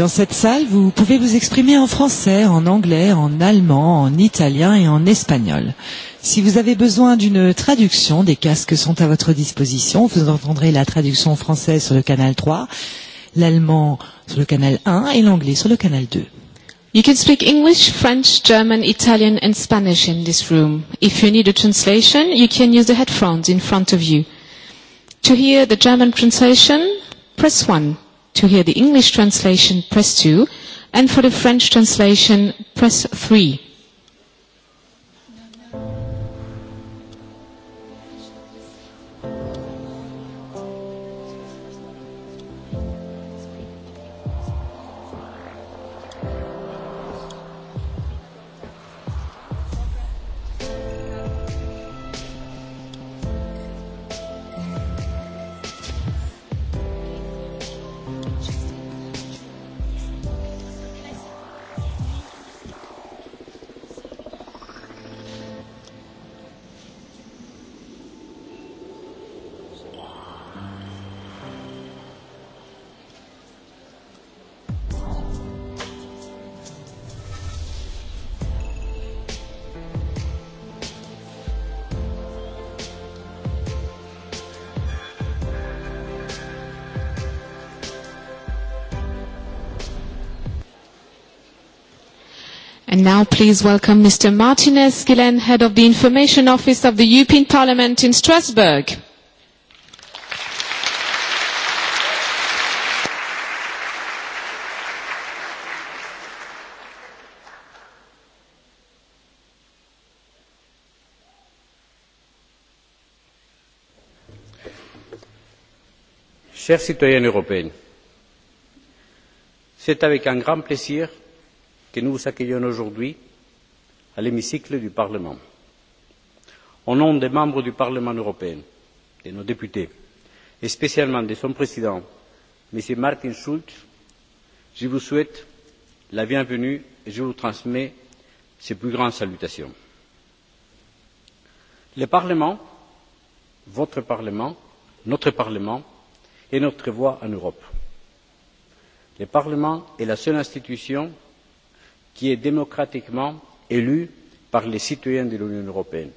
Dans cette salle, vous pouvez vous exprimer en français, en anglais, en allemand, en italien et en espagnol. Si vous avez besoin d'une traduction, des casques sont à votre disposition. Vous entendrez la traduction française sur le canal 3, l'allemand sur le canal 1 et l'anglais sur le canal 2. You can speak English, French, German, Italian and Spanish in this room. If you need a translation, you can use the headphones in front of you. To hear the German translation, press 1. To hear the English translation, press 2, and for the French translation, press 3. now please welcome Mr. Martinez Gillen, Head of the Information Office of the European Parliament in Strasbourg. Chers citoyens européens, c'est avec un grand plaisir que nous vous accueillons aujourd'hui à l'hémicycle du Parlement. Au nom des membres du Parlement européen, de nos députés, et spécialement de son président, M. Martin Schulz, je vous souhaite la bienvenue et je vous transmets ses plus grandes salutations. Le Parlement, votre Parlement, notre Parlement, est notre voix en Europe. Le Parlement est la seule institution qui est démocratiquement élue par les citoyens de l'Union européenne.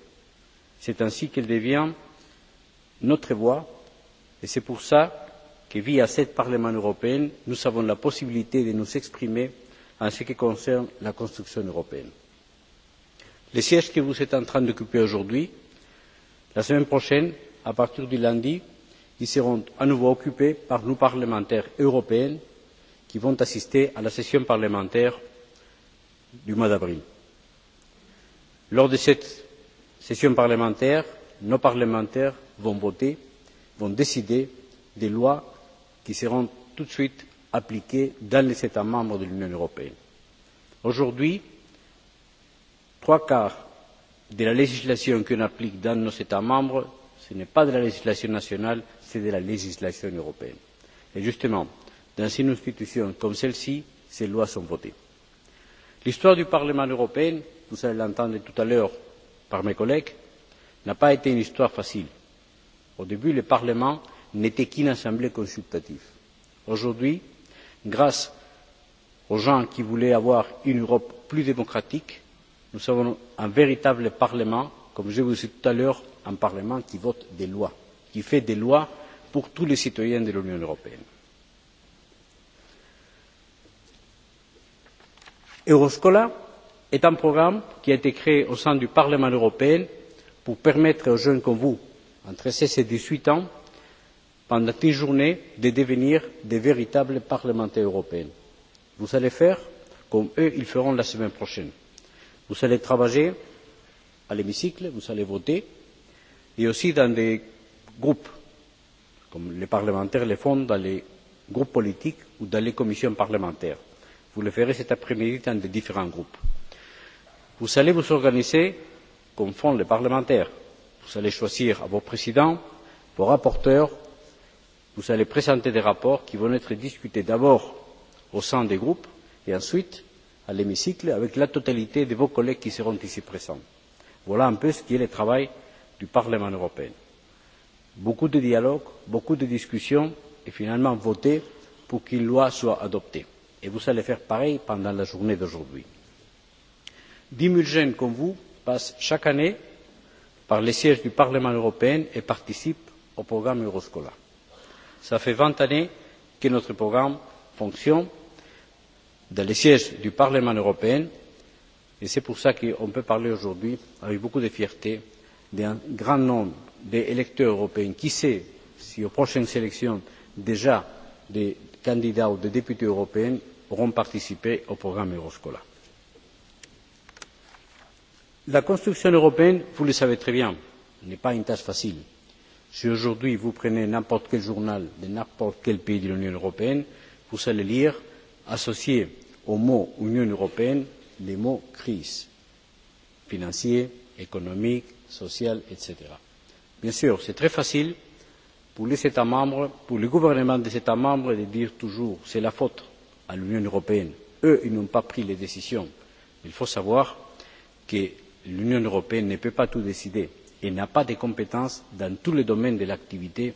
C'est ainsi qu'elle devient notre voix et c'est pour cela que, via ce Parlement européen, nous avons la possibilité de nous exprimer en ce qui concerne la construction européenne. Les sièges que vous êtes en train d'occuper aujourd'hui, la semaine prochaine, à partir du lundi, ils seront à nouveau occupés par nos parlementaires européens qui vont assister à la session parlementaire du mois d'avril. lors de cette session parlementaire nos parlementaires vont voter vont décider des lois qui seront tout de suite appliquées dans les états membres de l'union européenne. aujourd'hui trois quarts de la législation qu'on applique dans nos états membres ce n'est pas de la législation nationale c'est de la législation européenne. et justement dans une institution comme celle ci ces lois sont votées l'histoire du parlement européen vous allez l'entendre tout à l'heure par mes collègues n'a pas été une histoire facile. au début le parlement n'était qu'une assemblée consultative. aujourd'hui grâce aux gens qui voulaient avoir une europe plus démocratique nous avons un véritable parlement comme je vous ai dit tout à l'heure un parlement qui vote des lois qui fait des lois pour tous les citoyens de l'union européenne. Euroscola est un programme qui a été créé au sein du Parlement européen pour permettre aux jeunes comme vous, entre seize et dix huit ans, pendant une journée, de devenir de véritables parlementaires européens. Vous allez faire comme eux, ils feront la semaine prochaine. Vous allez travailler à l'hémicycle, vous allez voter, et aussi dans des groupes, comme les parlementaires le font dans les groupes politiques ou dans les commissions parlementaires. Vous le verrez cet après-midi dans les différents groupes. Vous allez vous organiser comme font les parlementaires. Vous allez choisir vos présidents, vos rapporteurs. Vous allez présenter des rapports qui vont être discutés d'abord au sein des groupes et ensuite à l'hémicycle avec la totalité de vos collègues qui seront ici présents. Voilà un peu ce qui est le travail du Parlement européen. Beaucoup de dialogue, beaucoup de discussions et finalement voter pour qu'une loi soit adoptée. Et vous allez faire pareil pendant la journée d'aujourd'hui. Dix mille jeunes comme vous passent chaque année par les sièges du Parlement européen et participent au programme Euroscola. Cela fait vingt années que notre programme fonctionne dans les sièges du Parlement européen et c'est pour cela qu'on peut parler aujourd'hui avec beaucoup de fierté d'un grand nombre d'électeurs européens qui sait si aux prochaines élections déjà des candidats ou des députés européens pourront participer au programme euroscola. la construction européenne vous le savez très bien n'est pas une tâche facile. si aujourd'hui vous prenez n'importe quel journal de n'importe quel pays de l'union européenne vous allez lire associé au mot union européenne les mots crise financière économique social, etc. bien sûr c'est très facile pour les états membres pour le gouvernement des états membres de dire toujours c'est la faute à l'Union européenne, eux, ils n'ont pas pris les décisions. Il faut savoir que l'Union européenne ne peut pas tout décider et n'a pas de compétences dans tous les domaines de l'activité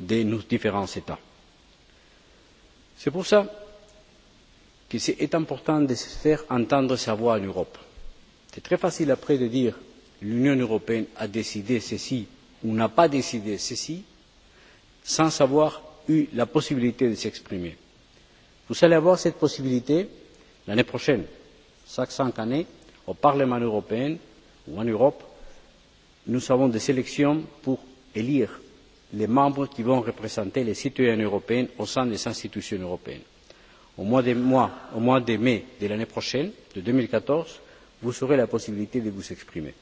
de nos différents États. C'est pour cela qu'il est important de se faire entendre sa voix en Europe. C'est très facile après de dire l'Union européenne a décidé ceci ou n'a pas décidé ceci sans avoir eu la possibilité de s'exprimer vous allez avoir cette possibilité l'année prochaine chaque cinq années au parlement européen ou en europe nous avons des élections pour élire les membres qui vont représenter les citoyens européens au sein des institutions européennes. au mois de mai de l'année prochaine de deux mille quatorze vous aurez la possibilité de vous exprimer.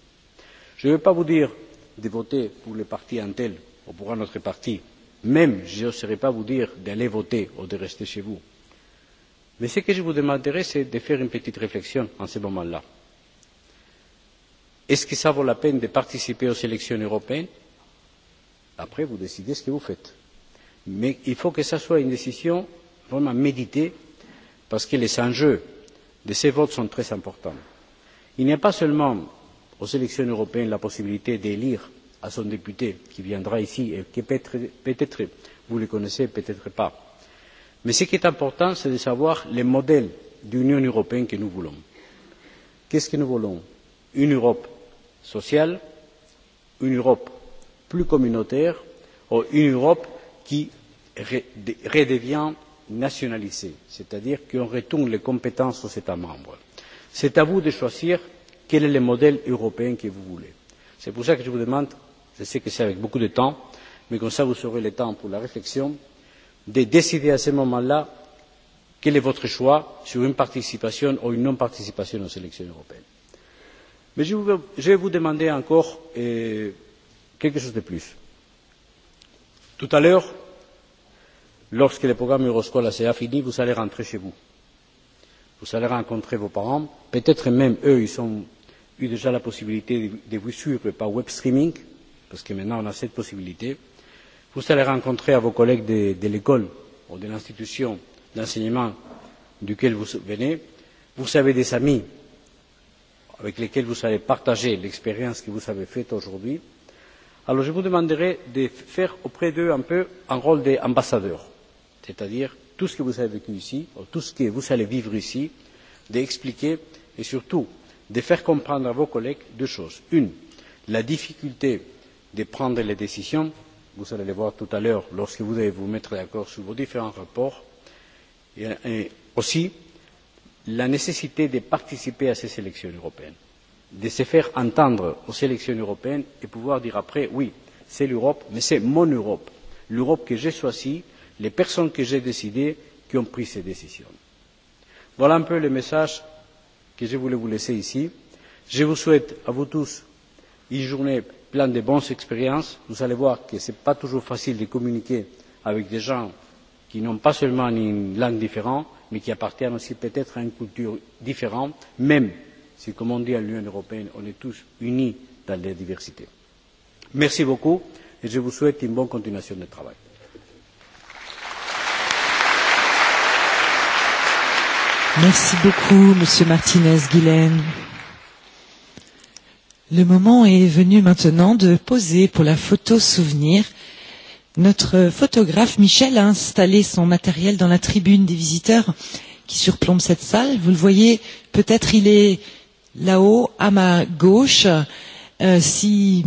je ne vais pas vous dire de voter pour le parti tel ou pour un autre parti même je n'oserais pas vous dire d'aller voter ou de rester chez vous. Mais ce que je vous demanderai, c'est de faire une petite réflexion en ce moment-là. Est-ce que ça vaut la peine de participer aux élections européennes Après, vous décidez ce que vous faites. Mais il faut que ce soit une décision vraiment méditée, parce que les enjeux de ces votes sont très importants. Il n'y a pas seulement aux élections européennes la possibilité d'élire à son député qui viendra ici et que peut-être vous le connaissez, peut-être pas mais ce qui est important c'est de savoir le modèle d'union européenne que nous voulons. qu'est ce que nous voulons? une europe sociale une europe plus communautaire ou une europe qui redevient nationalisée c'est à dire qu'on retourne les compétences aux états membres? c'est à vous de choisir quel est le modèle européen que vous voulez. c'est pour cela que je vous demande je sais que c'est avec beaucoup de temps mais comme cela vous aurez le temps pour la réflexion de décider à ce moment là quel est votre choix sur une participation ou une non participation aux élections européennes. mais je vais vous demander encore quelque chose de plus. tout à l'heure lorsque le programme euroscola sera fini vous allez rentrer chez vous. vous allez rencontrer vos parents peut être même eux ils ont eu déjà la possibilité de vous suivre par web streaming parce que maintenant on a cette possibilité vous allez rencontrer vos collègues de l'école ou de l'institution d'enseignement duquel vous venez vous avez des amis avec lesquels vous allez partager l'expérience que vous avez faite aujourd'hui alors je vous demanderai de faire auprès d'eux un peu un rôle d'ambassadeur c'est à dire tout ce que vous avez vécu ici tout ce que vous allez vivre ici d'expliquer et surtout de faire comprendre à vos collègues deux choses une la difficulté de prendre les décisions vous allez le voir tout à l'heure lorsque vous allez vous mettre d'accord sur vos différents rapports et aussi la nécessité de participer à ces élections européennes de se faire entendre aux élections européennes et pouvoir dire après oui c'est l'europe mais c'est mon europe l'europe que j'ai choisie les personnes que j'ai décidées qui ont pris ces décisions. voilà un peu le message que je voulais vous laisser ici. je vous souhaite à vous tous une journée plein de bonnes expériences. Vous allez voir que ce n'est pas toujours facile de communiquer avec des gens qui n'ont pas seulement une langue différente, mais qui appartiennent aussi peut-être à une culture différente, même si, comme on dit à l'Union européenne, on est tous unis dans la diversité. Merci beaucoup et je vous souhaite une bonne continuation de travail. Merci beaucoup, Monsieur Martinez-Guilaine. Le moment est venu maintenant de poser pour la photo souvenir. Notre photographe Michel a installé son matériel dans la tribune des visiteurs qui surplombe cette salle. Vous le voyez, peut-être il est là-haut, à ma gauche. S'il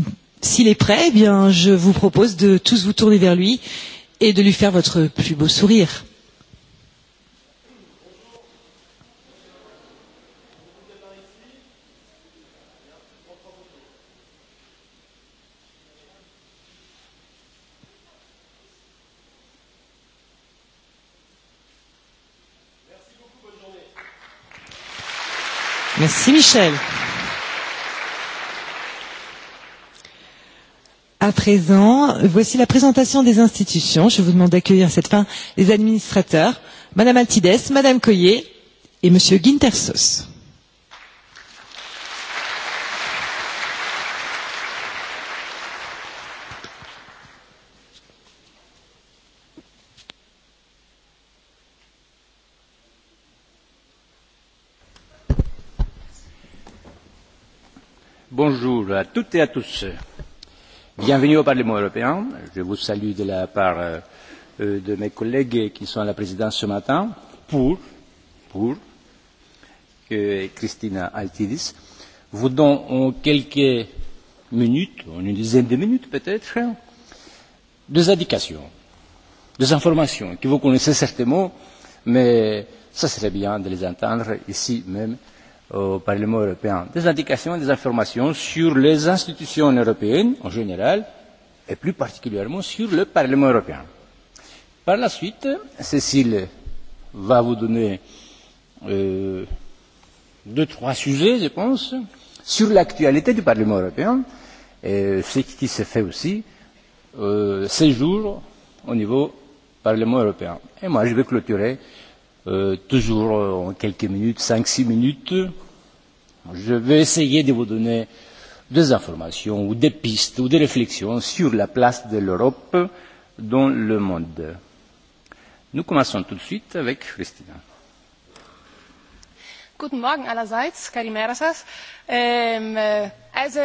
est prêt, bien, je vous propose de tous vous tourner vers lui et de lui faire votre plus beau sourire. Merci Michel. À présent, voici la présentation des institutions. Je vous demande d'accueillir à cette fin les administrateurs, Madame Altides, Madame Coyer et Monsieur Guintersos. Bonjour à toutes et à tous. Bienvenue au Parlement européen. Je vous salue de la part de mes collègues qui sont à la présidence ce matin pour, pour que Christina Altidis vous donne en quelques minutes, en une dizaine de minutes peut-être, des indications, des informations que vous connaissez certainement, mais ça serait bien de les entendre ici même au Parlement européen des indications et des informations sur les institutions européennes en général et plus particulièrement sur le Parlement européen. Par la suite, Cécile va vous donner deux, trois sujets, je pense, sur l'actualité du Parlement européen et ce qui se fait aussi ces jours au niveau Parlement européen. Et moi, je vais clôturer toujours en quelques minutes, cinq, six minutes. Je vais essayer de vous donner des informations ou des pistes ou des réflexions sur la place de l'Europe dans le monde. Nous commençons tout de suite avec Christina. Guten Morgen allerseits, Karimeras. Ähm, also,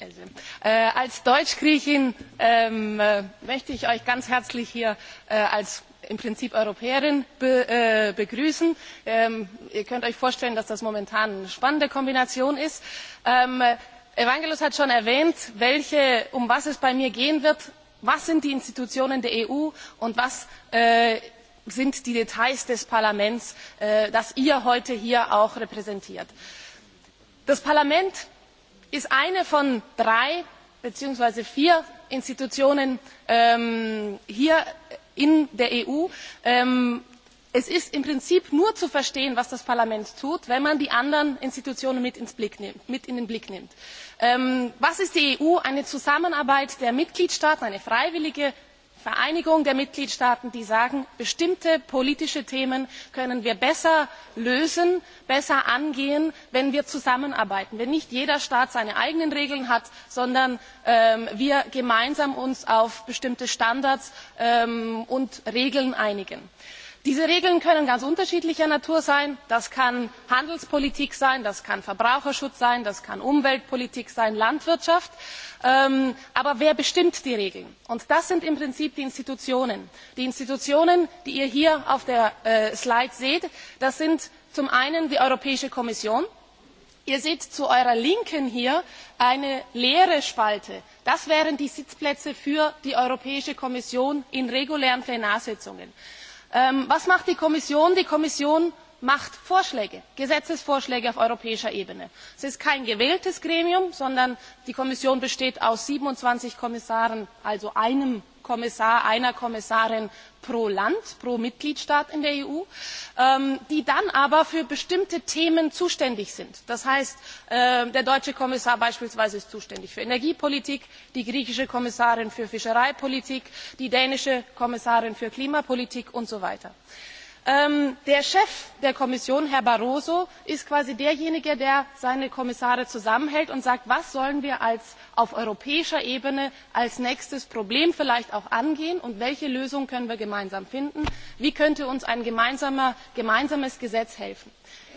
also als Deutschgriechin ähm, möchte ich euch ganz herzlich hier äh, als im Prinzip Europäerin begrüßen. Ihr könnt euch vorstellen, dass das momentan eine spannende Kombination ist. Evangelos hat schon erwähnt, um was es bei mir gehen wird. Was sind die Institutionen der EU und was sind die Details des Parlaments, das ihr heute hier auch repräsentiert? Das Parlament ist eine von drei beziehungsweise vier Institutionen hier in der eu es ist im prinzip nur zu verstehen was das parlament tut wenn man die anderen institutionen mit in den blick nimmt. was ist die eu? eine zusammenarbeit der mitgliedstaaten eine freiwillige vereinigung der mitgliedstaaten die sagen bestimmte politische themen können wir besser lösen besser angehen wenn wir zusammenarbeiten wenn nicht jeder staat seine eigenen regeln hat sondern wir uns gemeinsam auf bestimmte standards und regeln einigen diese regeln können ganz unterschiedlicher natur sein das kann handelspolitik sein das kann verbraucherschutz sein das kann umweltpolitik sein landwirtschaft aber wer bestimmt die regeln? Und das sind im prinzip die institutionen. die institutionen die ihr hier auf der slide seht das sind zum einen die europäische kommission ihr seht zu eurer linken hier eine leere spalte das wären die sitzplätze für die europäische kommission in regulären plenarsitzungen was macht die kommission? die kommission macht vorschläge gesetzesvorschläge auf europäischer ebene. es ist kein gewähltes gremium sondern die kommission besteht aus siebenundzwanzig kommissaren also einem kommissar einer kommissarin pro land pro mitgliedstaat in der eu die dann aber für bestimmte themen zuständig sind. das heißt der deutsche kommissar beispielsweise ist zuständig für energiepolitik die griechische kommissarin für fischereipolitik die dänische kommissarin für klimapolitik und so weiter der chef der kommission herr barroso ist quasi derjenige der seine kommissare zusammenhält und sagt was sollen wir auf europäischer ebene als nächstes problem vielleicht auch angehen und welche lösung können wir gemeinsam finden wie könnte uns ein gemeinsames gesetz helfen?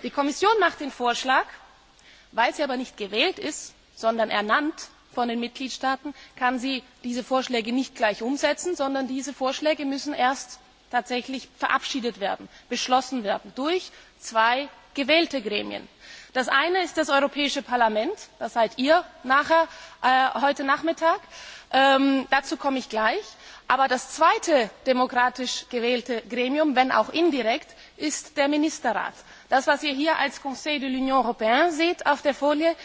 die kommission macht den vorschlag weil sie aber nicht gewählt ist sondern ernannt von den mitgliedstaaten kann sie diese vorschläge nicht gleich umsetzen sondern diese vorschläge müssen erst tatsächlich verabschiedet werden beschlossen werden durch zwei gewählte gremien. das eine ist das europäische parlament das seid ihr heute nachmittag dazu komme ich gleich aber das zweite demokratisch gewählte gremium wenn auch indirekt ist der ministerrat. das was ihr hier als conseil de l'union européenne seht auf der folie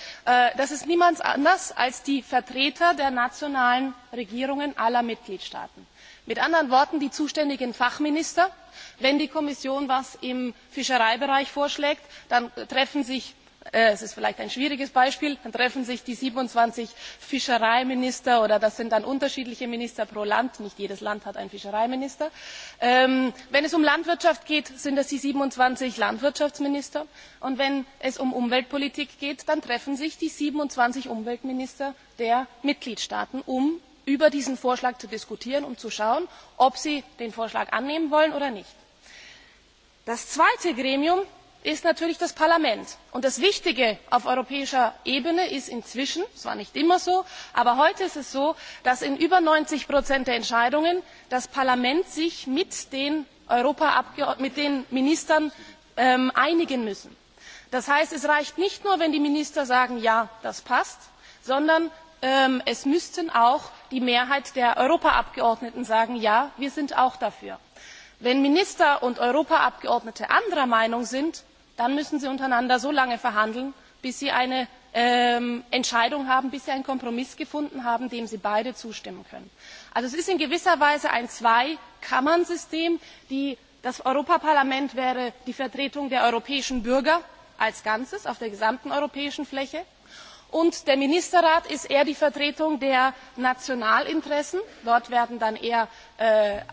das ist niemand anders als die vertreter der nationalen regierungen aller mitgliedstaaten mit anderen worten die zuständigen fachminister wenn die kommission etwas im fischereibereich vorschlägt dann treffen sich das ist vielleicht ein schwieriges beispiel die siebenundzwanzig fischereiminister oder das sind dann unterschiedliche minister pro land nicht jedes land hat einen fischereiminister wenn es um landwirtschaft geht sind es die siebenundzwanzig landwirtschaftsminister und wenn es um umweltpolitik geht dann treffen sich die siebenundzwanzig umweltminister der mitgliedstaaten um über diesen Vorschlag zu diskutieren, um zu schauen, ob sie den Vorschlag annehmen wollen oder nicht. Das zweite Gremium ist natürlich das Parlament. Und das Wichtige auf europäischer Ebene ist inzwischen, zwar nicht immer so, aber heute ist es so, dass in über 90 der Entscheidungen das Parlament sich mit den Ministern einigen müssen. Das heißt, es reicht nicht nur, wenn die Minister sagen, ja, das passt, sondern es müssten auch die mehrheit der europaabgeordneten sagen ja wir sind auch dafür. wenn minister und europaabgeordnete anderer meinung sind dann müssen sie untereinander so lange verhandeln bis sie eine entscheidung haben bis sie einen kompromiss gefunden haben dem sie beide zustimmen können. also es ist in gewisser weise ein zwei kammern das europäische parlament wäre die vertretung der europäischen bürger als ganzes auf der gesamten europäischen fläche und der ministerrat ist eher die vertretung der nationalinteressen dort werden dann eher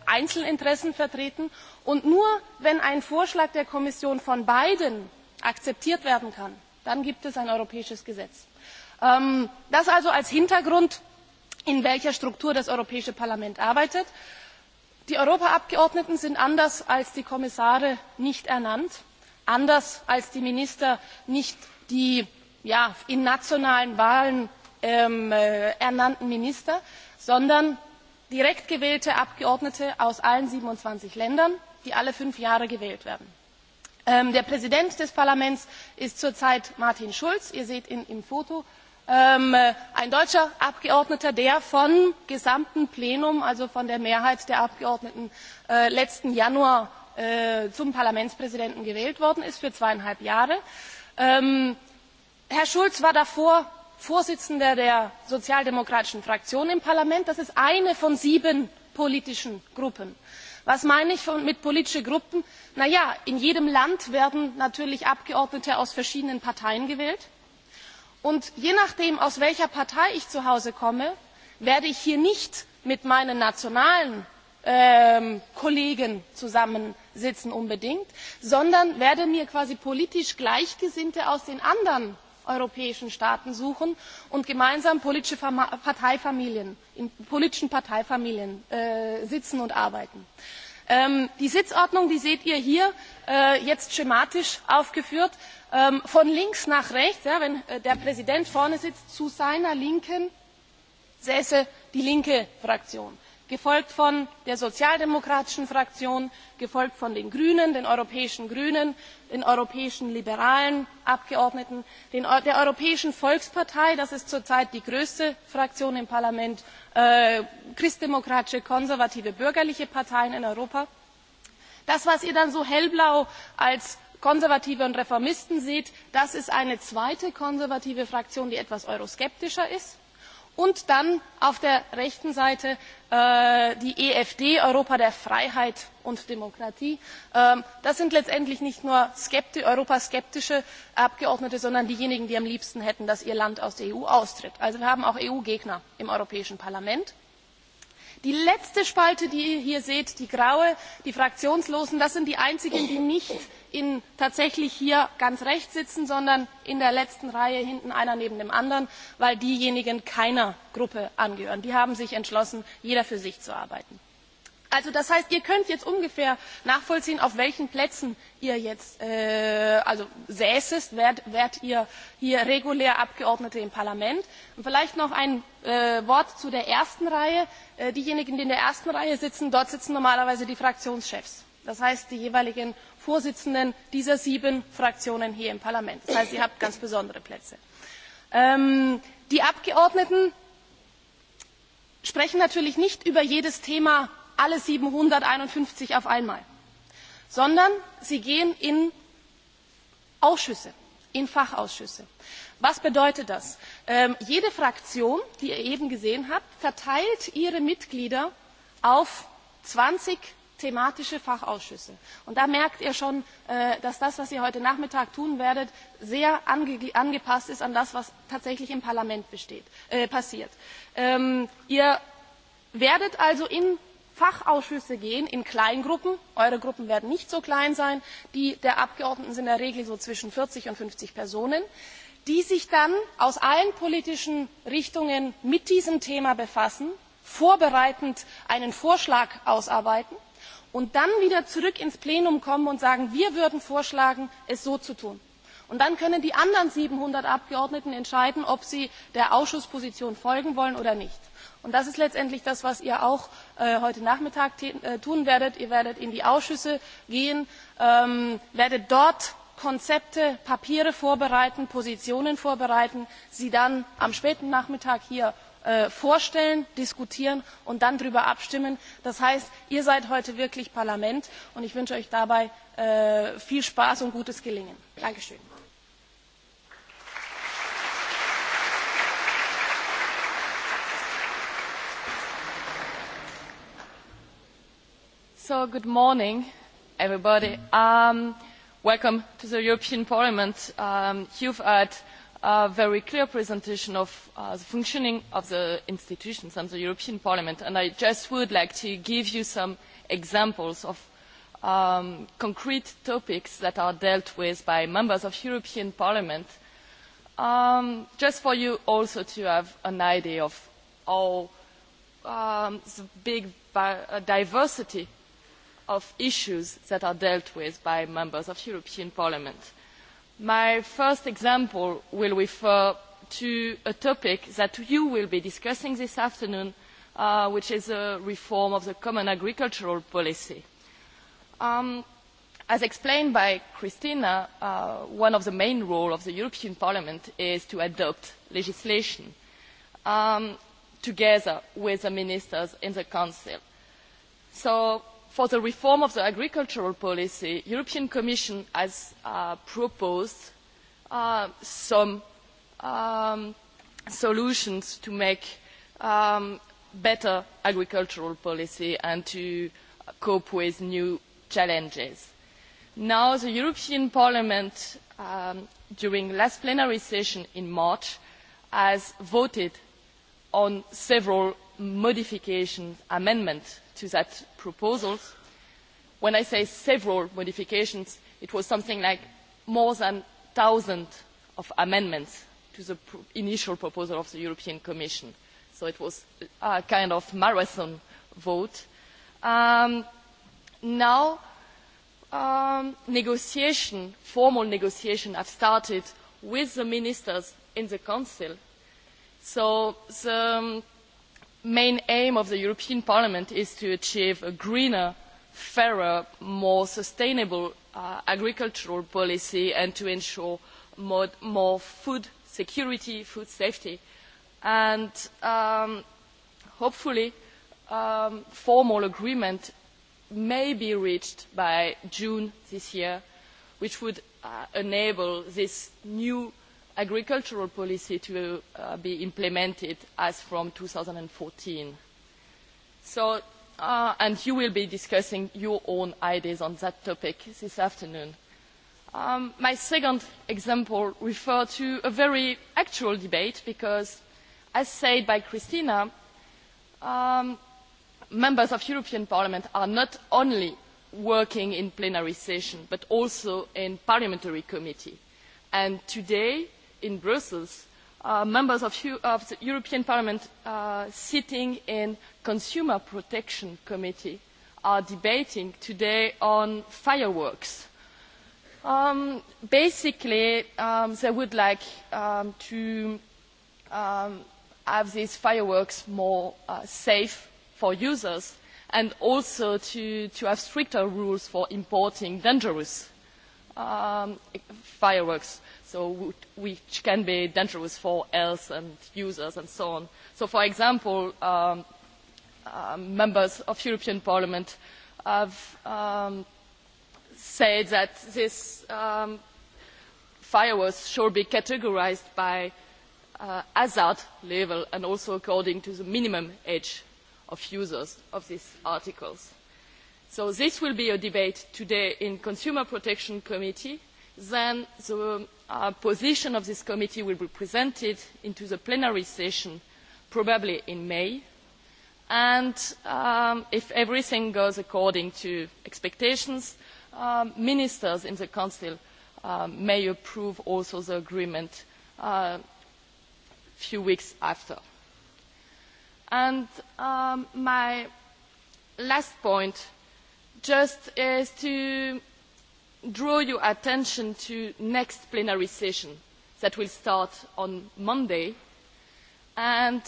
einzelinteressen vertreten und nur wenn ein vorschlag der kommission von beiden akzeptiert werden kann dann gibt es ein europäisches gesetz. das also als hintergrund in welcher struktur das europäische parlament arbeitet. die europaabgeordneten sind anders als die kommissare nicht ernannt anders als die minister nicht die in nationalen Wahlen ernannten Minister, sondern direkt gewählte Abgeordnete aus allen 27 Ländern, die alle fünf Jahre gewählt werden. Der Präsident des Parlaments ist zurzeit Martin Schulz. Ihr seht ihn im Foto. Ein deutscher Abgeordneter, der vom gesamten Plenum, also von der Mehrheit der Abgeordneten, letzten Januar zum Parlamentspräsidenten gewählt worden ist für zweieinhalb Jahre herr schulz war davor vorsitzender der sozialdemokratischen fraktion im parlament das ist eine von sieben politischen gruppen. was meine ich mit politischen gruppen? na ja in jedem land werden natürlich abgeordnete aus verschiedenen parteien gewählt und je nachdem aus welcher partei ich zu hause komme werde ich hier nicht mit meinen nationalen kollegen zusammensitzen unbedingt sondern werde mir quasi politisch gleichgesinnte aus den anderen europäischen Staaten suchen und gemeinsam in politischen Parteifamilien sitzen und arbeiten. Die Sitzordnung, die seht ihr hier jetzt schematisch aufgeführt, von links nach rechts, wenn der Präsident vorne sitzt, zu seiner Linken säße die linke Fraktion gefolgt von der sozialdemokratischen fraktion gefolgt von den grünen den europäischen grünen den europäischen liberalen abgeordneten der europäischen volkspartei das ist zurzeit die größte fraktion im parlament christdemokratische konservative bürgerliche parteien in europa. das was ihr dann so hellblau als konservative und reformisten seht das ist eine zweite konservative fraktion die etwas euroskeptischer ist und dann auf der rechten seite die efd europa der freiheit und demokratie. das sind letztendlich nicht nur europaskeptische abgeordnete sondern diejenigen die am liebsten hätten dass ihr land aus der eu austritt. also wir haben auch eu gegner im europäischen parlament. die letzte spalte die ihr hier seht die graue die fraktionslosen das sind die einzigen die nicht ihnen tatsächlich hier ganz rechts sitzen sondern in der letzten reihe hinten einer neben dem anderen weil diejenigen keiner gruppe angehören. die haben sich entschlossen jeder für sich zu arbeiten. also das heißt ihr könnt jetzt ungefähr nachvollziehen auf welchen plätzen ihr jetzt säßt wärt ihr hier regulär abgeordnete im parlament. vielleicht noch ein wort zu der ersten reihe diejenigen die in der ersten reihe sitzen dort sitzen normalerweise die fraktionschefs das heißt die jeweiligen vorsitzenden dieser sieben fraktionen hier im parlament. das heißt sie habt ganz besondere plätze. die abgeordneten sprechen natürlich nicht über jedes thema alle 751 auf einmal sondern sie gehen in ausschüsse in fachausschüsse. was bedeutet das? jede fraktion die ihr eben gesehen habt verteilt ihre mitglieder auf zwanzig thematische Fachausschüsse. Und da merkt ihr schon, dass das, was ihr heute Nachmittag tun werdet, sehr angepasst ist an das, was tatsächlich im Parlament passiert. Ihr werdet also in Fachausschüsse gehen, in Kleingruppen. Eure Gruppen werden nicht so klein sein. Die der Abgeordneten sind in der Regel so zwischen 40 und 50 Personen die sich dann aus allen politischen Richtungen mit diesem Thema befassen, vorbereitend einen Vorschlag ausarbeiten und dann wieder zurück ins plenum kommen und sagen wir würden vorschlagen es so zu tun. und dann können die anderen siebenhundert abgeordneten entscheiden ob sie der ausschussposition folgen wollen oder nicht. das ist letztendlich das was ihr auch heute nachmittag tun werdet ihr werdet in die ausschüsse gehen werdet dort konzepte papiere vorbereiten positionen vorbereiten sie dann am späten nachmittag vorstellen diskutieren und dann darüber abstimmen. das heißt ihr seid heute wirklich parlament und ich wünsche euch dabei viel spaß und gutes gelingen. danke schön! so good morning everybody. welcome to the european parliament. you've a very clear presentation of the functioning of the institutions and the European Parliament, and I just would like to give you some examples of concrete topics that are dealt with by members of European Parliament, just for you also to have an idea of the big diversity of issues that are dealt with by members of European Parliament. My first example will refer to a topic that you will be discussing this afternoon, which is a reform of the common agricultural policy. As explained by Christina, one of the main roles of the European Parliament is to adopt legislation together with the ministers in the Council. So for the reform of the agricultural policy the european commission has proposed some solutions to make better agricultural policy and to cope with new challenges. now the european parliament during last plenary session in march has voted on several modifications amendments to that proposal. When I say several modifications, it was something like more than 1,000 of amendments to the initial proposal of the European Commission. So it was a kind of marathon vote. Now, negotiation, formal negotiation, have started with the ministers in the Council. So the main aim of the European Parliament is to achieve a greener, fairer, more sustainable agricultural policy and to ensure more food security, food safety. And hopefully formal agreement may be reached by June this year, which would enable this new agricultural policy to be implemented as from 2014. So, and you will be discussing your own ideas on that topic this afternoon. My second example refers to a very actual debate because, as said by Christina, members of European Parliament are not only working in plenary session but also in parliamentary committee. And today, in Brussels, members of the European Parliament sitting in the Consumer Protection Committee are debating today on fireworks. Basically, they would like to have these fireworks more safe for users and also to have stricter rules for importing dangerous fireworks so which can be dangerous for health and users and so on. So, for example, members of European Parliament have said that these fireworks should be categorised by hazard level and also according to the minimum age of users of these articles. So this will be a debate today in Consumer Protection Committee then the position of this committee will be presented into the plenary session probably in may and if everything goes according to expectations ministers in the council may approve also the agreement a few weeks after. and my last point just is to draw your attention to the next plenary session that will start on Monday. And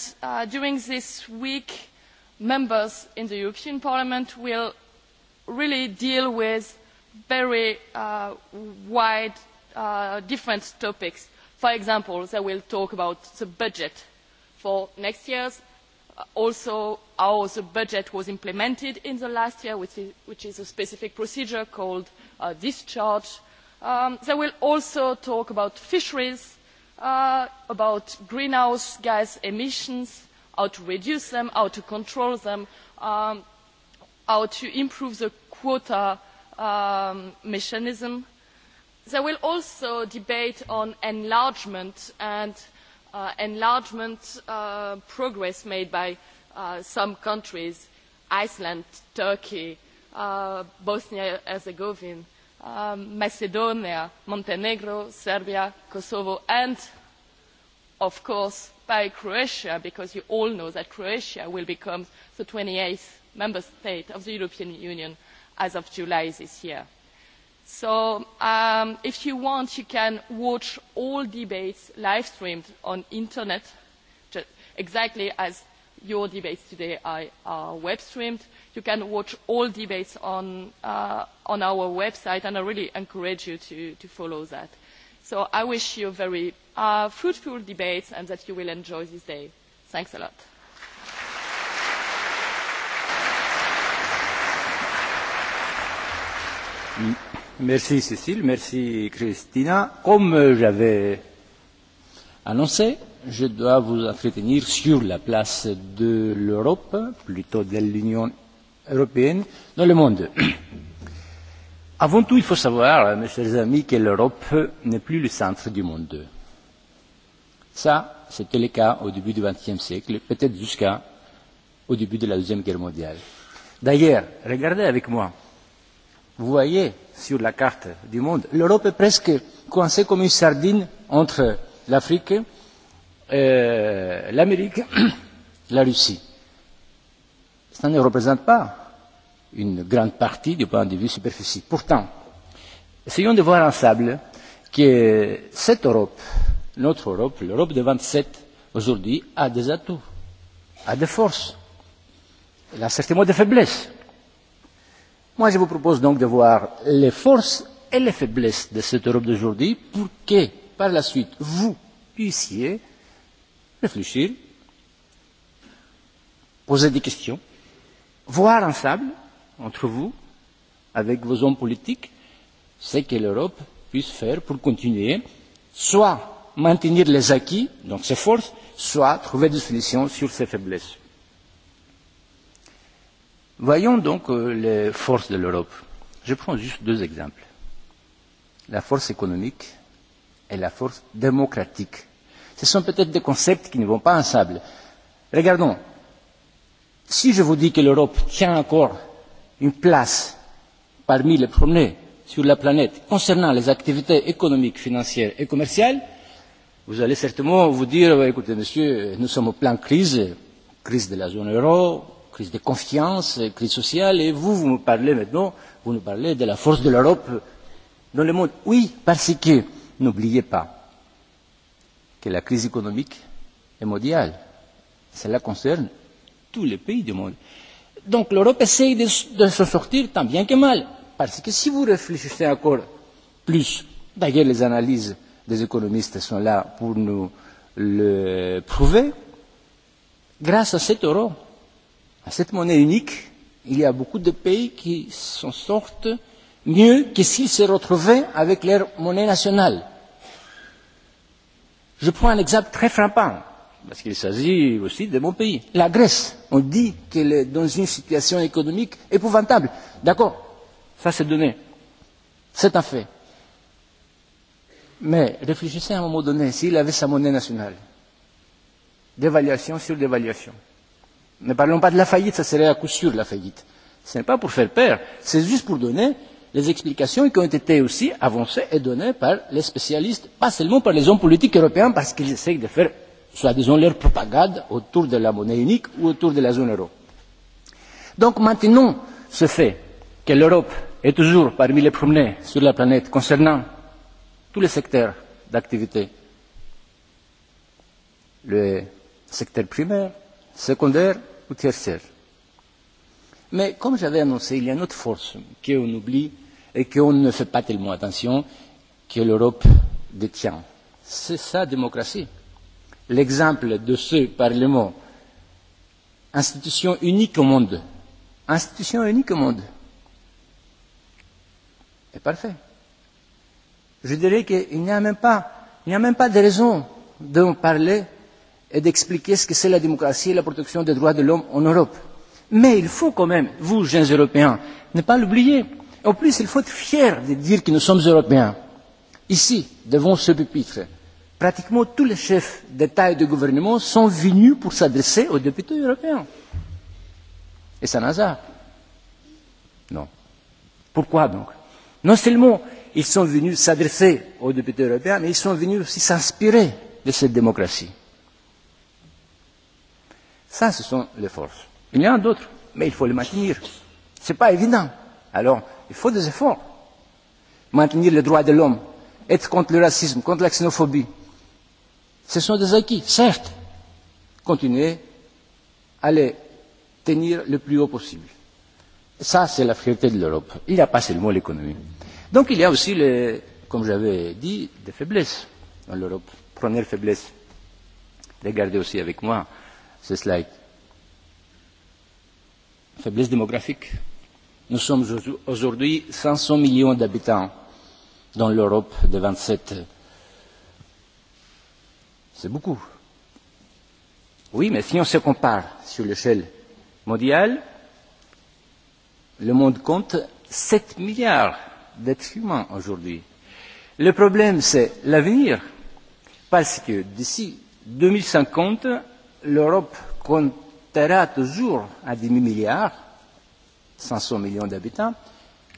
during this week, members in the European Parliament will really deal with very wide different topics. For example, they will talk about the budget for next year, also how the budget was implemented in the last year, which is a specific procedure called discharge. They will also talk about fisheries, about greenhouse gas emissions, how to reduce them, how to control them, how to improve the quota mechanism. They will also debate on enlargement and enlargement progress made by some countries, Iceland, Turkey Bosnia Herzegovina, Macedonia, Montenegro, Serbia, Kosovo and of course by Croatia, because you all know that Croatia will become the twenty eighth member state of the European Union as of July this year. So if you want, you can watch all debates live streamed on internet, exactly as your debates today are web streamed you can watch all debates on on our website and i really encourage you to to follow that so i wish you very fruitful debates and that you will enjoy this day thanks a lot merci cécile merci christina comme j'avais annoncé je dois vous entretenir sur la place de l'europe plutôt de l'union européenne dans le monde. Avant tout, il faut savoir, mes chers amis, que l'Europe n'est plus le centre du monde. Ça, c'était le cas au début du XXe siècle, peut-être jusqu'au début de la Deuxième Guerre mondiale. D'ailleurs, regardez avec moi. Vous voyez sur la carte du monde, l'Europe est presque coincée comme une sardine entre l'Afrique, l'Amérique, la Russie. Cela ne représente pas une grande partie du point de vue superficie. Pourtant, essayons de voir ensemble que cette Europe, notre Europe, l'Europe de 27, aujourd'hui, a des atouts, a des forces. Elle a certainement des faiblesses. Moi, je vous propose donc de voir les forces et les faiblesses de cette Europe d'aujourd'hui pour que, par la suite, vous puissiez réfléchir, poser des questions voir ensemble, entre vous, avec vos hommes politiques, ce que l'Europe puisse faire pour continuer, soit maintenir les acquis, donc ses forces, soit trouver des solutions sur ses faiblesses. Voyons donc les forces de l'Europe. Je prends juste deux exemples. La force économique et la force démocratique. Ce sont peut-être des concepts qui ne vont pas ensemble. Regardons, Si je vous dis que l'Europe tient encore une place parmi les premiers sur la planète concernant les activités économiques, financières et commerciales, vous allez certainement vous dire écoutez, monsieur, nous sommes en pleine crise, crise de la zone euro, crise de confiance, crise sociale, et vous, vous me parlez maintenant, vous nous parlez de la force de l'Europe dans le monde. Oui, parce que, n'oubliez pas, que la crise économique est mondiale. Cela concerne tous les pays du monde. Donc l'Europe essaye de, de s'en sortir tant bien que mal. Parce que si vous réfléchissez encore plus, d'ailleurs les analyses des économistes sont là pour nous le prouver, grâce à cet euro, à cette monnaie unique, il y a beaucoup de pays qui s'en sortent mieux que s'ils se retrouvaient avec leur monnaie nationale. Je prends un exemple très frappant parce qu'il s'agit aussi de mon pays, la Grèce. On dit qu'elle est dans une situation économique épouvantable. D'accord, ça c'est donné. C'est un fait. Mais réfléchissez à un moment donné, s'il avait sa monnaie nationale, dévaluation sur dévaluation. Ne parlons pas de la faillite, ça serait à coup sûr la faillite. Ce n'est pas pour faire peur, c'est juste pour donner les explications qui ont été aussi avancées et données par les spécialistes, pas seulement par les hommes politiques européens, parce qu'ils essayent de faire soi-disant leur propagande autour de la monnaie unique ou autour de la zone euro. Donc maintenant, ce fait que l'Europe est toujours parmi les premiers sur la planète concernant tous les secteurs d'activité, le secteur primaire, secondaire ou tertiaire. Mais comme j'avais annoncé, il y a une autre force qu'on oublie et qu'on ne fait pas tellement attention que l'Europe détient. C'est sa démocratie l'exemple de ce Parlement, institution unique au monde, institution unique au monde, est parfait. Je dirais qu'il n'y a même pas, il n'y a même pas de raison de parler et d'expliquer ce que c'est la démocratie et la protection des droits de l'homme en Europe. Mais il faut quand même, vous, jeunes Européens, ne pas l'oublier. En plus, il faut être fier de dire que nous sommes Européens, ici, devant ce pupitre pratiquement tous les chefs d'état et de gouvernement sont venus pour s'adresser aux députés européens. et c'est un hasard? non. pourquoi donc? non seulement ils sont venus s'adresser aux députés européens mais ils sont venus aussi s'inspirer de cette démocratie. ça ce sont les forces. il y en a d'autres mais il faut les maintenir. ce n'est pas évident. alors il faut des efforts. maintenir les droits de l'homme être contre le racisme contre la xénophobie Ce sont des acquis, certes. continuer à les tenir le plus haut possible. Ça, c'est la fierté de l'Europe. Il n'y a pas seulement l'économie. Donc il y a aussi, les, comme j'avais dit, des faiblesses dans l'Europe. Première faiblesse. Regardez aussi avec moi ce slide. Faiblesse démographique. Nous sommes aujourd'hui 500 millions d'habitants dans l'Europe de 27 c'est beaucoup. Oui, mais si on se compare sur l'échelle mondiale, le monde compte 7 milliards d'êtres humains aujourd'hui. Le problème, c'est l'avenir, parce que d'ici 2050, l'Europe comptera toujours un demi-milliard, 500 millions d'habitants,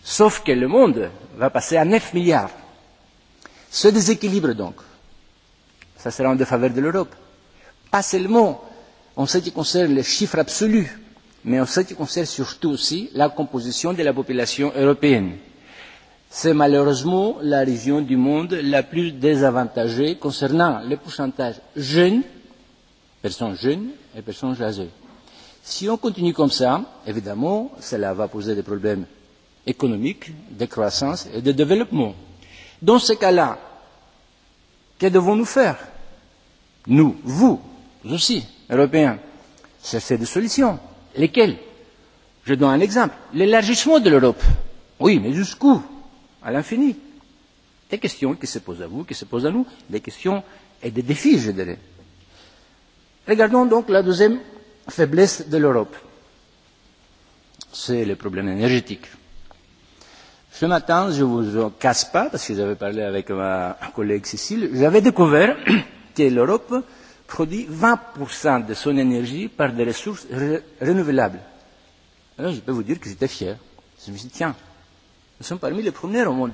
sauf que le monde va passer à 9 milliards. Ce déséquilibre, donc, Cela sera en défaveur de l'Europe. Pas seulement en ce qui concerne les chiffres absolus, mais en ce qui concerne surtout aussi la composition de la population européenne. C'est malheureusement la région du monde la plus désavantagée concernant le pourcentage jeunes, personnes jeunes et personnes âgées. Si on continue comme ça, évidemment, cela va poser des problèmes économiques, de croissance et de développement. Dans ce cas-là, Que devons-nous faire Nous, vous, aussi, Européens, chercher des solutions. Lesquelles Je donne un exemple. L'élargissement de l'Europe. Oui, mais jusqu'où À l'infini. Des questions qui se posent à vous, qui se posent à nous, des questions et des défis, je dirais. Regardons donc la deuxième faiblesse de l'Europe. C'est le problème énergétique Ce matin, je ne vous casse pas, parce que j'avais parlé avec ma collègue Cécile, j'avais découvert que l'Europe produit 20% de son énergie par des ressources renouvelables. Alors, je peux vous dire que j'étais fier. Je me suis dit, tiens, nous sommes parmi les premiers au monde.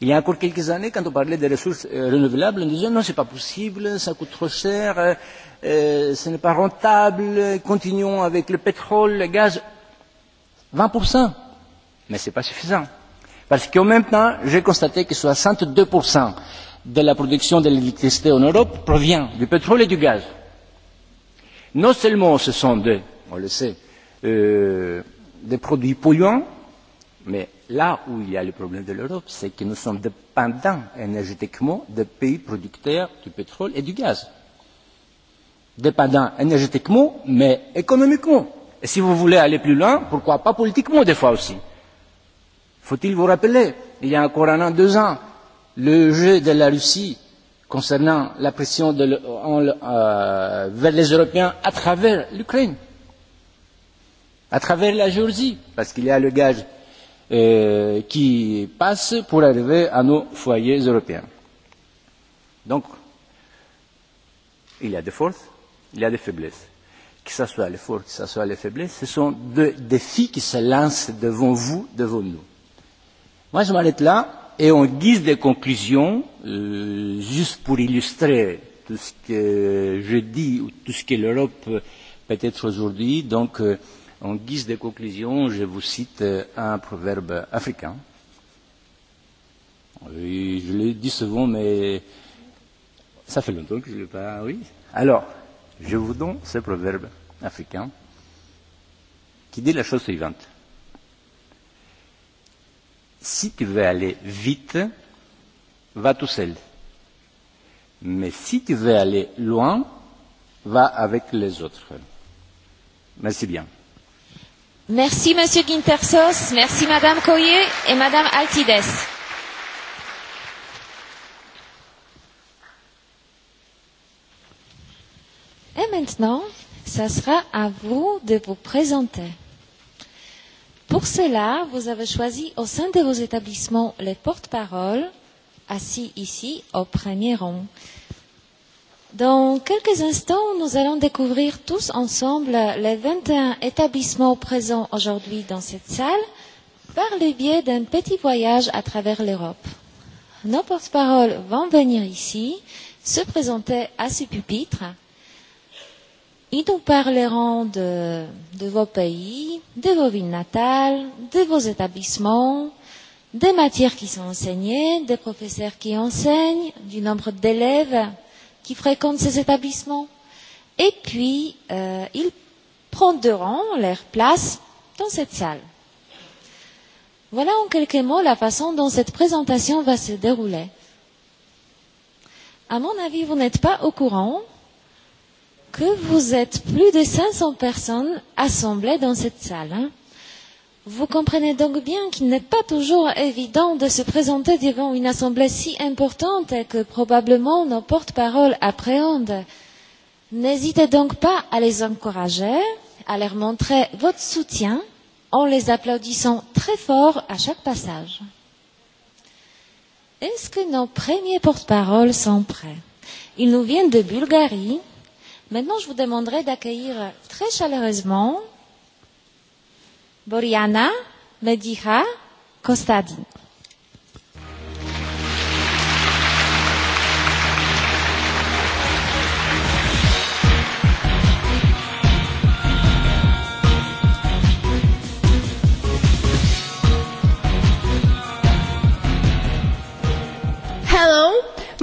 Il y a encore quelques années, quand on parlait des ressources renouvelables, on disait, non, ce n'est pas possible, ça coûte trop cher, ce n'est pas rentable, continuons avec le pétrole, le gaz. 20%, mais ce n'est pas suffisant Parce que maintenant, j'ai constaté que 62% de la production de l'électricité en Europe provient du pétrole et du gaz. Non seulement ce sont des, on le sait, des produits polluants, mais là où il y a le problème de l'Europe, c'est que nous sommes dépendants énergétiquement des pays producteurs du pétrole et du gaz. Dépendants énergétiquement, mais économiquement. Et si vous voulez aller plus loin, pourquoi pas politiquement des fois aussi Faut-il vous rappeler, il y a encore un an, deux ans, le jeu de la Russie concernant la pression vers les Européens à travers l'Ukraine, à travers la Géorgie, parce qu'il y a le gage qui passe pour arriver à nos foyers européens. Donc, il y a des forces, il y a des faiblesses. Que ce soit les forces, que ce soit les faiblesses, ce sont deux défis qui se lancent devant vous, devant nous. Moi, je m'arrête là et en guise de conclusion, juste pour illustrer tout ce que je dis ou tout ce que l'Europe peut être aujourd'hui, donc en guise de conclusion, je vous cite un proverbe africain. Oui, je l'ai dit souvent, mais ça fait longtemps que je ne l'ai pas. Oui. Alors, je vous donne ce proverbe africain qui dit la chose suivante si tu veux aller vite, va tout seul. Mais si tu veux aller loin, va avec les autres. Merci bien. Merci Monsieur Guintersos, merci Madame Coyer et Madame Altides. Et maintenant, ça sera à vous de vous présenter. Pour cela, vous avez choisi au sein de vos établissements les porte-paroles, assis ici au premier rang. Dans quelques instants, nous allons découvrir tous ensemble les 21 établissements présents aujourd'hui dans cette salle par le biais d'un petit voyage à travers l'Europe. Nos porte-paroles vont venir ici, se présenter à ce pupitre Ils nous parleront de, vos pays, de vos villes natales, de vos établissements, des matières qui sont enseignées, des professeurs qui enseignent, du nombre d'élèves qui fréquentent ces établissements. Et puis, euh, ils prendront leur place dans cette salle. Voilà en quelques mots la façon dont cette présentation va se dérouler. À mon avis, vous n'êtes pas au courant, que vous êtes plus de 500 personnes assemblées dans cette salle. Vous comprenez donc bien qu'il n'est pas toujours évident de se présenter devant une assemblée si importante et que probablement nos porte-paroles appréhendent. N'hésitez donc pas à les encourager, à leur montrer votre soutien en les applaudissant très fort à chaque passage. Est-ce que nos premiers porte-paroles sont prêts Ils nous viennent de Bulgarie Maintenant, je vous demanderai d'accueillir très chaleureusement Boriana Mediha Kostadin.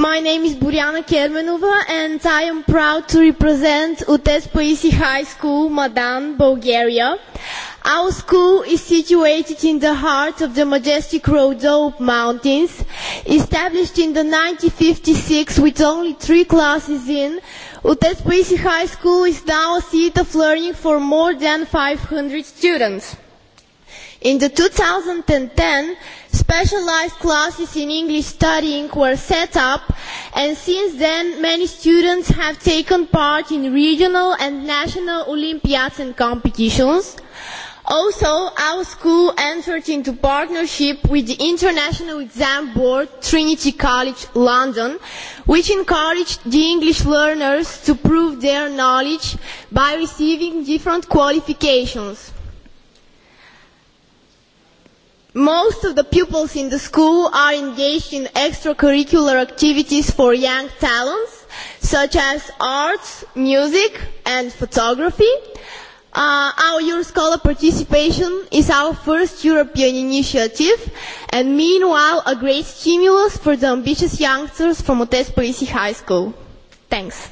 My name is Buriana Kermenova and I am proud to represent Utes High School, Madan, Bulgaria. Our school is situated in the heart of the majestic Rhodope Mountains. Established in the 1956 with only three classes in, Utes High School is now a seat of learning for more than 500 students. In the 2010, Specialised classes in English studying were set up and since then many students have taken part in regional and national Olympiads and competitions. Also, our school entered into partnership with the International Exam Board, Trinity College London, which encouraged the English learners to prove their knowledge by receiving different qualifications. Most of the pupils in the school are engaged in extracurricular activities for young talents, such as arts, music and photography. Our Scholar participation is our first European initiative and meanwhile a great stimulus for the ambitious youngsters from Otes High School. Thanks.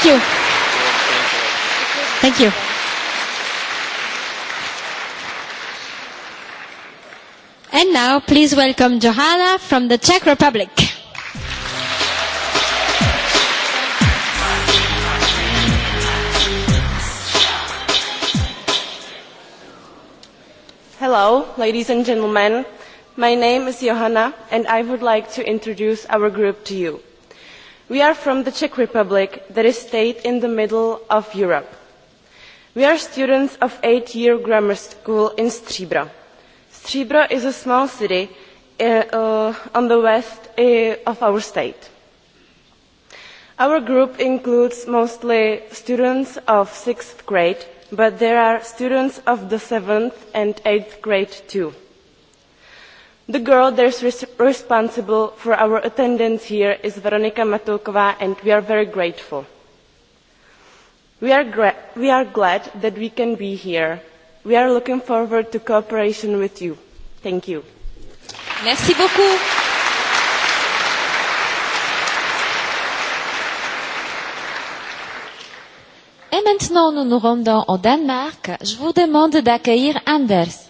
Thank you. Thank you. And now please welcome Johanna from the Czech Republic. Hello, ladies and gentlemen. My name is Johanna and I would like to introduce our group to you. We are from the Czech Republic, that is state in the middle of Europe. We are students of eight-year grammar school in Stříbro. Stříbro is a small city on the west of our state. Our group includes mostly students of sixth grade, but there are students of the seventh and eighth grade too. The girl that is responsible for our attendance here is Veronika Matulková and we are very grateful. We are glad that we can be here. We are looking forward to cooperation with you. Thank you. Merci beaucoup. Et maintenant, nous nous rendons au Danemark. Je vous demande d'accueillir Anders.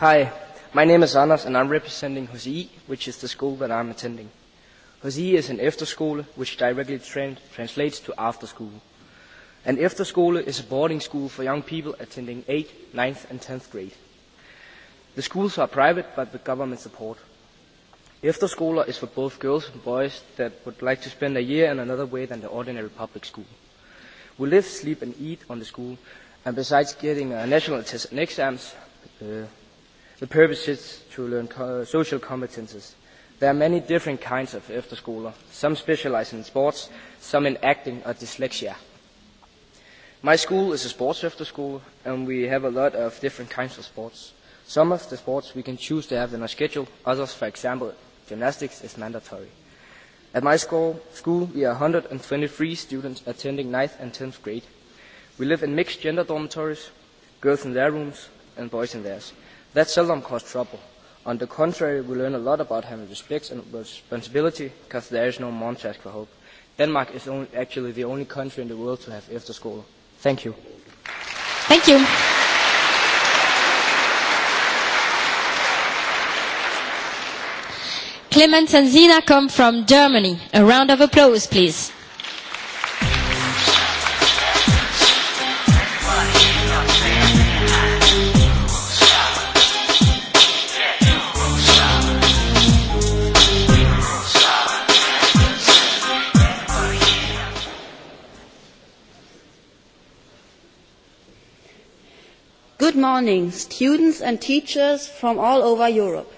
Hi, my name is Anders and I'm representing HOSI, which is the school that I'm attending. Hosie is an after school, which directly translates to after school. An school is a boarding school for young people attending 8th, 9th and 10th grade. The schools are private, but with government support. After Efterskoler is for both girls and boys that would like to spend a year in another way than the ordinary public school. We live, sleep and eat on the school, and besides getting national tests and exams, The purpose is to learn social competences. There are many different kinds of afterschooler. Some specialize in sports, some in acting or dyslexia. My school is a sports after and we have a lot of different kinds of sports. Some of the sports we can choose to have in our schedule, others, for example, gymnastics is mandatory. At my school, school we are 123 students attending ninth and tenth grade. We live in mixed gender dormitories, girls in their rooms and boys in theirs. That seldom caused trouble. On the contrary, we learn a lot about having respect and responsibility because there is no montage for hope. Denmark is actually the only country in the world to have after school. Thank you. Thank you. Clemens and Zina come from Germany. A round of applause, please. Good morning, students and teachers from all over Europe.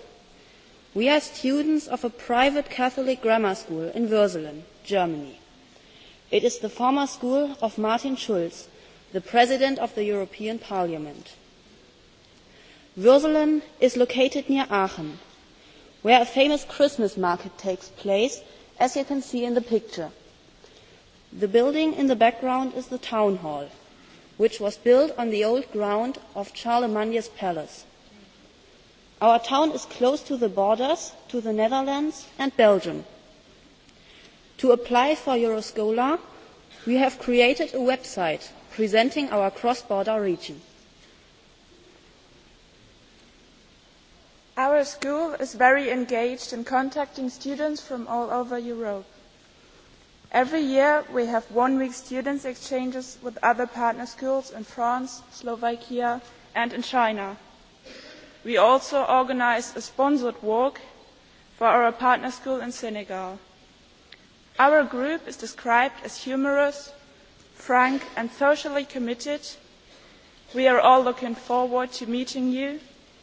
We are students of a private Catholic grammar school in Würselen, Germany. It is the former school of Martin Schulz, the President of the European Parliament. Würselen is located near Aachen, where a famous Christmas market takes place, as you can see in the picture. The building in the background is the town hall which was built on the old ground of Charlemagne's palace. Our town is close to the borders to the Netherlands and Belgium. To apply for Euroscola, we have created a website presenting our cross-border region. Our school is very engaged in contacting students from all over Europe. Every year we have one week students exchanges with other partner schools in France, Slovakia and in China. We also organise a sponsored walk for our partner school in Senegal. Our group is described as humorous, frank and socially committed. We are all looking forward to meeting you,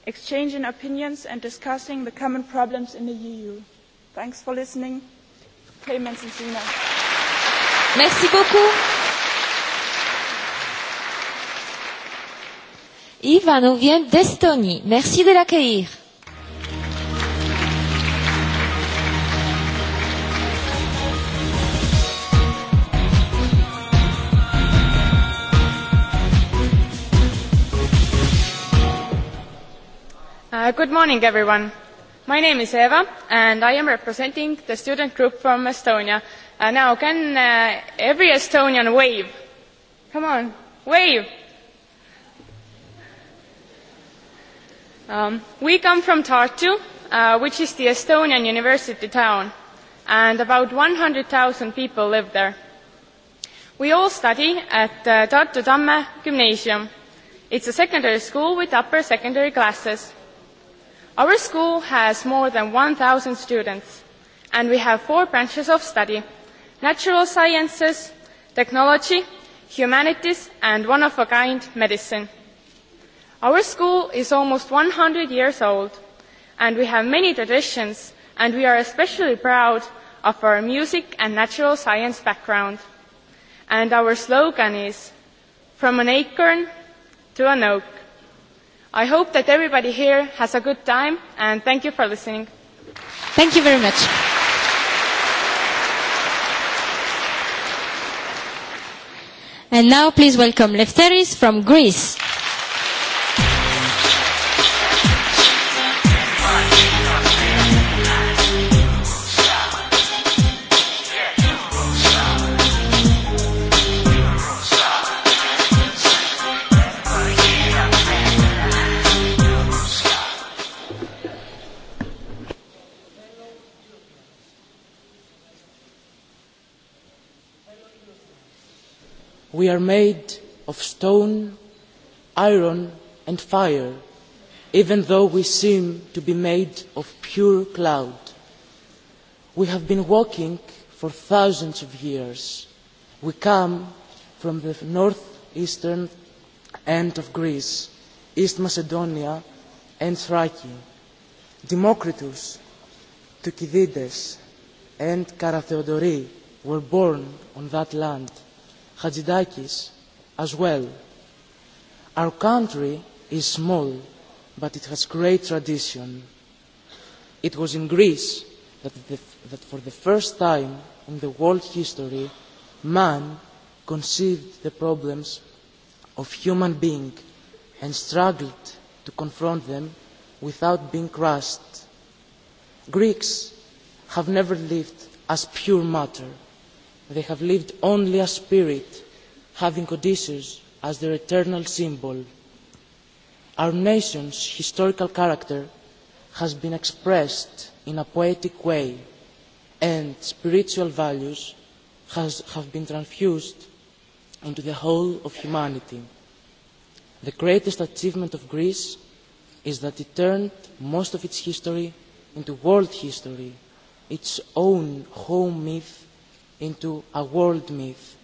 exchanging opinions and discussing the common problems in the EU. Thanks for listening. and Merci beaucoup. Iva nous vient d'Estonie. Merci de l'accueillir. Good morning, everyone My name is Eva and I am representing the student group from Estonia. Now, can every Estonian wave? Come on, wave! We come from Tartu, which is the Estonian university town, and about 100,000 people live there. We all study at Tartu Tamme Gymnasium. It's a secondary school with upper secondary classes. Our school has more than 1,000 students, and we have four branches of study, natural sciences, technology, humanities, and one-of-a-kind medicine. Our school is almost 100 years old, and we have many traditions, and we are especially proud of our music and natural science background. And our slogan is, from an acorn to an oak. I hope that everybody here has a good time and thank you for listening. Thank you very much. And now please welcome Lefteris from Greece. We are made of stone, iron and fire, even though we seem to be made of pure cloud. We have been walking for thousands of years. We come from the north-eastern end of Greece, East Macedonia and Thrace. Democritus, Thucydides and Karatheodori were born on that land. Hadzidakis as well. Our country is small, but it has great tradition. It was in Greece that for the first time in the world history man conceived the problems of human being and struggled to confront them without being crushed. Greeks have never lived as pure matter they have lived only as spirit, having Odysseus as their eternal symbol. Our nation's historical character has been expressed in a poetic way, and spiritual values have been transfused into the whole of humanity. The greatest achievement of Greece is that it turned most of its history into world history, its own home myth into a world myth.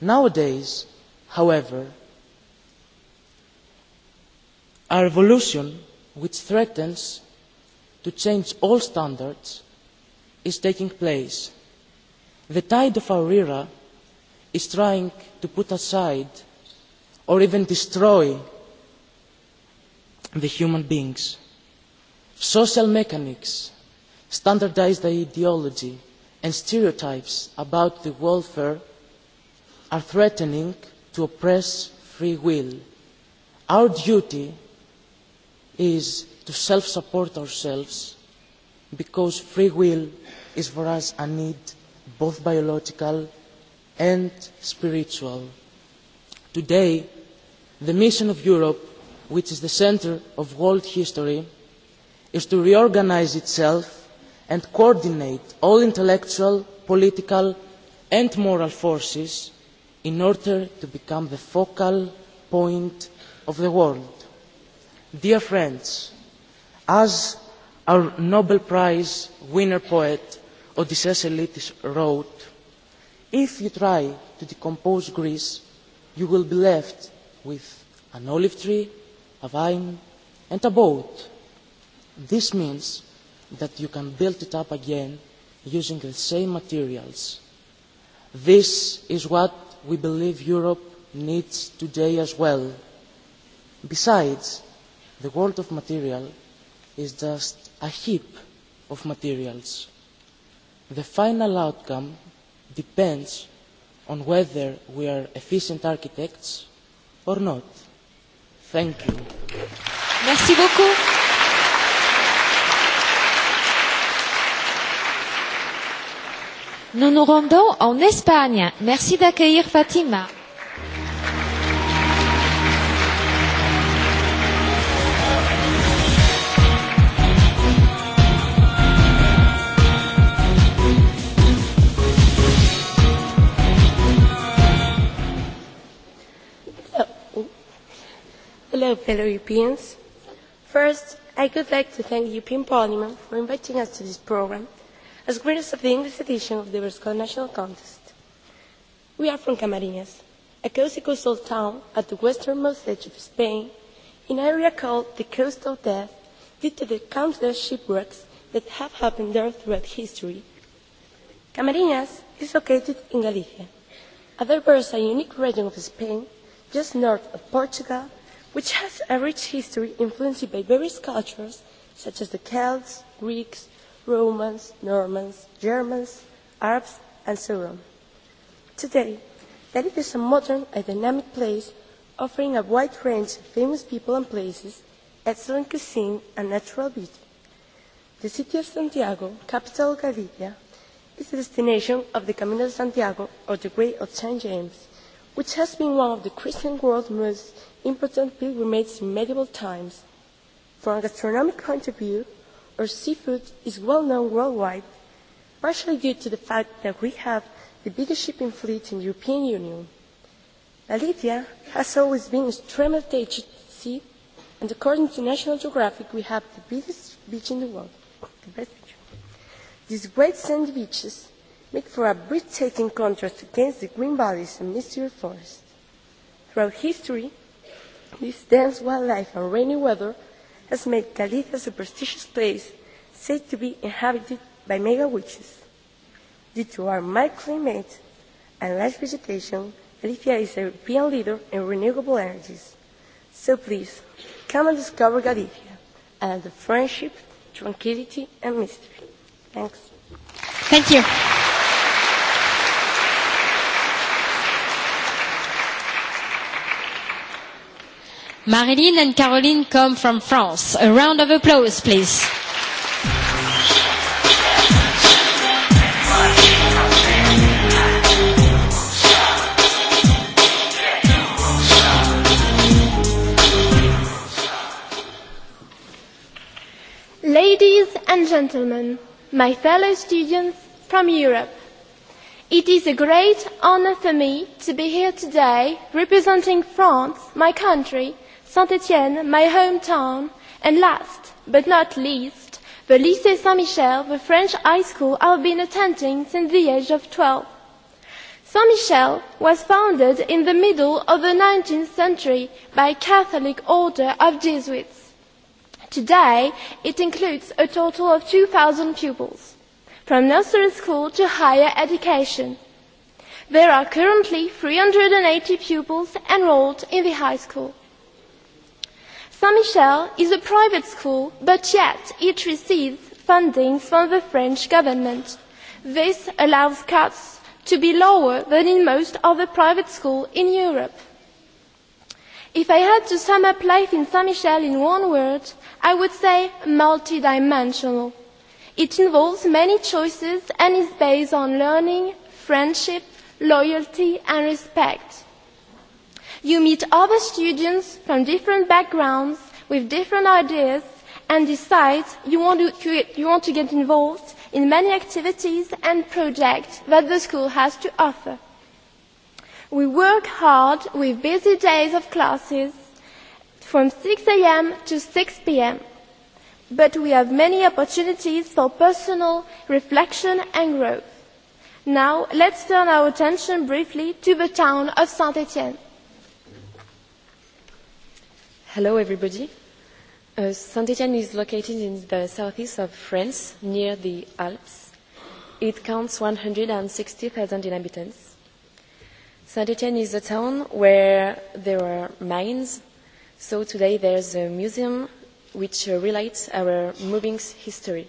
Nowadays, however, a revolution which threatens to change all standards is taking place. The tide of our era is trying to put aside or even destroy the human beings. Social mechanics, standardized ideology, and stereotypes about the welfare are threatening to oppress free will. Our duty is to self-support ourselves because free will is for us a need both biological and spiritual. Today, the mission of Europe, which is the centre of world history, is to reorganise itself and coordinate all intellectual, political and moral forces in order to become the focal point of the world. Dear friends, as our Nobel Prize winner poet Odysseus Elitis wrote, if you try to decompose Greece, you will be left with an olive tree, a vine and a boat. This means that you can build it up again using the same materials. This is what we believe Europe needs today as well. Besides, the world of material is just a heap of materials. The final outcome depends on whether we are efficient architects or not. Thank you. Merci Nous nous rendons en Espagne. Merci d'accueillir Fatima. Hello, fellow Europeans. First, I would like to thank the European Parliament for inviting us to this programme as winners of the English edition of the Berscon National Contest. We are from Camariñas, a cozy coastal town at the westernmost edge of Spain, in an area called the Coast of Death due to the countless shipwrecks that have happened there throughout history. Camariñas is located in Galicia. a diverse and unique region of Spain, just north of Portugal, which has a rich history influenced by various cultures such as the Celts, Greeks, Romans, Normans, Germans, Arabs and so on. Today, Tahrir is a modern and dynamic place offering a wide range of famous people and places, excellent cuisine and natural beauty. The city of Santiago, capital of Galicia, is the destination of the Camino de Santiago or the Way of St. James, which has been one of the Christian world's most important pilgrimages in medieval times. From a gastronomic point of view, or seafood is well known worldwide, partially due to the fact that we have the biggest shipping fleet in the European Union. Bolivia has always been extremely dated sea, and according to National Geographic, we have the biggest beach in the world. The best beach. These great sandy beaches make for a breathtaking contrast against the green valleys and mysterious forests. Throughout history, this dense wildlife and rainy weather has made Galicia a superstitious place said to be inhabited by mega witches. Due to our mild climate and large vegetation, Galicia is a European leader in renewable energies. So please, come and discover Galicia and the friendship, tranquility and mystery. Thanks. Thank you. Marilyn and Caroline come from France. A round of applause, please. Ladies and gentlemen, my fellow students from Europe, it is a great honor for me to be here today representing France, my country, Saint-Étienne, my hometown, and last but not least, the Lycée Saint-Michel, the French high school I've been attending since the age of 12. Saint-Michel was founded in the middle of the 19th century by a Catholic order of Jesuits. Today, it includes a total of 2,000 pupils, from nursery school to higher education. There are currently 380 pupils enrolled in the high school. Saint Michel is a private school, but yet it receives funding from the French government. This allows cuts to be lower than in most other private schools in Europe. If I had to sum up life in Saint Michel in one word, I would say multidimensional. It involves many choices and is based on learning, friendship, loyalty and respect. You meet other students from different backgrounds with different ideas and decide you want to get involved in many activities and projects that the school has to offer. We work hard with busy days of classes from 6 a.m. to 6 p.m. But we have many opportunities for personal reflection and growth. Now, let's turn our attention briefly to the town of Saint-Étienne. Hello, everybody. Saint-Étienne is located in the southeast of France, near the Alps. It counts 160,000 inhabitants. Saint-Étienne is a town where there are mines, so today there's a museum which relates our moving history.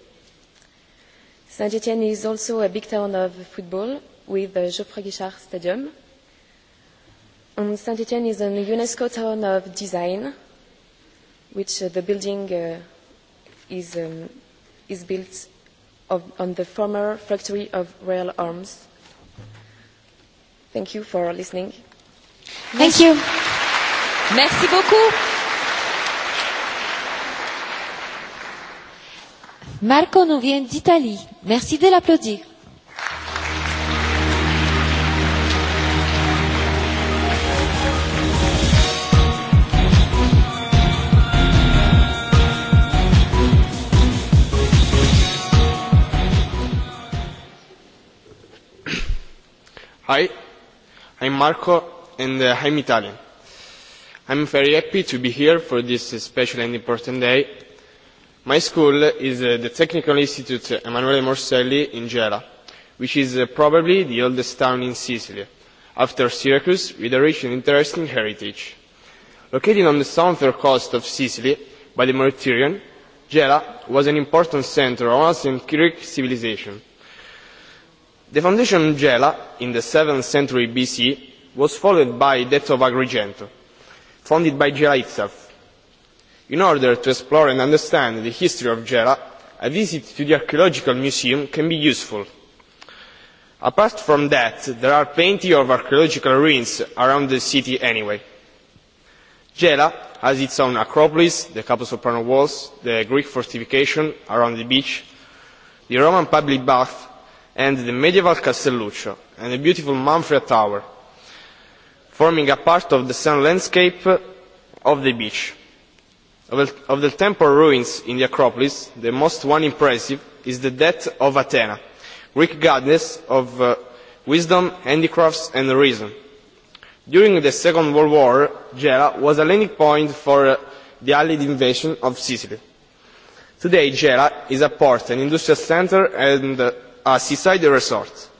Saint-Étienne is also a big town of football, with the Geoffroy Guichard Stadium. And Saint-Étienne is a UNESCO town of design, which the building is built on the former factory of Royal Arms. Thank you for listening. Thank you. Merci beaucoup. Marco nous vient d'Italie. Merci de l'applaudir. Hi, I'm Marco and I'm Italian. I'm very happy to be here for this special and important day. My school is the Technical Institute Emanuele Morselli in Gela, which is probably the oldest town in Sicily, after Syracuse, with a rich and interesting heritage. Located on the southern coast of Sicily, by the Mediterranean, Gela was an important centre of ancient Greek civilization The foundation of Gela in the 7th century BC was followed by that of Agrigento, founded by Gela itself. In order to explore and understand the history of Gela, a visit to the archaeological museum can be useful. Apart from that, there are plenty of archaeological ruins around the city anyway. Gela has its own Acropolis, the Capo Soprano walls, the Greek fortification around the beach, the Roman public bath and the medieval Castelluccio and the beautiful Manfred Tower, forming a part of the sun landscape of the beach. Of the temple ruins in the Acropolis, the most one impressive is the death of Athena, Greek goddess of wisdom, handicrafts and reason. During the Second World War, Gela was a landing point for the Allied invasion of Sicily. Today, Gela is a port, an industrial center and a seaside resort.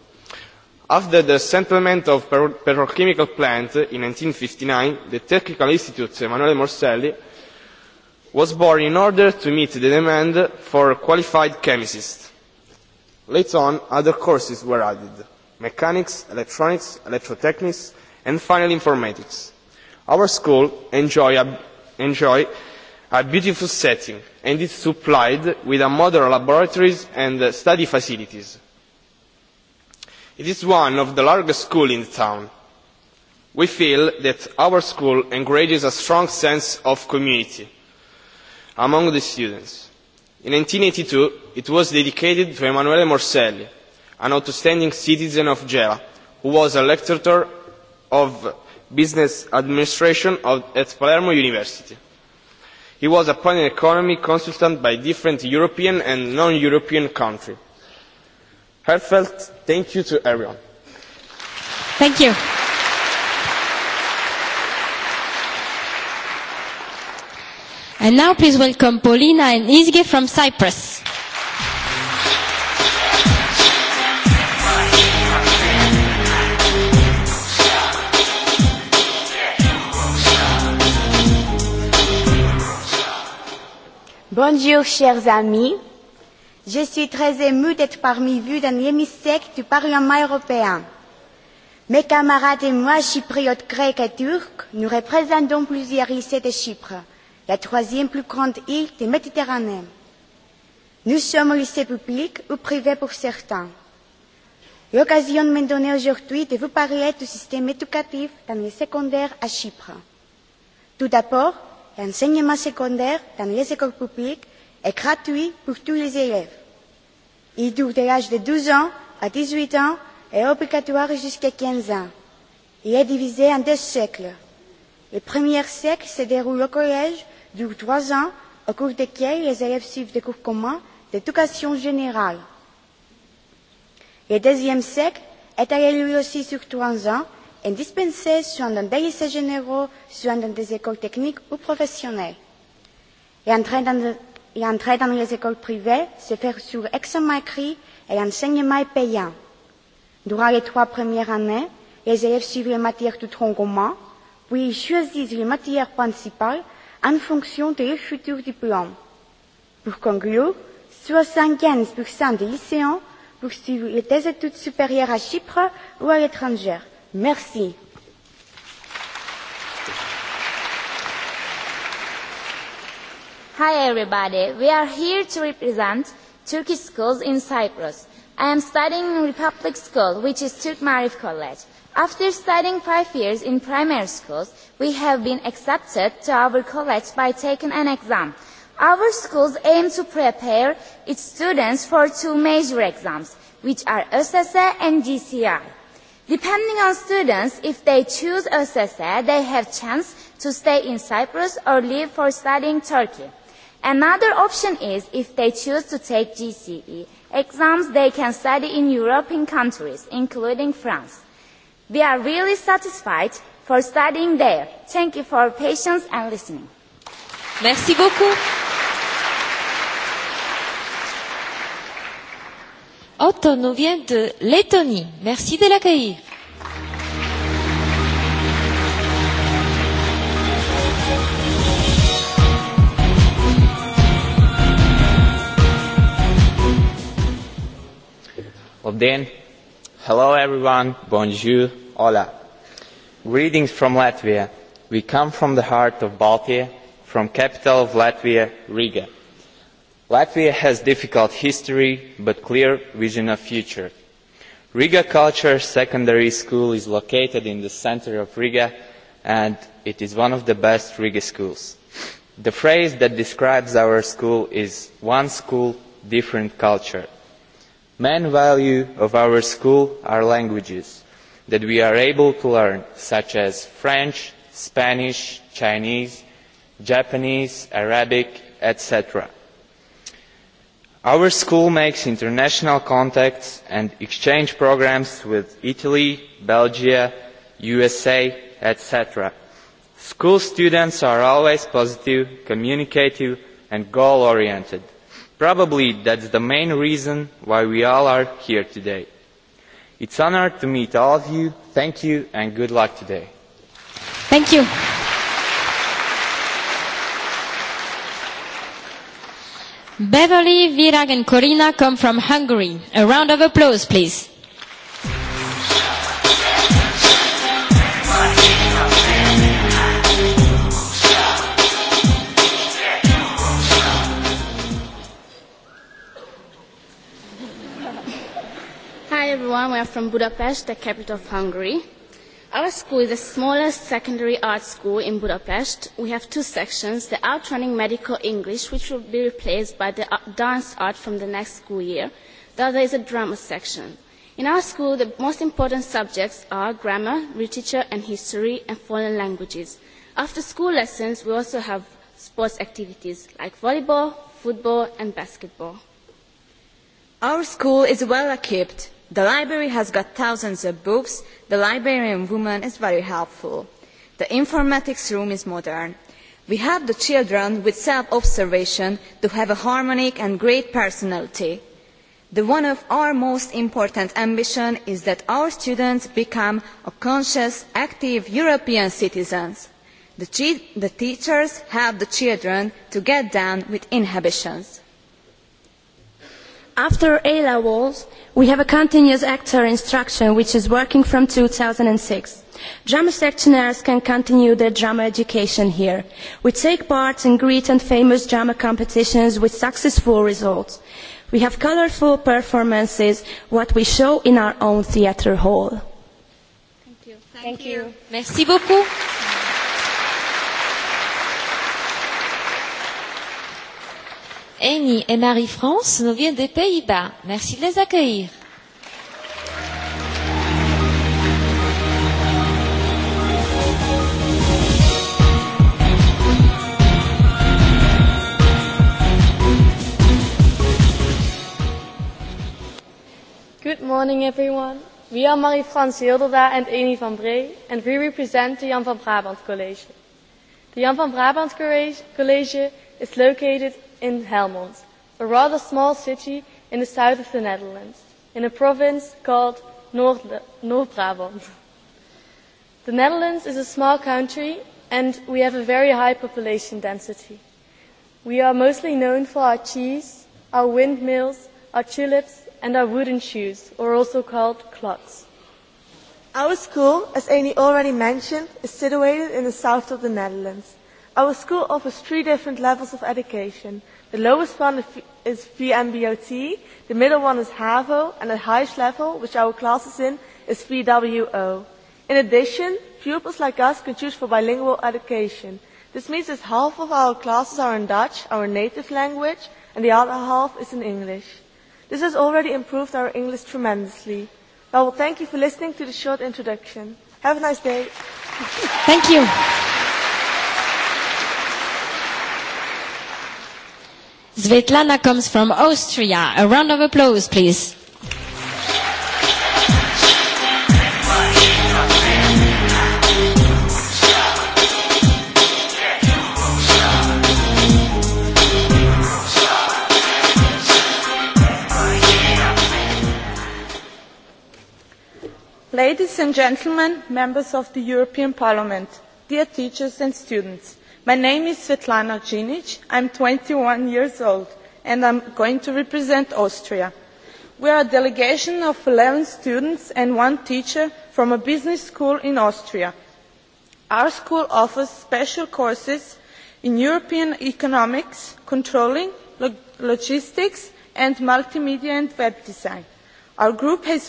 After the settlement of petrochemical plant in 1959, the Technical Institute Emanuele Morselli was born in order to meet the demand for qualified chemists. Later on, other courses were added mechanics, electronics, electrotechnics, and finally informatics. Our school enjoy a beautiful setting and is supplied with modern laboratories and study facilities. It is one of the largest schools in the town. We feel that our school encourages a strong sense of community among the students. In 1982, it was dedicated to Emanuele Morselli, an outstanding citizen of Gela, who was a lecturer of business administration at Palermo University. He was a planning economy consultant by different European and non-European countries. Heartfelt thank you to everyone. Thank you. And now please welcome Paulina and Izge from Cyprus. Bonjour, chers amis. Je suis très émue d'être parmi vous dans l'hémicycle du Parlement européen. Mes camarades et moi, chypriotes grecs et turcs, nous représentons plusieurs lycées de Chypre, la troisième plus grande île de Méditerranée. Nous sommes un lycée public ou privé pour certains. L'occasion m'est donnée aujourd'hui de vous parler du système éducatif dans les secondaires à Chypre. Tout d'abord, l'enseignement secondaire dans les écoles publiques est gratuit pour tous les élèves. Il dure de l'âge de 12 ans à 18 ans et est obligatoire jusqu'à 15 ans. Il est divisé en deux siècles. Le premier siècle se déroule au collège, dure trois ans, au cours desquels les élèves suivent des cours communs d'éducation générale. Le deuxième siècle est allé lui aussi sur trois ans et dispensés soit dans des lycées généraux, soit dans des écoles techniques ou professionnelles. Et entrer dans les écoles privées, se faire sur examen écrit et enseignement est payant. Durant les trois premières années, les élèves suivent les matières du tronc commun, puis ils choisissent les matières principales en fonction de leur futur diplôme. Pour conclure, quinze des lycéens poursuivent des études supérieures à Chypre ou à l'étranger. Merci. Hi everybody. We are here to represent Turkish schools in Cyprus. I am studying in Republic School, which is Turk Marif College. After studying five years in primary schools, we have been accepted to our college by taking an exam. Our schools aim to prepare its students for two major exams, which are SSA and GCI. Depending on students, if they choose OSSE, they have chance to stay in Cyprus or leave for studying Turkey. Another option is if they choose to take GCE exams, they can study in European countries, including France. We are really satisfied for studying there. Thank you for your patience and listening. Merci beaucoup. Otto nous vient de Lettonie. Merci de l'accueillir. Hello everyone, bonjour, hola. Greetings from Latvia. We come from the heart of Baltia, from capital of Latvia, Riga latvia has a difficult history but a clear vision of the future. riga culture secondary school is located in the centre of riga and it is one of the best riga schools. the phrase that describes our school is one school different culture'. the main value of our school are languages that we are able to learn such as french spanish chinese japanese arabic etc. Our school makes international contacts and exchange programs with Italy, Belgium, USA, etc. School students are always positive, communicative and goal-oriented. Probably that's the main reason why we all are here today. It's an honor to meet all of you. Thank you and good luck today. Thank you. Beverly, Virag and Corina come from Hungary. A round of applause, please. Hi everyone, we are from Budapest, the capital of Hungary Our school is the smallest secondary art school in Budapest. We have two sections, the outrunning medical English, which will be replaced by the dance art from the next school year. The other is a drama section. In our school, the most important subjects are grammar, literature and history, and foreign languages. After school lessons, we also have sports activities like volleyball, football and basketball. Our school is well equipped The library has got thousands of books. The librarian woman is very helpful. The informatics room is modern. We help the children with self-observation to have a harmonic and great personality. The one of our most important ambition is that our students become a conscious, active European citizens. The teachers help the children to get down with inhibitions. After A levels, we have a continuous actor instruction which is working from 2006. Drama sectionaires can continue their drama education here. We take part in great and famous drama competitions with successful results. We have colourful performances, what we show in our own theater hall. Thank you. Thank you. Merci beaucoup. Amy et Marie-France nous viennent des Pays-Bas. Merci de les accueillir. Good morning everyone. We are Marie-France Hilderda and Amy van Bree and we represent the Jan van Brabant College. The Jan van Brabant College is located in Helmond, a rather small city in the south of the Netherlands, in a province called Noord-Brabant. The Netherlands is a small country and we have a very high population density. We are mostly known for our cheese, our windmills, our tulips and our wooden shoes, or also called clogs. Our school, as Amy already mentioned, is situated in the south of the Netherlands. Our school offers three different levels of education The lowest one is VMBOT, the middle one is HAVO, and the highest level, which our class is in, is VWO. In addition, pupils like us can choose for bilingual education. This means that half of our classes are in Dutch, our native language, and the other half is in English. This has already improved our English tremendously. I will thank you for listening to the short introduction. Have a nice day. Thank you. Svetlana comes from Austria. A round of applause, please. Ladies and gentlemen, members of the European Parliament, dear teachers and students, My name is Svetlana Ginic. I'm 21 years old and I'm going to represent Austria. We are a delegation of 11 students and one teacher from a business school in Austria. Our school offers special courses in European economics, controlling, logistics and multimedia and web design. Our group has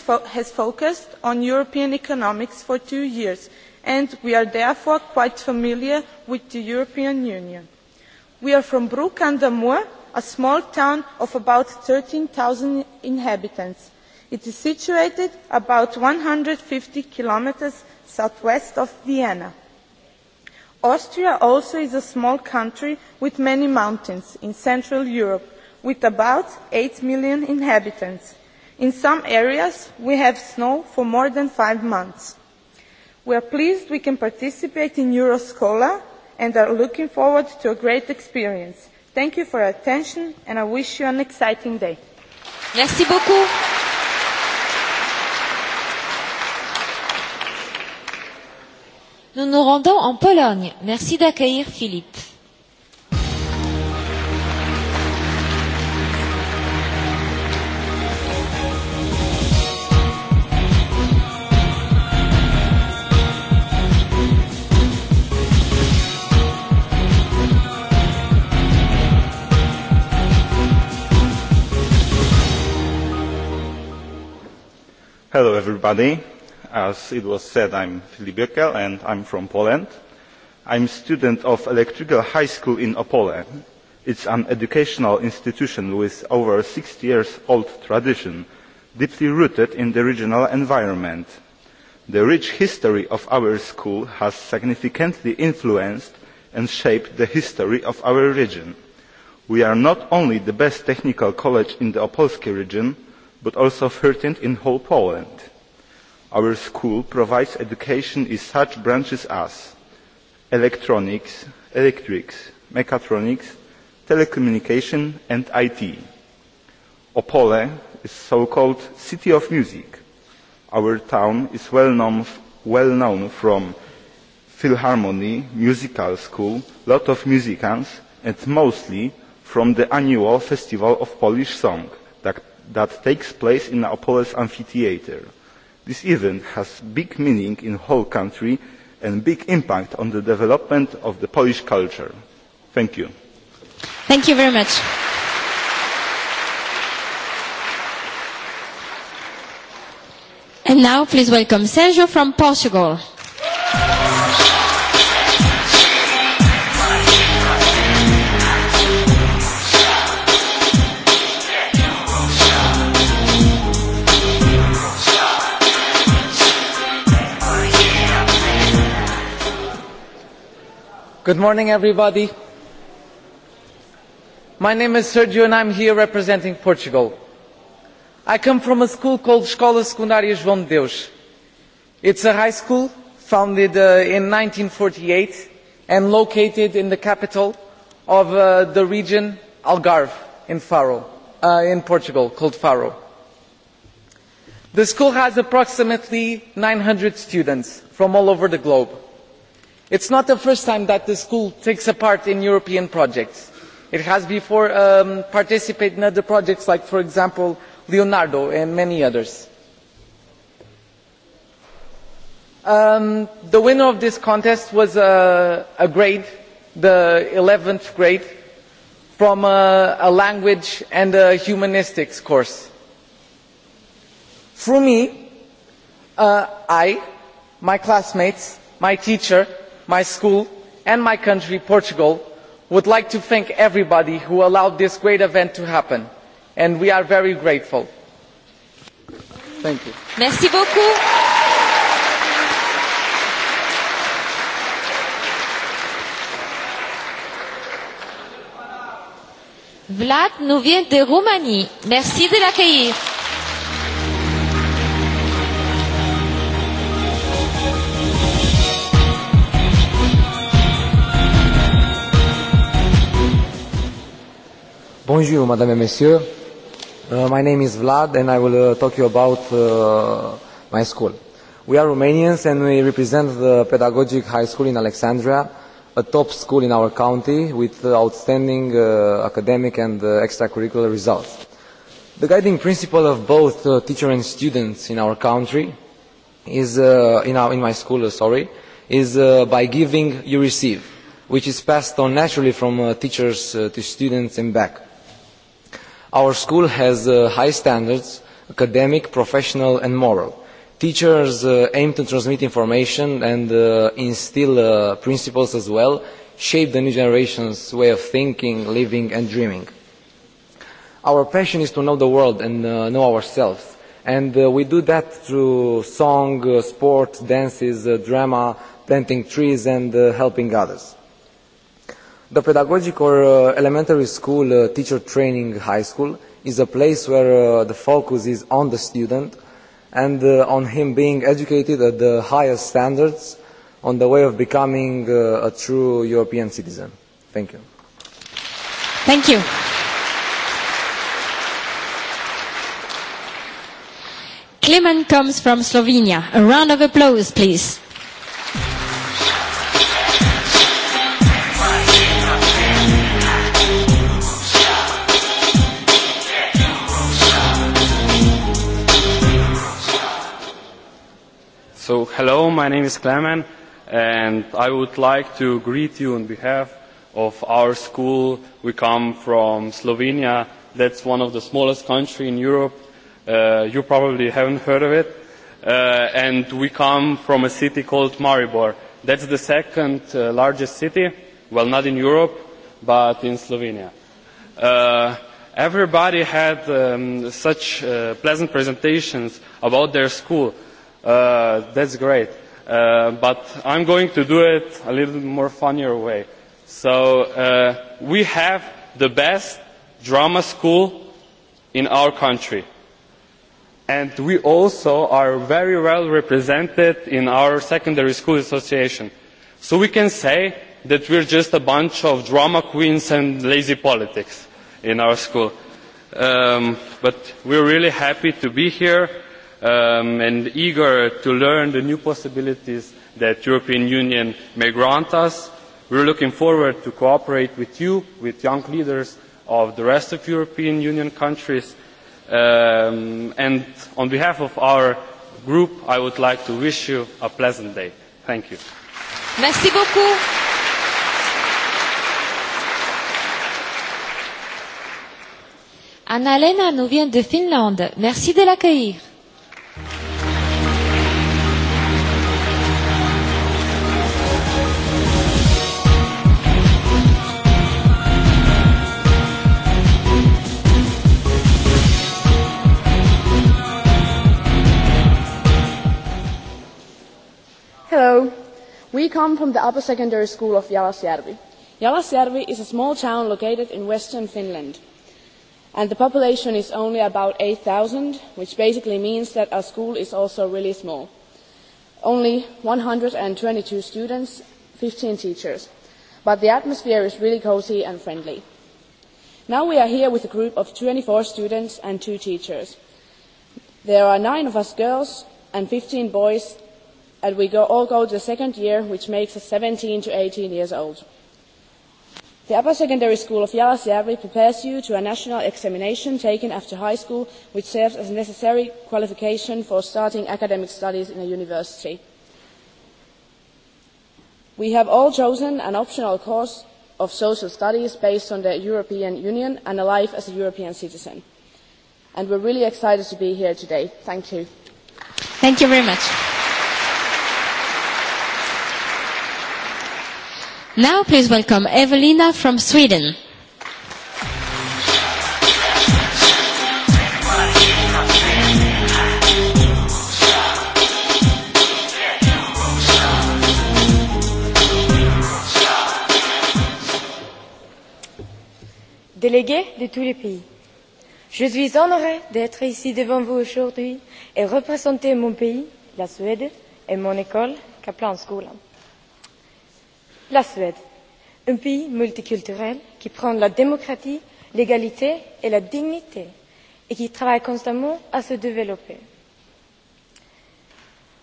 focused on European economics for two years and we are therefore quite familiar with the European Union. We are from an der Mur, a small town of about 13,000 inhabitants. It is situated about 150 kilometres west of Vienna. Austria also is a small country with many mountains in Central Europe, with about 8 million inhabitants. In some areas we have snow for more than five months. We are pleased we can participate in Euroscola and are looking forward to a great experience. Thank you for your attention and I wish you an exciting day. Merci beaucoup. Nous nous rendons en Pologne. Merci d'accueillir Philippe. Hello everybody. As it was said, I'm Filip and I'm from Poland. I'm a student of Electrical High School in Opole. It's an educational institution with over 60 years old tradition, deeply rooted in the regional environment. The rich history of our school has significantly influenced and shaped the history of our region. We are not only the best technical college in the Opolski region, but also threatened in whole Poland. Our school provides education in such branches as electronics, electrics, mechatronics, telecommunication and IT. Opole is so-called City of Music. Our town is well known from Philharmony, musical school, lot of musicians and mostly from the annual festival of Polish song that that takes place in the Apollo's Amphitheater. This event has big meaning in the whole country and big impact on the development of the Polish culture. Thank you. Thank you very much. And now please welcome Sergio from Portugal. Good morning, everybody. My name is Sergio and I'm here representing Portugal. I come from a school called Escola Secundária João de Deus. It's a high school founded in 1948 and located in the capital of the region Algarve in Faro, in Portugal, called Faro. The school has approximately 900 students from all over the globe It is not the first time that the school takes part in European projects. It has before participated in other projects like, for example, Leonardo and many others. The winner of this contest was a grade, the 11th grade, from a language and a humanistics course. For me, I, my classmates, my teacher, my school and my country portugal would like to thank everybody who allowed this great event to happen and we are very grateful. thank you. Merci beaucoup. Vlad de Merci de l'accueillir. Bonjour, madame et messieurs. my name is Vlad, and I will talk to you about my school. We are Romanians, and we represent the Pedagogic High School in Alexandria, a top school in our county with outstanding academic and extracurricular results. The guiding principle of both teacher and students in our country is, in, our, in my school, sorry, is by giving you receive, which is passed on naturally from teachers to students and back Our school has high standards, academic, professional and moral. Teachers aim to transmit information and instill principles as well, shape the new generation's way of thinking, living and dreaming. Our passion is to know the world and know ourselves, and we do that through song, sport, dances, drama, planting trees and helping others. The pedagogic or elementary school teacher training high school is a place where the focus is on the student and on him being educated at the highest standards on the way of becoming a true European citizen. Thank you. Thank you. Kliman comes from Slovenia. A round of applause, please. So, hello, my name is Clement, and I would like to greet you on behalf of our school. We come from Slovenia. That's one of the smallest countries in Europe. You probably haven't heard of it. And we come from a city called Maribor. That's the second largest city, well, not in Europe, but in Slovenia. Everybody had such pleasant presentations about their school that's great. But I'm going to do it a little more funnier way. So we have the best drama school in our country. And we also are very well represented in our secondary school association. So we can say that we're just a bunch of drama queens and lazy politics in our school. But we're really happy to be here and eager to learn the new possibilities that the European Union may grant us. We are looking forward to cooperate with you, with young leaders of the rest of European Union countries. And on behalf of our group, I would like to wish you a pleasant day. Thank you. Merci beaucoup. anna nous vient de Finlande. Merci de l'accueillir. Hello. We come from the upper secondary school of Jalasjärvi. Jalasjärvi is a small town located in western Finland and the population is only about 8,000, which basically means that our school is also really small. Only 122 students, 15 teachers, but the atmosphere is really cozy and friendly. Now we are here with a group of 24 students and two teachers. There are nine of us girls and 15 boys, and we all go to the second year, which makes us 17 to 18 years old. The upper secondary school of Siavri prepares you to a national examination taken after high school, which serves as a necessary qualification for starting academic studies in a university. We have all chosen an optional course of social studies based on the European Union and a life as a European citizen. And we're really excited to be here today. Thank you. Thank you very much. Now please welcome Evelina from Sweden. Délégués de tous les pays, je suis honorée d'être ici devant vous aujourd'hui et représenter mon pays, la Suède, et mon école, Kaplanskolan la Suède, un pays multiculturel qui prend la démocratie, l'égalité et la dignité et qui travaille constamment à se développer.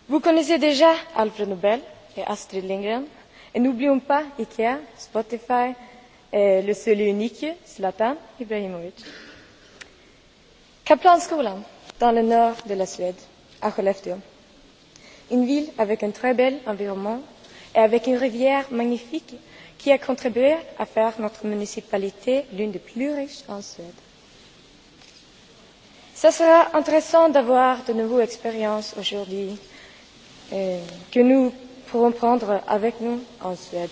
Vous connaissez déjà Alfred Nobel et Astrid Lindgren et n'oublions pas IKEA, Spotify et le seul et unique Zlatan Ibrahimovic. Kaplanskolan, dans le nord de la Suède, à Skellefteå. Une ville avec un très bel environnement et avec une rivière magnifique qui a contribué à faire notre municipalité l'une des plus riches en Suède. Ce sera intéressant d'avoir de nouvelles expériences aujourd'hui que nous pourrons prendre avec nous en Suède.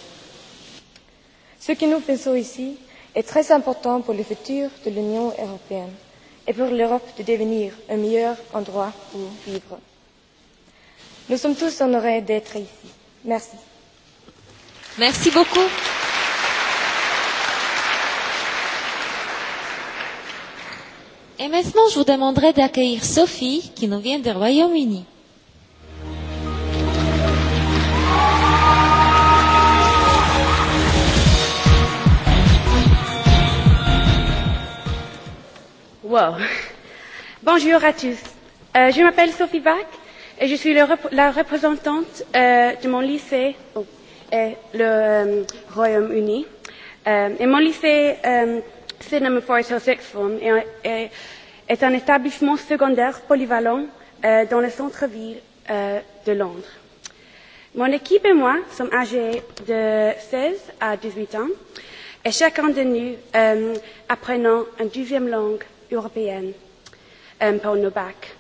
Ce que nous faisons ici est très important pour le futur de l'Union européenne et pour l'Europe de devenir un meilleur endroit pour vivre. Nous sommes tous honorés d'être ici. Merci. Merci beaucoup. Et maintenant, je vous demanderai d'accueillir Sophie, qui nous vient du Royaume-Uni. Wow. Bonjour à tous. Euh, je m'appelle Sophie Bach et je suis le, la représentante euh, de mon lycée. Oh le Royaume-Uni. Et mon lycée Sydenham Forest Hill Sixth Form est un établissement secondaire polyvalent dans le centre-ville de Londres. Mon équipe et moi sommes âgés de 16 à 18 ans et chacun de nous apprenant une deuxième langue européenne pour nos bacs.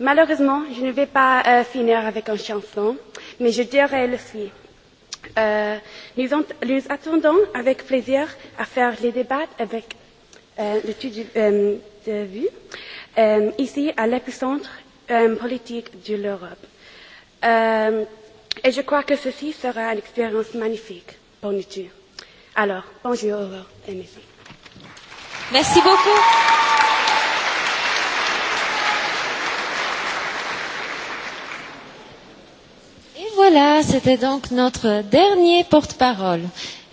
Malheureusement, je ne vais pas finir avec une chanson, mais je dirai le suivant nous attendons avec plaisir à faire les débats avec l'étude de vue ici à l'épicentre politique de l'Europe. Et je crois que ceci sera une expérience magnifique pour nous tous. Alors, bonjour et merci. Merci beaucoup. voilà, c'était donc notre dernier porte-parole.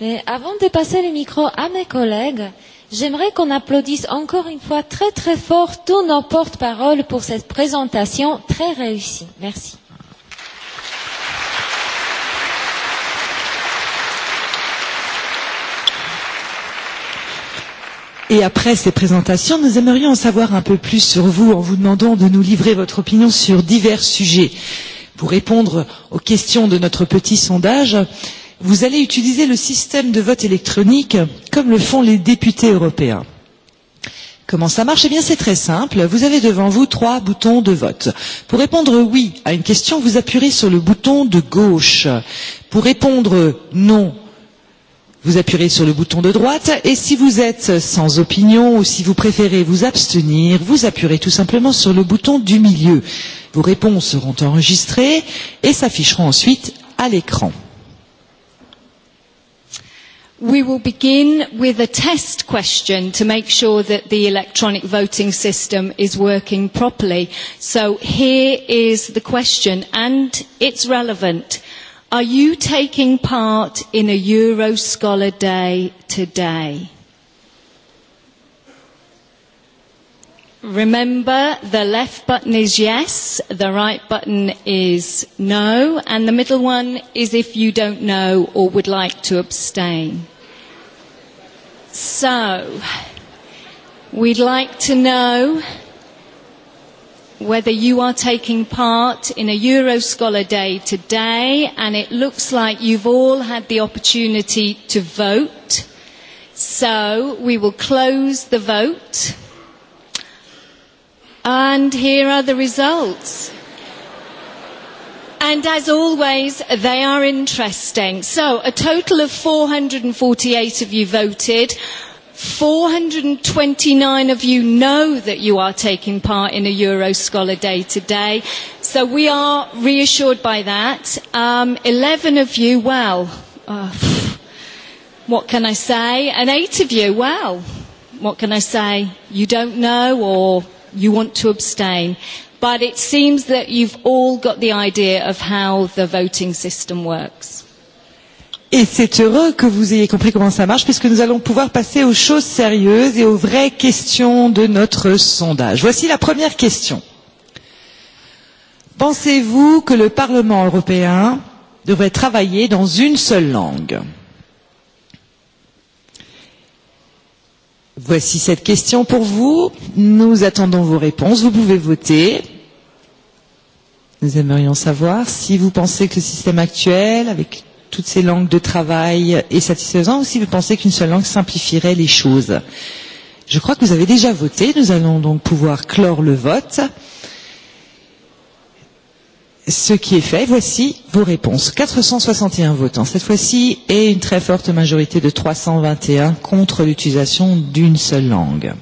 Mais avant de passer le micro à mes collègues, j'aimerais qu'on applaudisse encore une fois très très fort tous nos porte-paroles pour cette présentation très réussie. Merci. Et après ces présentations, nous aimerions en savoir un peu plus sur vous en vous demandant de nous livrer votre opinion sur divers sujets pour répondre aux questions de notre petit sondage, vous allez utiliser le système de vote électronique comme le font les députés européens. Comment ça marche Eh bien, c'est très simple. Vous avez devant vous trois boutons de vote. Pour répondre oui à une question, vous appuyez sur le bouton de gauche. Pour répondre non vous appuierez sur le bouton de droite et si vous êtes sans opinion ou si vous préférez vous abstenir, vous appuierez tout simplement sur le bouton du milieu. Vos réponses seront enregistrées et s'afficheront ensuite à l'écran. We will begin with a test question to make sure that the electronic voting system is working properly. So here is the question and it's relevant. Are you taking part in a Euro Scholar Day today? Remember, the left button is yes, the right button is no, and the middle one is if you don't know or would like to abstain. So, we'd like to know whether you are taking part in a Euroscholar Day today, and it looks like you've all had the opportunity to vote. So we will close the vote. And here are the results. And as always, they are interesting. So a total of 448 of you voted. 429 of you know that you are taking part in a Euro Scholar Day today. So we are reassured by that. 11 of you, well, what can I say? And 8 of you, well, what can I say? You don't know or you want to abstain. But it seems that you've all got the idea of how the voting system works. Et c'est heureux que vous ayez compris comment ça marche, puisque nous allons pouvoir passer aux choses sérieuses et aux vraies questions de notre sondage. Voici la première question. Pensez-vous que le Parlement européen devrait travailler dans une seule langue Voici cette question pour vous. Nous attendons vos réponses. Vous pouvez voter. Nous aimerions savoir si vous pensez que le système actuel, avec toutes ces langues de travail est satisfaisant ou si vous pensez qu'une seule langue simplifierait les choses. Je crois que vous avez déjà voté. Nous allons donc pouvoir clore le vote. Ce qui est fait, voici vos réponses. 461 votants cette fois-ci et une très forte majorité de 321 contre l'utilisation d'une seule langue.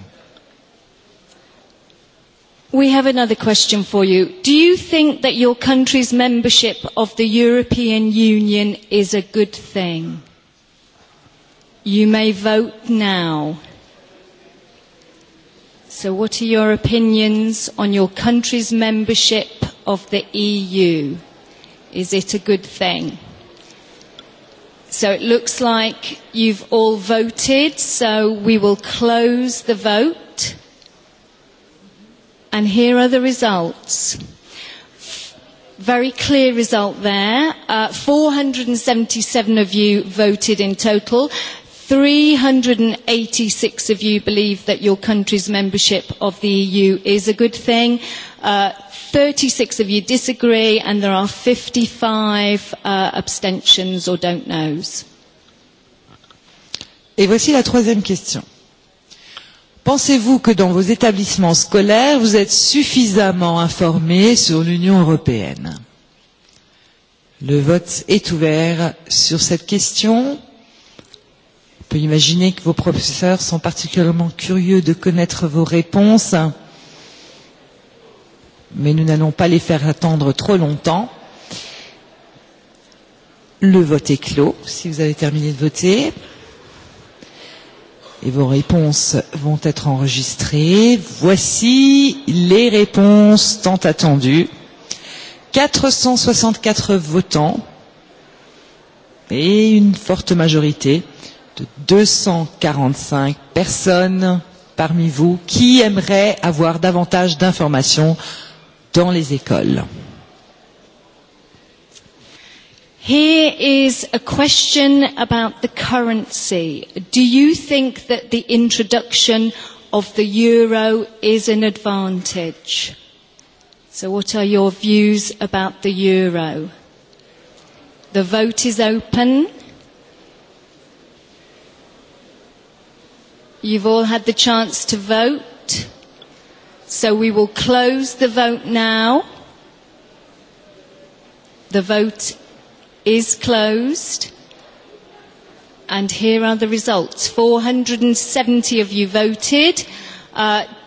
We have another question for you. Do you think that your country's membership of the European Union is a good thing? You may vote now. So what are your opinions on your country's membership of the EU? Is it a good thing? So it looks like you've all voted, so we will close the vote. And here are the results. Very clear result there. 477 of you voted in total. 386 of you believe that your country's membership of the EU is a good thing. 36 of you disagree, and there are 55 abstentions or don't knows. Et voici la troisième question. Pensez-vous que dans vos établissements scolaires, vous êtes suffisamment informés sur l'Union européenne Le vote est ouvert sur cette question. On peut imaginer que vos professeurs sont particulièrement curieux de connaître vos réponses, mais nous n'allons pas les faire attendre trop longtemps. Le vote est clos, si vous avez terminé de voter et vos réponses vont être enregistrées. Voici les réponses tant attendues. 464 votants et une forte majorité de 245 personnes parmi vous qui aimeraient avoir davantage d'informations dans les écoles. Here is a question about the currency. Do you think that the introduction of the euro is an advantage? So what are your views about the euro? The vote is open. You've all had the chance to vote. So we will close the vote now. The vote is closed. And here are the results. 470 of you voted.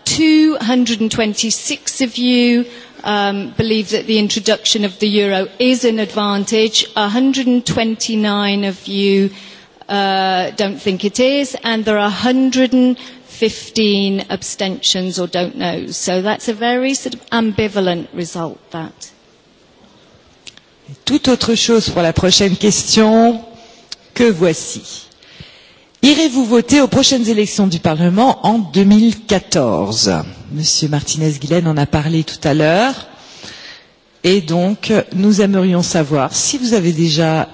226 of you believe that the introduction of the euro is an advantage. 129 of you don't think it is. And there are 115 abstentions or don't knows. So that's a very sort of ambivalent result, that toute autre chose pour la prochaine question que voici. Irez-vous voter aux prochaines élections du Parlement en 2014 Monsieur Martinez-Guilaine en a parlé tout à l'heure. Et donc, nous aimerions savoir si vous avez déjà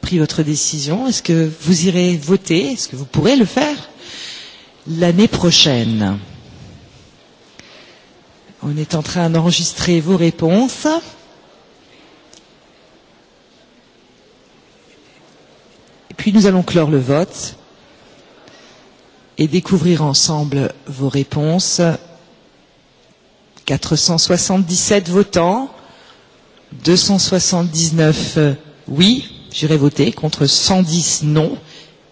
pris votre décision. Est-ce que vous irez voter Est-ce que vous pourrez le faire l'année prochaine On est en train d'enregistrer vos réponses. Puis nous allons clore le vote et découvrir ensemble vos réponses. 477 votants, 279 oui, j'irai voter, contre 110 non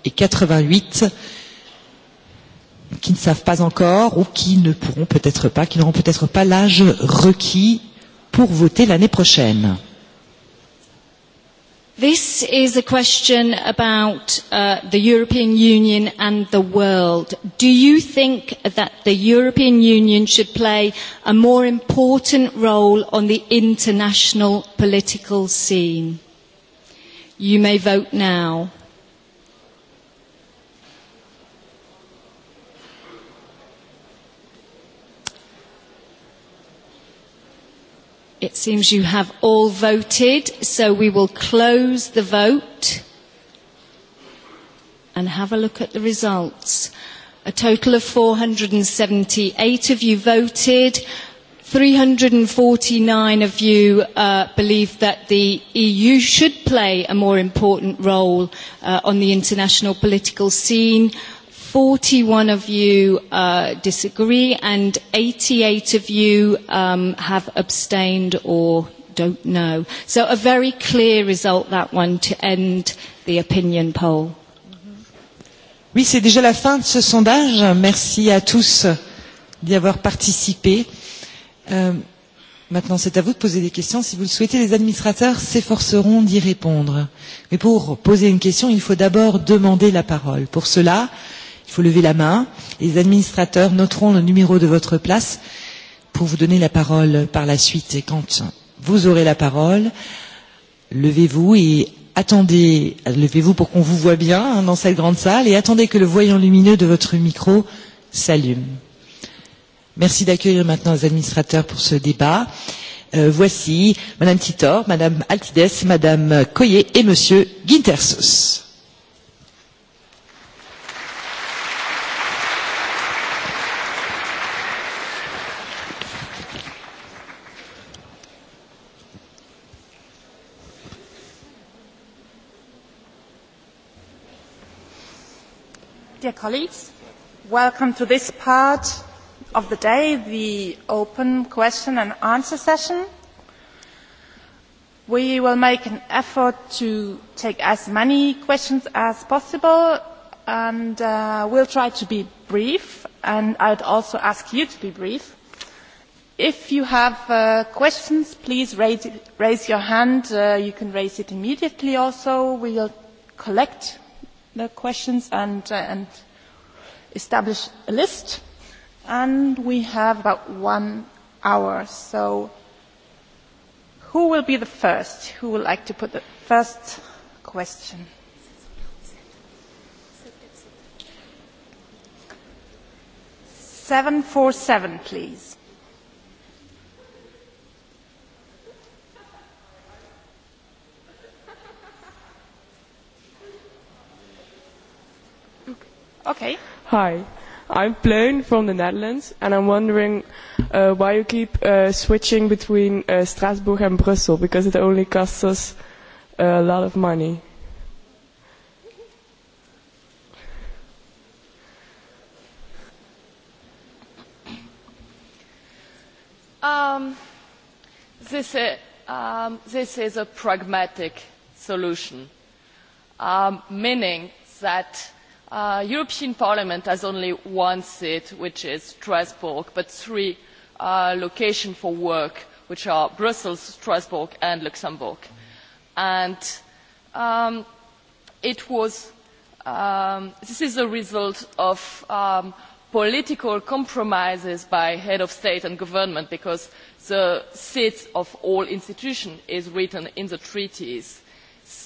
et 88 qui ne savent pas encore ou qui ne pourront peut-être pas, qui n'auront peut-être pas l'âge requis pour voter l'année prochaine. This is a question about the European Union and the world. Do you think that the European Union should play a more important role on the international political scene? You may vote now. It seems you have all voted, so we will close the vote and have a look at the results. A total of 478 of you voted. 349 of you believe that the EU should play a more important role on the international political scene. 41 of you disagree and 88 of you um have abstained or don't know. So a very clear result, that one, to end the opinion poll. Oui, c'est déjà la fin de ce sondage. Merci à tous d'y avoir participé. Maintenant, c'est à vous de poser des questions. Si vous le souhaitez, les administrateurs s'efforceront d'y répondre. Mais pour poser une question, il faut d'abord demander la parole. Pour cela, Il faut lever la main. Les administrateurs noteront le numéro de votre place pour vous donner la parole par la suite. Et quand vous aurez la parole, levez-vous et attendez, levez-vous pour qu'on vous voit bien dans cette grande salle et attendez que le voyant lumineux de votre micro s'allume. Merci d'accueillir maintenant les administrateurs pour ce débat. Voici Madame Titor, Madame Altides, Madame Coyer et Monsieur Guintersos. Dear colleagues, welcome to this part of the day, the open question and answer session. We will make an effort to take as many questions as possible and we'll try to be brief and I'd also ask you to be brief. If you have questions, please raise your hand. You can raise it immediately also. We will collect the questions and establish a list. And we have about one hour. So who will be the first? Who would like to put the first question? Seven four seven, please. Okay. Hi, I'm Pleun from the Netherlands, and I'm wondering why you keep switching between Strasbourg and Brussels, because it only costs us a lot of money. Um, this, um, this is a pragmatic solution, um, meaning that The European Parliament has only one seat, which is Strasbourg, but three locations for work, which are Brussels, Strasbourg and Luxembourg. this is the result of political compromises by Heads of state and government, because the seats of all institutions is written in the treaties.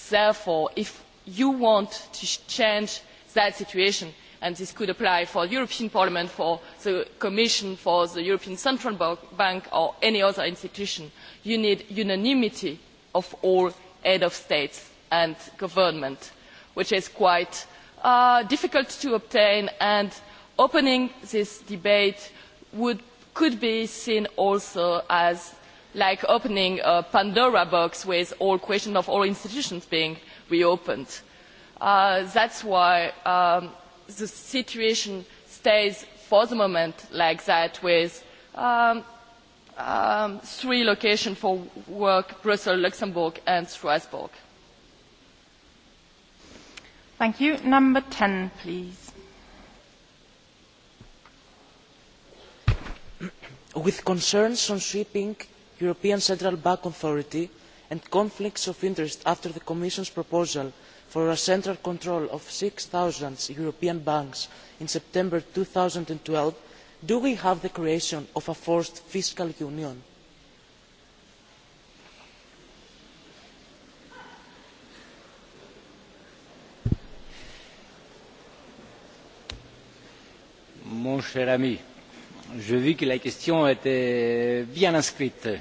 Therefore, if you want to change that situation and this could apply for the European Parliament, for the Commission, for the European Central Bank or any other institution. You need unanimity of all heads of state and government, which is quite difficult to obtain and opening this debate could be seen also as like opening a Pandora box with all questions of all institutions being reopened. That's why the situation stays for the moment like that with three locations for work, Brussels, Luxembourg and Strasbourg. Thank you. Number 10, please. With concerns on sweeping European Central Bank Authority and conflicts of interest after the Commission's proposal for a central control of six zero european banks in september two thousand and twelve do we have the creation of a forced fiscal union? mon cher ami je vis que la question était bien inscrite.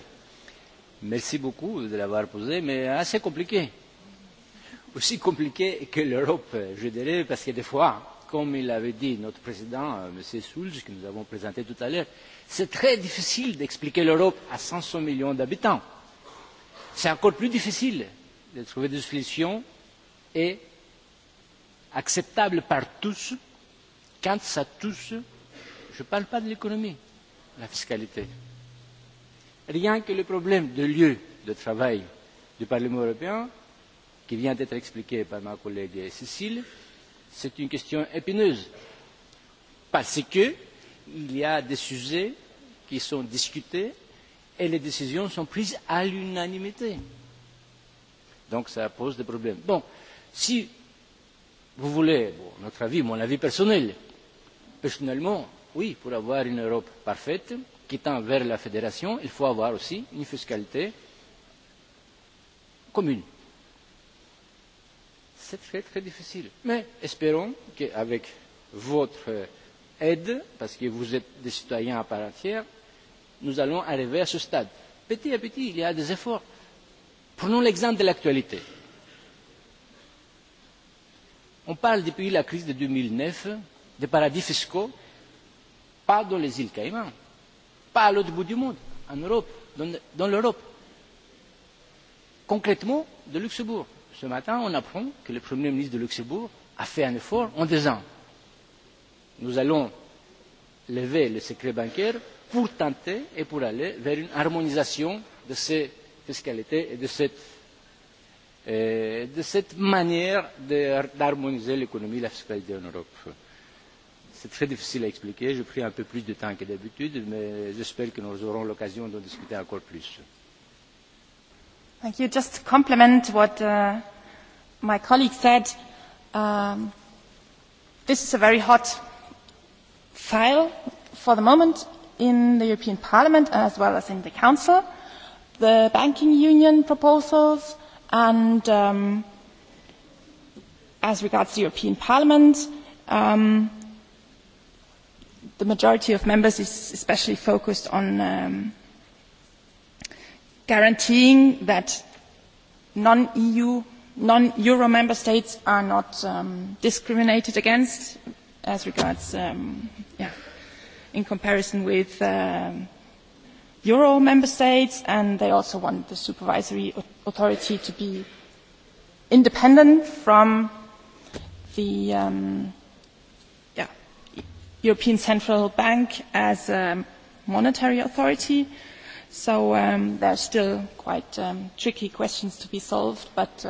merci beaucoup de l'avoir posée mais assez compliquée aussi compliqué que l'Europe, je dirais, parce que des fois, comme il avait dit notre président, M. Schulz, que nous avons présenté tout à l'heure, c'est très difficile d'expliquer l'Europe à 500 millions d'habitants. C'est encore plus difficile de trouver des solutions et acceptables par tous, quand ça touche, je ne parle pas de l'économie, la fiscalité. Rien que le problème de lieu de travail du Parlement européen, qui vient d'être expliquée par ma collègue Cécile, c'est une question épineuse, parce qu'il y a des sujets qui sont discutés et les décisions sont prises à l'unanimité. Donc ça pose des problèmes. Bon, si vous voulez, notre avis, mon avis personnel, personnellement, oui, pour avoir une Europe parfaite, qui tend vers la fédération, il faut avoir aussi une fiscalité commune c'est très très difficile. Mais espérons qu'avec votre aide, parce que vous êtes des citoyens à part entière, nous allons arriver à ce stade. Petit à petit, il y a des efforts. Prenons l'exemple de l'actualité. On parle depuis la crise de 2009 des paradis fiscaux, pas dans les îles Caïmans, pas à l'autre bout du monde, en Europe, dans l'Europe. Concrètement, de Luxembourg ce matin, on apprend que le Premier ministre de Luxembourg a fait un effort en disant Nous allons lever le secret bancaire pour tenter et pour aller vers une harmonisation de ces fiscalités et de cette manière d'harmoniser l'économie et la fiscalité en Europe. C'est très difficile à expliquer, j'ai pris un peu plus de temps que d'habitude, mais j'espère que nous aurons l'occasion d'en discuter encore plus. Thank you. Just to complement what my colleague said, this is a very hot file for the moment in the European Parliament as well as in the Council. The banking union proposals and as regards the European Parliament, the majority of members is especially focused on guaranteeing that non-EU, non-Euro member states are not discriminated against as regards, in comparison with Euro member states, and they also want the supervisory authority to be independent from the European Central Bank as a monetary authority So there are still quite tricky questions to be solved, but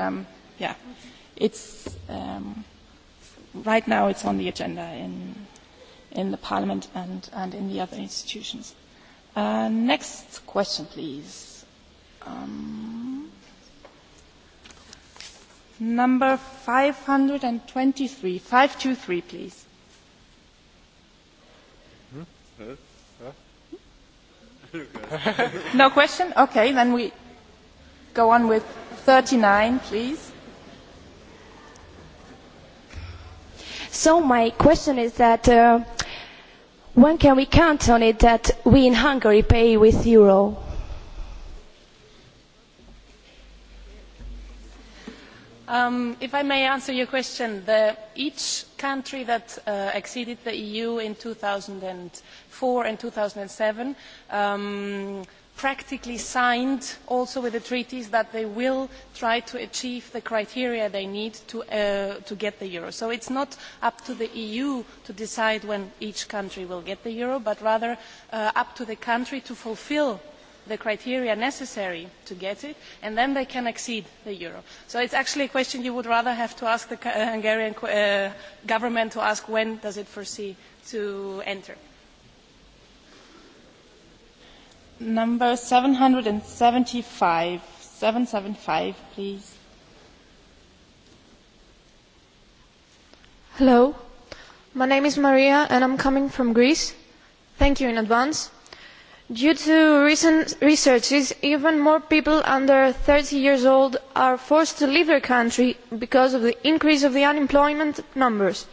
yeah, it's right now it's on the agenda in in the Parliament and and in the other institutions. Next question, please. Number 523, 523, please. No question? Okay, then we go on with 39, please. So my question is that when can we count on it that we in Hungary pay with euro? If I may answer your question, each country that exceeded the EU in 2000 four and two thousand seven practically signed also with the treaties that they will try to achieve the criteria they need to get the euro. So it's not up to the EU to decide when each country will get the euro, but rather up to the country to fulfill the criteria necessary to get it, and then they can exceed the euro. So it's actually a question you would rather have to ask the Hungarian government to ask when does it foresee to enter. Number 775. 775, please. Hello. My name is Maria and I'm coming from Greece. Thank you in advance. Due to recent researches, even more people under 30 years old are forced to leave their country because of the increase of the unemployment numbers.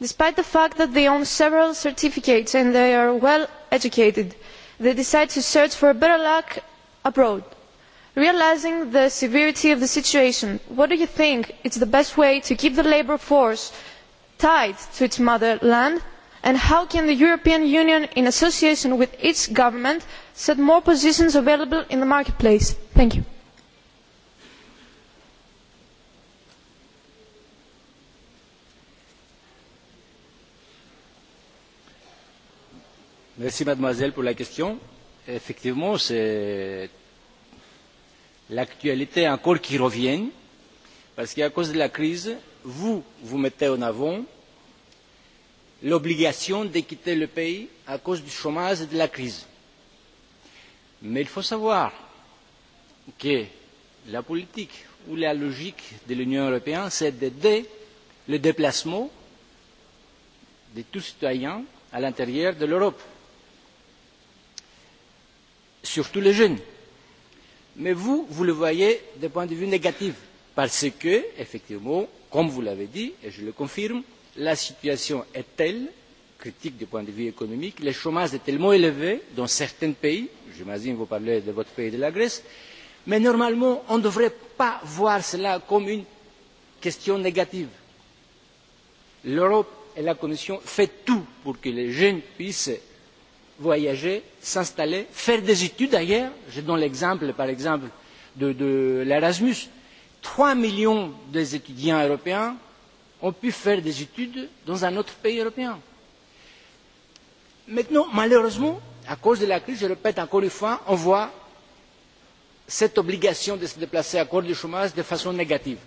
Despite the fact that they own several certificates and they are well educated, they decide to search for better luck abroad. realising the severity of the situation what do you think is the best way to keep the labour force tied to its motherland and how can the european union in association with its government set more positions available in the marketplace? thank you. Merci mademoiselle pour la question. Effectivement, c'est l'actualité encore qui revient, parce qu'à cause de la crise, vous, vous mettez en avant l'obligation de quitter le pays à cause du chômage et de la crise. Mais il faut savoir que la politique ou la logique de l'Union européenne, c'est d'aider le déplacement de tout citoyens à l'intérieur de l'Europe surtout les jeunes. Mais vous, vous le voyez d'un point de vue négatif, parce que, effectivement, comme vous l'avez dit, et je le confirme, la situation est telle, critique du point de vue économique, le chômage est tellement élevé dans certains pays, j'imagine que vous parlez de votre pays, de la Grèce, mais normalement, on ne devrait pas voir cela comme une question négative. L'Europe et la Commission font tout pour que les jeunes puissent voyager, s'installer, faire des études ailleurs. Je donne l'exemple, par exemple, de l'Erasmus. trois millions d'étudiants européens ont pu faire des études dans un autre pays européen. Maintenant, malheureusement, à cause de la crise, je répète encore une fois, on voit cette obligation de se déplacer à cause du chômage de façon négative.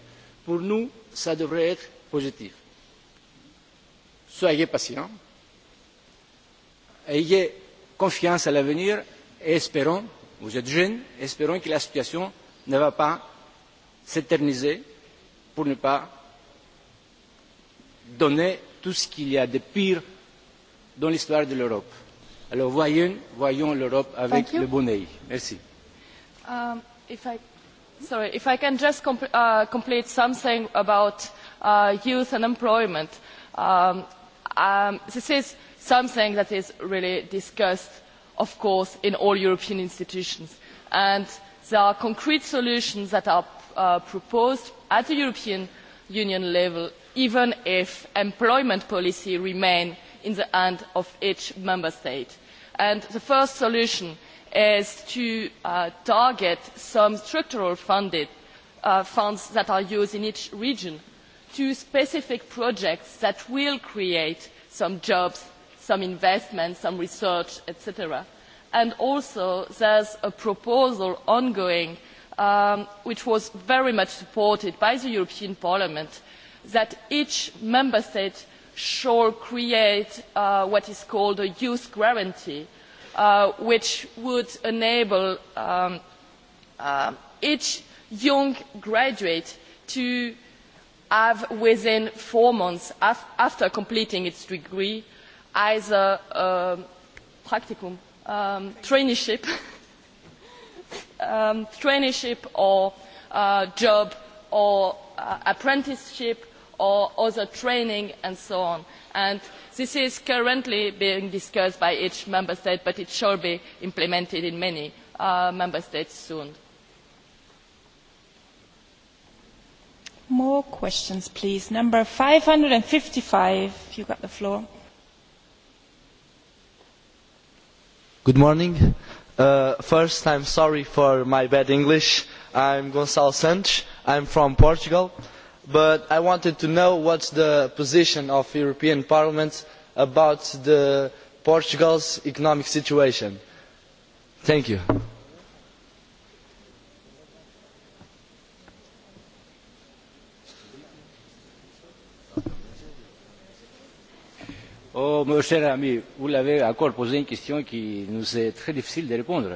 Pour nous, ça devrait être positif. Soyez patients Ayez confiance à l'avenir et espérons, vous êtes jeunes, espérons que la situation ne va pas s'éterniser pour ne pas donner tout ce qu'il y a de pire dans l'histoire de l'Europe. Alors voyons, voyons l'Europe avec le bon œil. Merci. If I, can just complete something about youth and employment. This is something that is really discussed of course in all european institutions and there are concrete solutions that are proposed at the european union level even if employment policy remains in the hands of each member state. the first solution is to target some structural funds that are used in each region to specific projects that will create some jobs some investment, some research, etc. And also is a proposal ongoing which was very much supported by the European Parliament that each member state should create what is called a youth guarantee which would enable each young graduate to have within four months after completing its degree as a practicum, traineeship, traineeship or job or apprenticeship or other training and so on. And this is currently being discussed by each member state, but it shall be implemented in many member states soon. More questions, please. Number 555, you got the floor. Good morning. First, I'm sorry for my bad English. I'm Gonçalo Santos. I'm from Portugal. But I wanted to know what's the position of the European Parliament about Portugal's economic situation. Thank you. Oh, mon cher ami, vous l'avez encore posé une question qui nous est très difficile de répondre.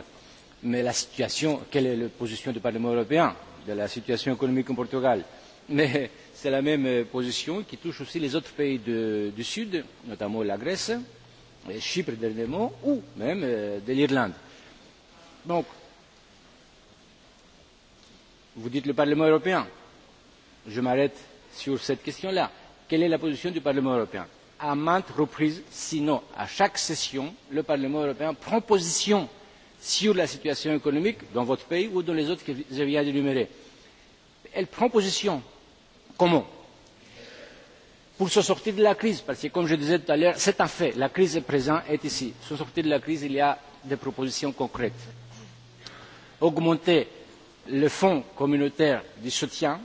Mais la situation, quelle est la position du Parlement européen de la situation économique au Portugal Mais c'est la même position qui touche aussi les autres pays du Sud, notamment la Grèce, Chypre dernièrement, ou même de l'Irlande. Donc, vous dites le Parlement européen. Je m'arrête sur cette question-là. Quelle est la position du Parlement européen à maintes reprises, sinon à chaque session, le Parlement européen prend position sur la situation économique dans votre pays ou dans les autres que je viens d'énumérer. Elle prend position. Comment Pour se sortir de la crise, parce que comme je disais tout à l'heure, c'est un fait, la crise est présente, est ici. Pour se sortir de la crise, il y a des propositions concrètes. Augmenter le fonds communautaire de soutien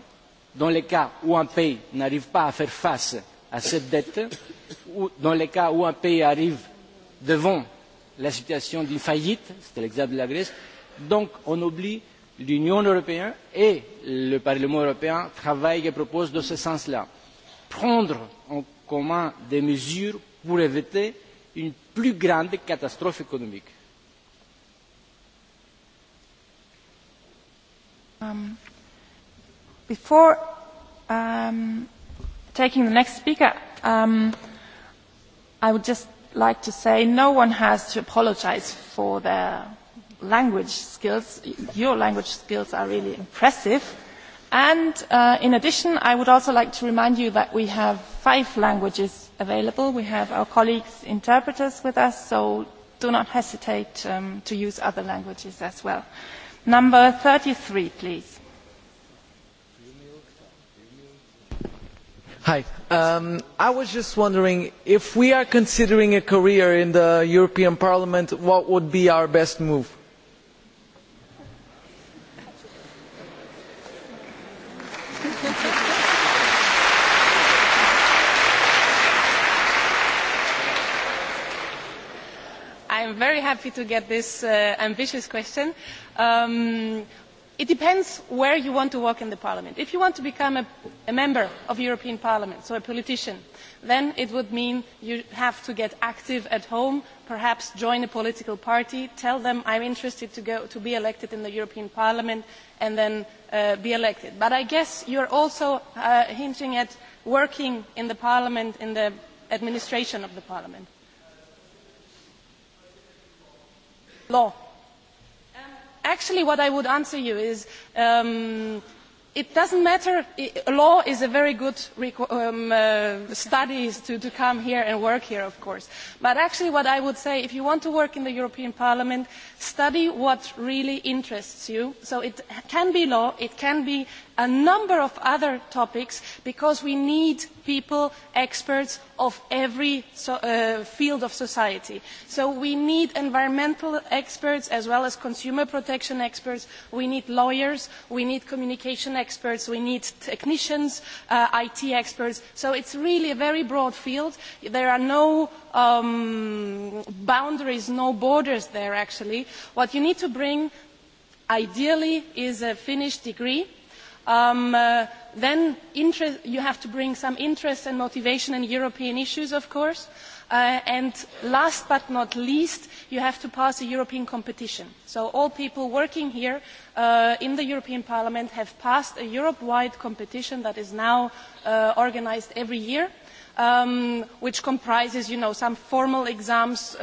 dans les cas où un pays n'arrive pas à faire face à cette dette dans les cas où un pays arrive devant la situation d'une faillite, c'était l'exemple de la Grèce, donc on oublie l'Union européenne et le Parlement européen travaillent et proposent dans ce sens-là. Prendre en commun des mesures pour éviter une plus grande catastrophe économique. Before taking the next speaker, um, I would just like to say no one has to apologise for their language skills. Your language skills are really impressive. And in addition, I would also like to remind you that we have five languages available. We have our colleagues interpreters with us, so do not hesitate to use other languages as well. Number 33, please. I was just wondering if we are considering a career in the European Parliament, what would be our best move? I am very happy to get this ambitious question it depends where you want to work in the parliament. if you want to become a member of the european parliament so a politician then it would mean you have to get active at home perhaps join a political party tell them i am interested to be elected in the european parliament and then be elected. but i guess you are also hinting at working in the parliament in the administration of the parliament law actually what i would answer you is it doesn't matter law is a very good study to come here and work here of course but actually what i would say if you want to work in the european parliament study what really interests you so it can be law it can be a number of other topics because we need people experts of every field of society so we need environmental experts as well as consumer protection experts we need lawyers we need communication experts we need technicians it experts so it's really a very broad field there are no boundaries no borders there actually what you need to bring ideally is a finished degree then you have to bring some interest and motivation in european issues of course and last but not least you have to pass a european competition so all people working here in the european parliament have passed a europe wide competition that is now organised every year which comprises some formal exams,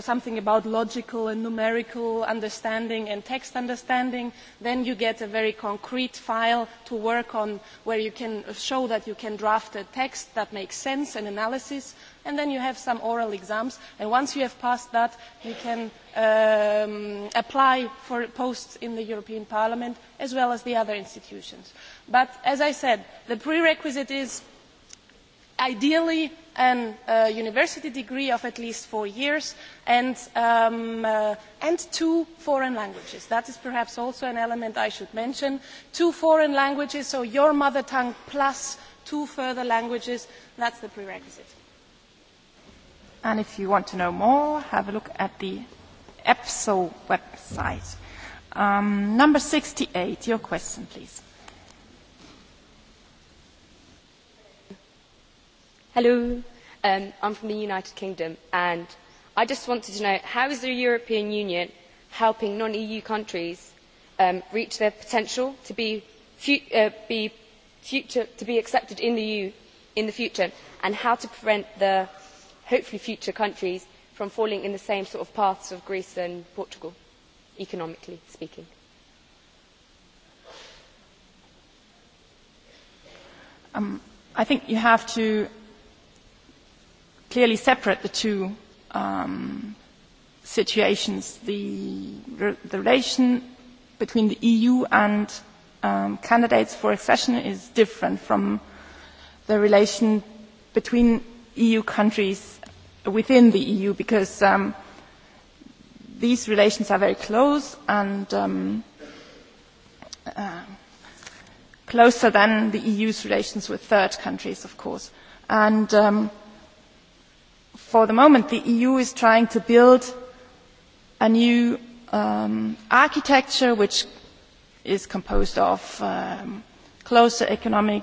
something about logical and numerical understanding and text understanding. Then you get a very concrete file to work on where you can show that you can draft a text that makes sense and analysis. And then you have some oral exams. And once you have passed that, you can apply for posts in the European Parliament as well as the other institutions. But as I said, the prerequisite is ideally a university degree of at least four years and two foreign languages. That is perhaps also an element I should mention. Two foreign languages, so your mother tongue plus two further languages, that's the prerequisite. And if you want to know more, have a look at the EPSO website. Number 68, your question please. Hello, I'm from the United Kingdom and I just wanted to know how is the European Union helping non-EU countries reach their potential to be accepted in the EU in the future and how to prevent the hopefully future countries from falling in the same sort of paths of Greece and Portugal, economically speaking. I think you have to clearly separate the two situations, the relation between the EU and candidates for accession is different from the relation between EU countries within the EU because these relations are very close and closer than the EU's relations with third countries, of course. And for the moment the eu is trying to build a new architecture which is composed of closer economic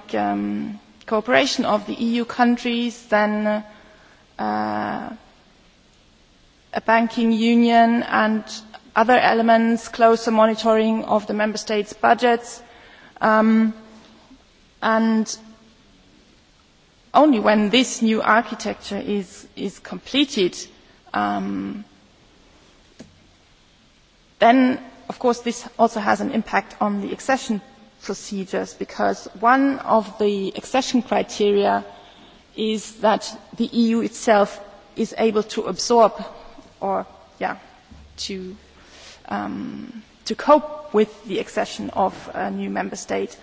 cooperation of the eu countries then a banking union and other elements closer monitoring of the member states' budgets and only when this new architecture is is completed then of course this also has an impact on the accession procedures because one of the accession criteria is that the eu itself is able to absorb or to to cope with the accession of a new member state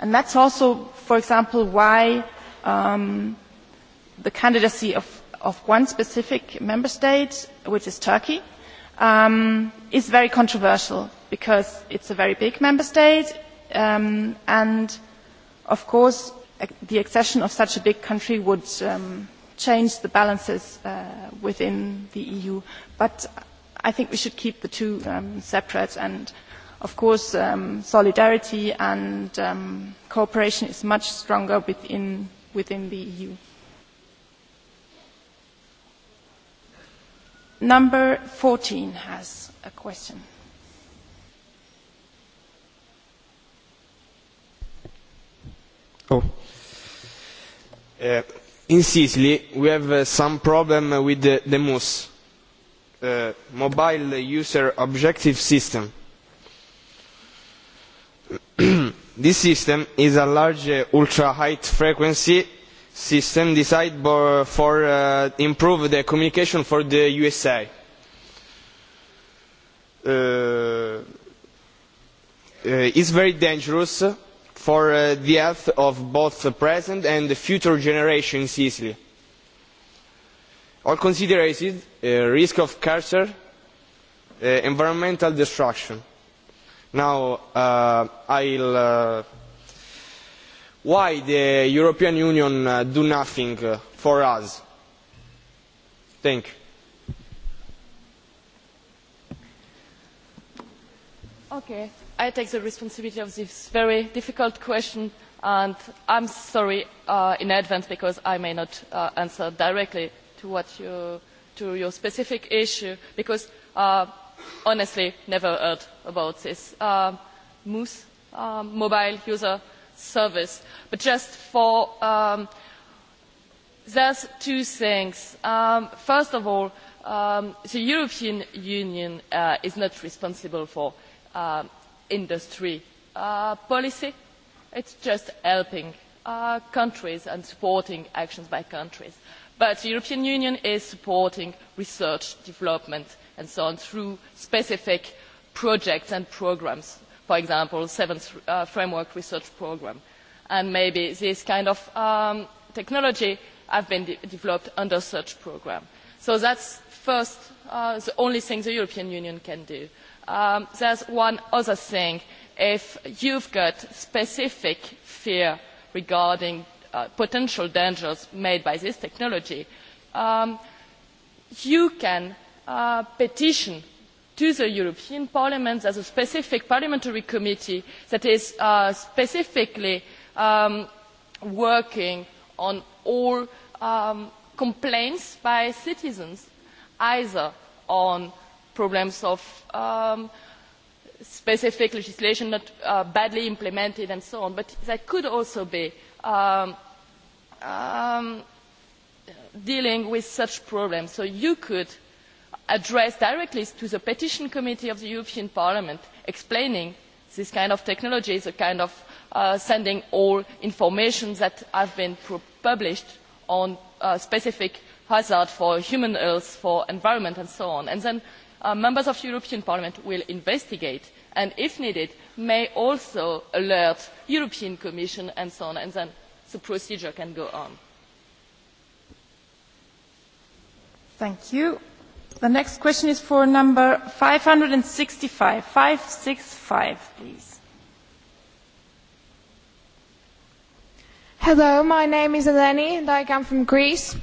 and that's also for example why the candidacy of one specific member state, which is Turkey, is very controversial because it's a very big member state and, of course, the accession of such a big country would change the balances within the EU. But I think we should keep the two separate and, of course, solidarity and cooperation is much stronger within within the EU. Number 14 has a question. Oh. In Sicily, we have some problem with the MUS, Mobile User Objective System. This system is a large ultra-high frequency system designed for improve the communication for the USA. It is very dangerous for the health of both the present and the future generations in Sicily. All considered risk of cancer, environmental destruction. Now, I'll why the European Union do nothing for us? Thank Okay, I take the responsibility of this very difficult question, and I'm sorry in advance because I may not answer directly to what to your specific issue because honestly never heard about this moose mobile user service but just for there's two things first of all the european union is not responsible for industry policy it's just helping countries and supporting actions by countries but the european union is supporting research development and so on through specific projects and programs, for example, seventh framework research program. And maybe this kind of technology have been developed under such program. So that's first the only thing the European Union can do. There's one other thing. If you've got specific fear regarding potential dangers made by this technology, you can petition to the European Parliament as a specific parliamentary committee that is specifically working on all complaints by citizens, either on problems of specific legislation not badly implemented and so on, but that could also be dealing with such problems. So you could addressed directly to the petition committee of the European Parliament, explaining this kind of technology is a kind of sending all information that have been published on specific hazard for human health, for environment and so on. And then members of the European Parliament will investigate and, if needed, may also alert the European Commission and so on, and then the procedure can go on. Thank you. The next question is for number 565. 565, please. Hello, my name is Eleni and I come from Greece.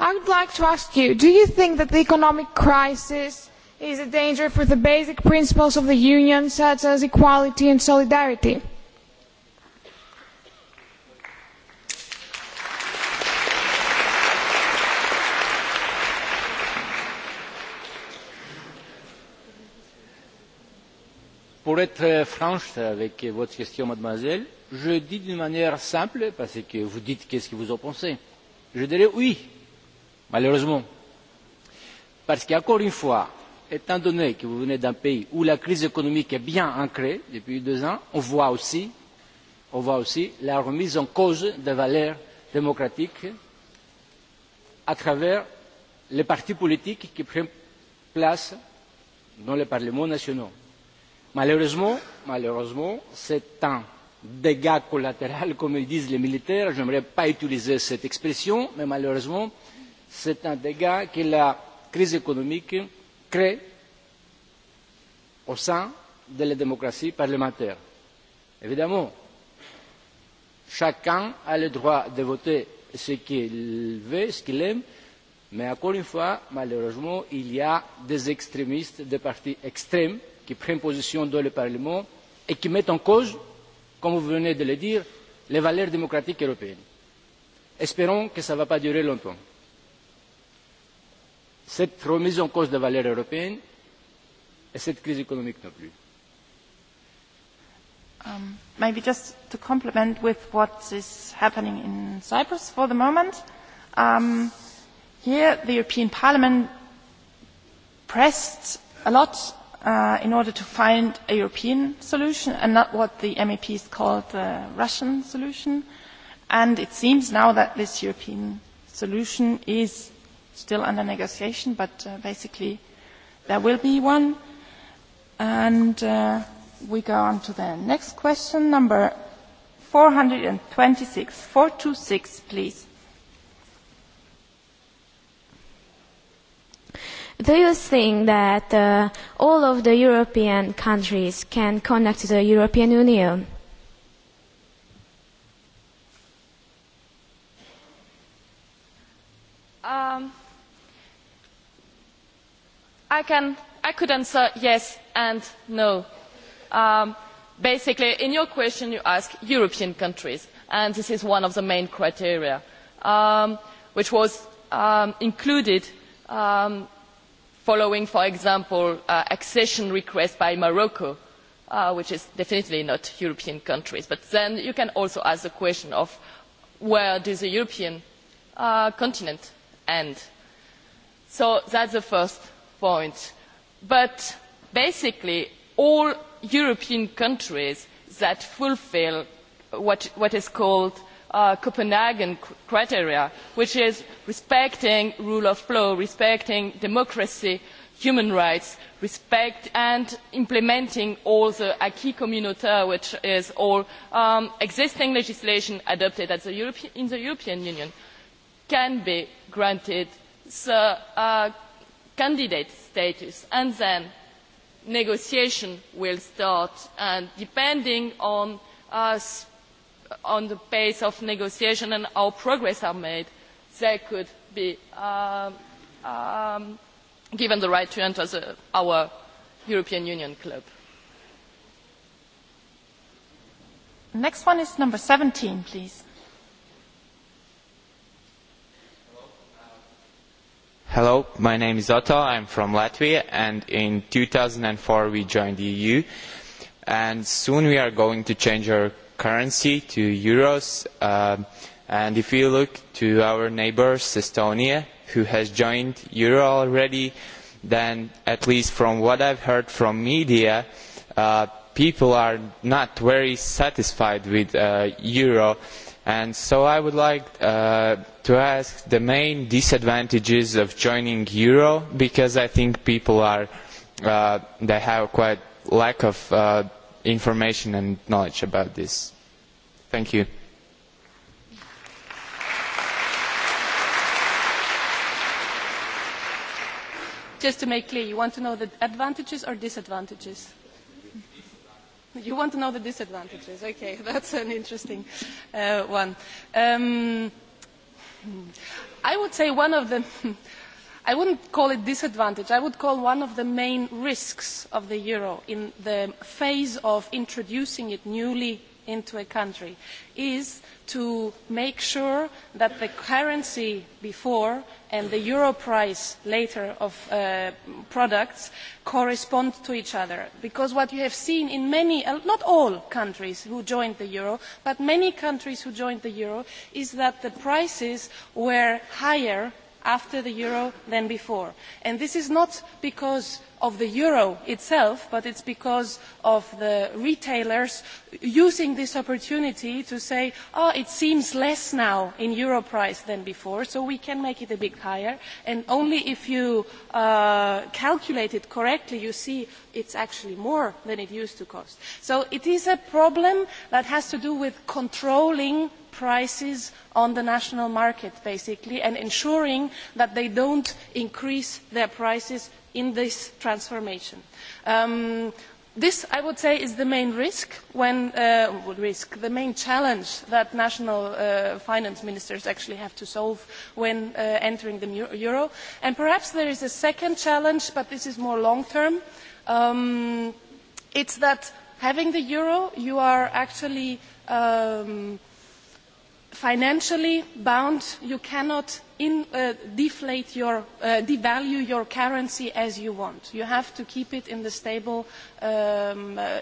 I would like to ask you, do you think that the economic crisis is a danger for the basic principles of the Union, such as equality and solidarity? Pour être franche avec votre question, mademoiselle, je dis d'une manière simple, parce que vous dites qu'est-ce que vous en pensez. Je dirais oui, malheureusement. Parce qu'encore une fois, étant donné que vous venez d'un pays où la crise économique est bien ancrée depuis deux ans, on voit aussi, on voit aussi la remise en cause des valeurs démocratiques à travers les partis politiques qui prennent place dans les parlements nationaux. Malheureusement, malheureusement, c'est un dégât collatéral, comme le disent les militaires. Je n'aimerais pas utiliser cette expression, mais malheureusement, c'est un dégât que la crise économique crée au sein de la démocratie parlementaire. Évidemment, chacun a le droit de voter ce qu'il veut, ce qu'il aime, mais encore une fois, malheureusement, il y a des extrémistes, des partis extrêmes qui prennent position dans le Parlement et qui mettent en cause, comme vous venez de le dire, les valeurs démocratiques européennes. Espérons que ça ne va pas durer longtemps. Cette remise en cause des valeurs européennes et cette crise économique non plus. Maybe just to complement with what is happening in Cyprus for the moment. Here the European Parliament pressed a lot in order to find a European solution and not what the MEPs called the Russian solution. And it seems now that this European solution is still under negotiation, but basically there will be one. And we go on to the next question, number 426. 426, please. Do you think that all of the European countries can connect to the European Union? I can I could answer yes and no. Basically, in your question you ask European countries, and this is one of the main criteria, which was included following for example accession requests by morocco which is definitely not european countries but then you can also ask the question of where does the european continent end? so that's the first point but basically all european countries that fulfil what is called Copenhagen criteria, which is respecting rule of law, respecting democracy, human rights, respect and implementing all the acquis communautaire, which is all existing legislation adopted in the European Union, can be granted the candidate status, and then negotiation will start. And depending on on the base of negotiation and how progress are made, they could be given the right to enter our European Union club. Next one is number 17, please. Hello, my name is Otto. I'm from Latvia, and in 2004 we joined the EU. And soon we are going to change our currency to euros and if you look to our neighbours estonia who has joined euro already then at least from what i've heard from media people are not very satisfied with euro and so i would like to ask the main disadvantages of joining euro because i think people are they have quite lack of information and knowledge about this Thank you. Just to make clear, you want to know the advantages or disadvantages? You want to know the disadvantages. Okay, that's an interesting one. I would say one of the, I wouldn't call it disadvantage. I would call one of the main risks of the euro in the phase of introducing it newly into a country is to make sure that the currency before and the euro price later of products correspond to each other because what you have seen in many not all countries who joined the euro but many countries who joined the euro is that the prices were higher after the euro than before and this is not because of the euro itself but it's because of the retailers using this opportunity to say oh it seems less now in euro price than before so we can make it a bit higher and only if you calculate it correctly you see it's actually more than it used to cost so it is a problem that has to do with controlling prices on the national market, basically, and ensuring that they don't increase their prices in this transformation. This, I would say, is the main risk, the main challenge that national finance ministers actually have to solve when entering the euro. And perhaps there is a second challenge, but this is more long-term. It's that having the euro, you are actually financially bound you cannot deflate your devalue your currency as you want you have to keep it in the stable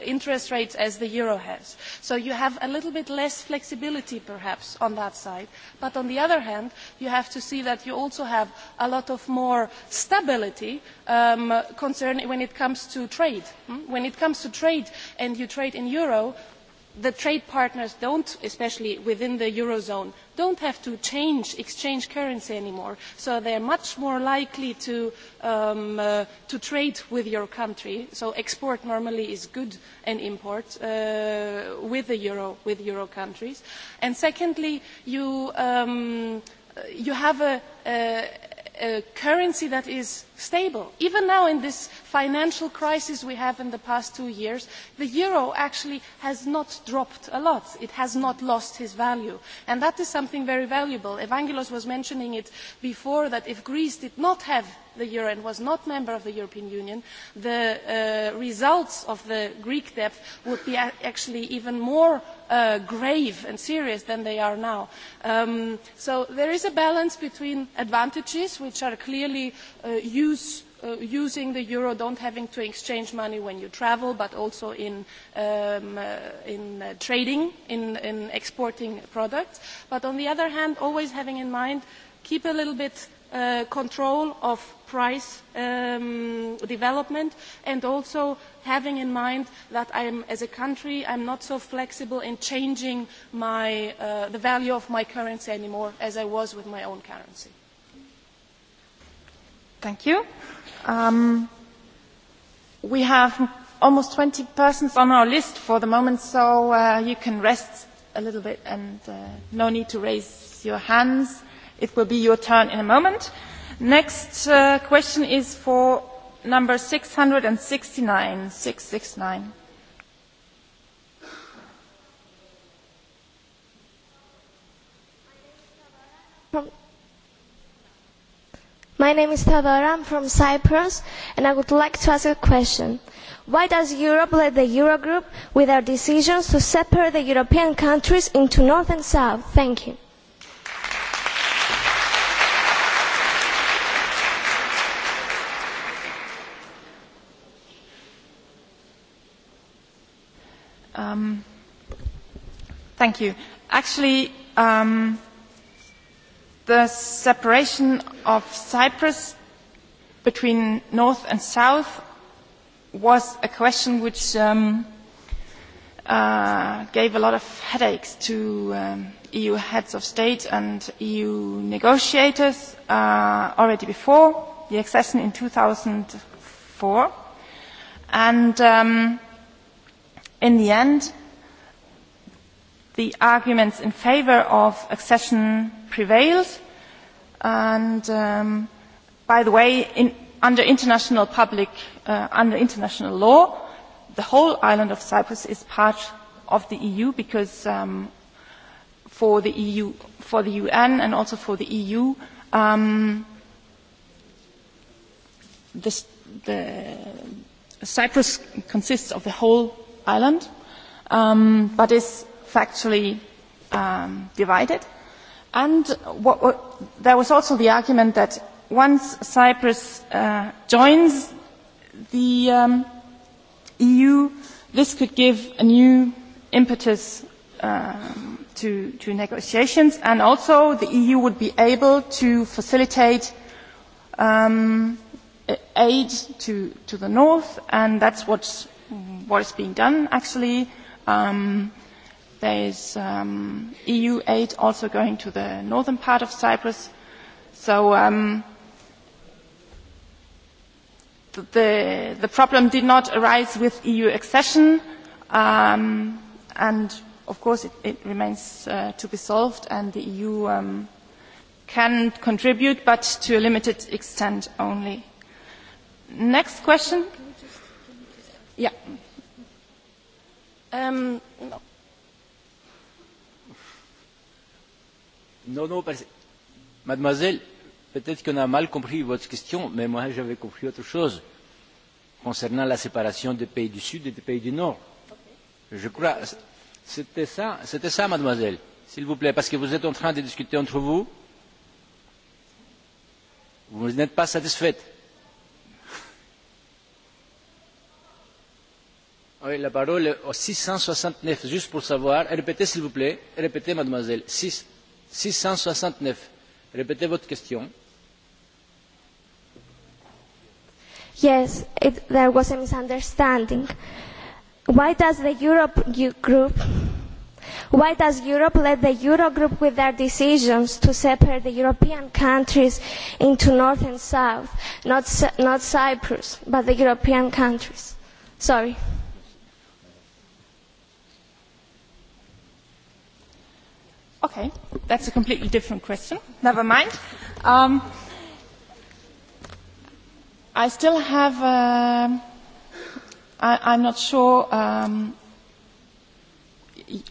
interest rates as the euro has so you have a little bit less flexibility perhaps on that side but on the other hand you have to see that you also have a lot of more stability concern when it comes to trade when it comes to trade and you trade in euro the trade partners don't, especially within the eurozone, don't have to change exchange currency anymore, so they are much more likely to trade with your country. So export normally is good and import with the euro, with euro countries. And secondly, you have a currency that is stable. Even now in this financial crisis we have in the past two years, the euro actually has not dropped a lot. It has not lost its value. And that is something very valuable. Evangelos was mentioning it before that if Greece did not have the euro and was not member of the European Union, the results of the Greek debt would be actually even more grave and serious than they are now. So there is a balance between advantages, which are clearly using the euro, not having to exchange money when you travel, but also in trading, in exporting products. But on the other hand, always having in mind, keep a little bit control of price development and also having in mind that as a country I am not so flexible in changing the value of my currency anymore as I was with my own currency. Thank you. We have almost 20 persons on our list for the moment, so you can rest a little bit and no need to raise your hands. It will be your turn in a moment. Next question is for number 669. 669. My name is Theodora, I'm from Cyprus, and I would like to ask a question. Why does Europe lead the Eurogroup with our decisions to separate the European countries into North and South? Thank you. Thank you. Actually, the separation of Cyprus between north and south was a question which gave a lot of headaches to EU heads of state and EU negotiators already before the accession in 2004. And in the end, the arguments in favour of accession prevailed and by the way under international public under international law the whole island of cyprus is part of the eu because for the eu for the un and also for the eu the cyprus consists of the whole island but is factually divided. And there was also the argument that once Cyprus joins the EU, this could give a new impetus to negotiations, and also the EU would be able to facilitate aid to the north, and that's what is being done, actually there is eu aid also going to the northern part of cyprus so the the problem did not arise with eu accession and of course it remains to be solved and the eu can contribute but to a limited extent only next question yeah Non, non, mademoiselle, peut-être qu'on a mal compris votre question, mais moi j'avais compris autre chose concernant la séparation des pays du Sud et des pays du Nord. Je crois, c'était ça, c'était ça, mademoiselle, s'il vous plaît, parce que vous êtes en train de discuter entre vous. Vous n'êtes pas satisfaite. Oui, la parole est au 669, juste pour savoir. Répétez, s'il vous plaît. Répétez, mademoiselle. 6 six cent soixante question yes there was a misunderstanding why does the europe group why does europe let the eurogroup with their decisions to separate the european countries into north and south not not cyprus but the european countries sorry Okay, that's a completely different question. Never mind. Um, I still have. Uh, I, I'm not sure. Um,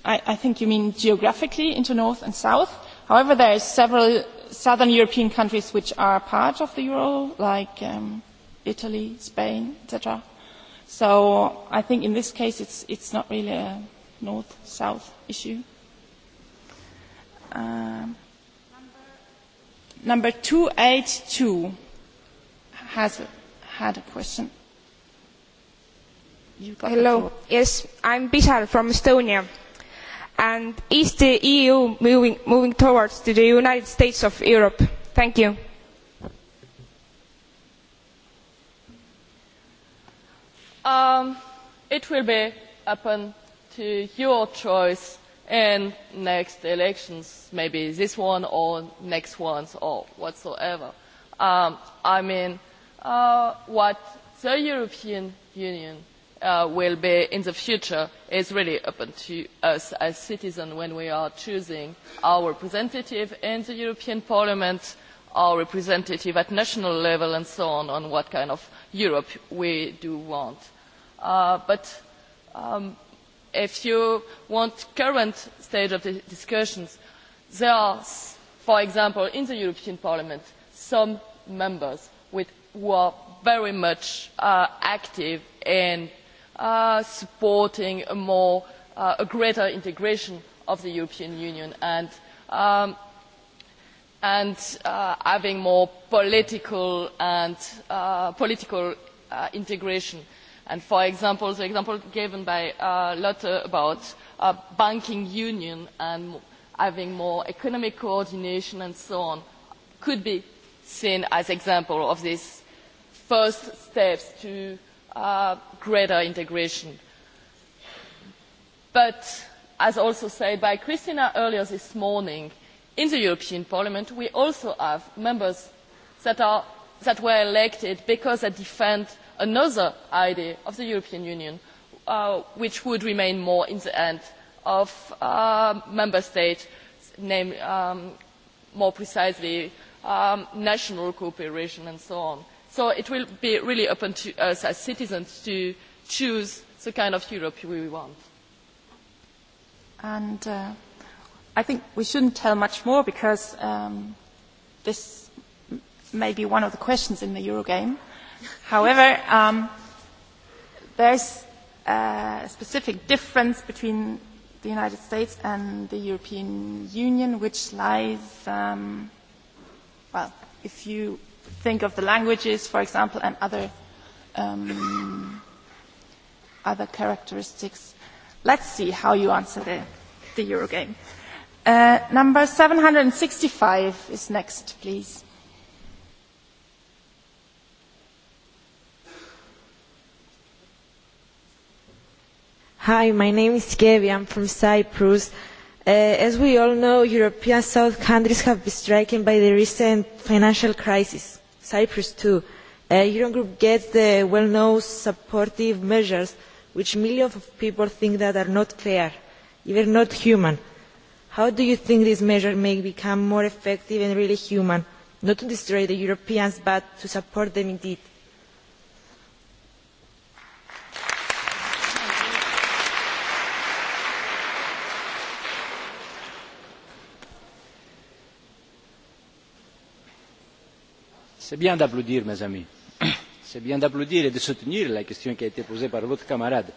I, I think you mean geographically into north and south. However, there are several southern European countries which are part of the euro, like um, Italy, Spain, etc. So I think in this case, it's it's not really a north-south issue. Number 282 has had a question. Hello. Yes, I'm Bital from Estonia. And is the EU moving towards the United States of Europe? Thank you. It will be open to your choice and next elections, maybe this one or next ones or whatsoever. I mean, what the European Union will be in the future is really open to us as citizens when we are choosing our representative in the European Parliament, our representative at national level and so on, on what kind of Europe we do want. But if you want current stage of the discussions, there are, for example, in the European Parliament, some members who are very much active in supporting a greater integration of the European Union and and having more political and political integration and for example the example given by Lotte about banking union and having more economic coordination and so on could be seen as example of these first steps to greater integration. But as also said by Christina earlier this morning, in the European Parliament we also have members that were elected because they defend another idea of the European Union, which would remain more in the end of member states, more precisely national cooperation and so on. So it will be really open to us as citizens to choose the kind of Europe we want. And I think we shouldn't tell much more because this may be one of the questions in the Eurogame However, um, is a specific difference between the United States and the European Union, which lies, well, if you think of the languages, for example, and other, um, other characteristics. Let's see how you answer the, the Eurogame. Uh, number 765 is next, please. Hi, my name is I I'm from Cyprus. As we all know, European South countries have been struck by the recent financial crisis. Cyprus too. Eurogroup gets the well-known supportive measures, which millions of people think that are not fair, even not human. How do you think these measures may become more effective and really human, not to destroy the Europeans, but to support them indeed? C'est bien d'applaudir, mes amis. C'est bien d'applaudir et de soutenir la question qui a été posée par votre camarade.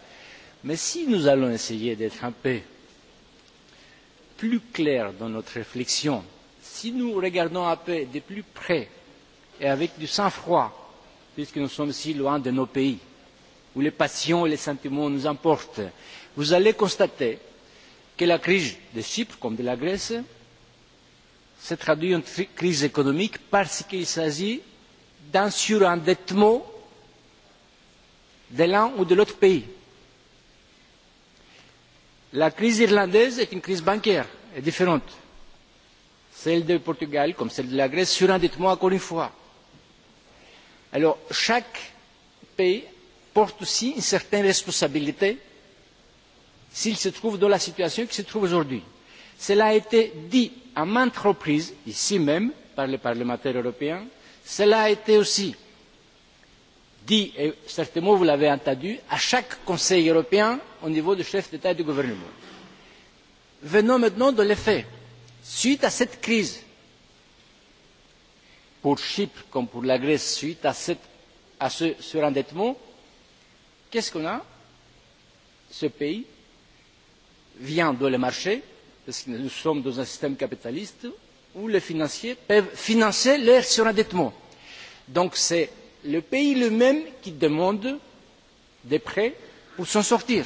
Mais si nous allons essayer d'être un peu plus clairs dans notre réflexion, si nous regardons un peu de plus près et avec du sang-froid, puisque nous sommes si loin de nos pays, où les passions et les sentiments nous emportent, vous allez constater que la crise de Chypre comme de la Grèce se traduit une crise économique parce qu'il s'agit d'un surendettement de l'un ou de l'autre pays. La crise irlandaise est une crise bancaire, est différente. Celle du Portugal comme celle de la Grèce, surendettement encore une fois. Alors chaque pays porte aussi une certaine responsabilité s'il se trouve dans la situation qu'il se trouve aujourd'hui. Cela a été dit à maintes reprises, ici même, par les parlementaires européens. Cela a été aussi dit, et certainement vous l'avez entendu, à chaque Conseil européen au niveau des chefs d'État et de gouvernement. Venons maintenant de l'effet. Suite à cette crise, pour Chypre comme pour la Grèce, suite à ce surendettement, qu'est-ce qu'on a Ce pays vient dans le marché parce que nous sommes dans un système capitaliste où les financiers peuvent financer leur surendettement. Donc c'est le pays lui-même qui demande des prêts pour s'en sortir.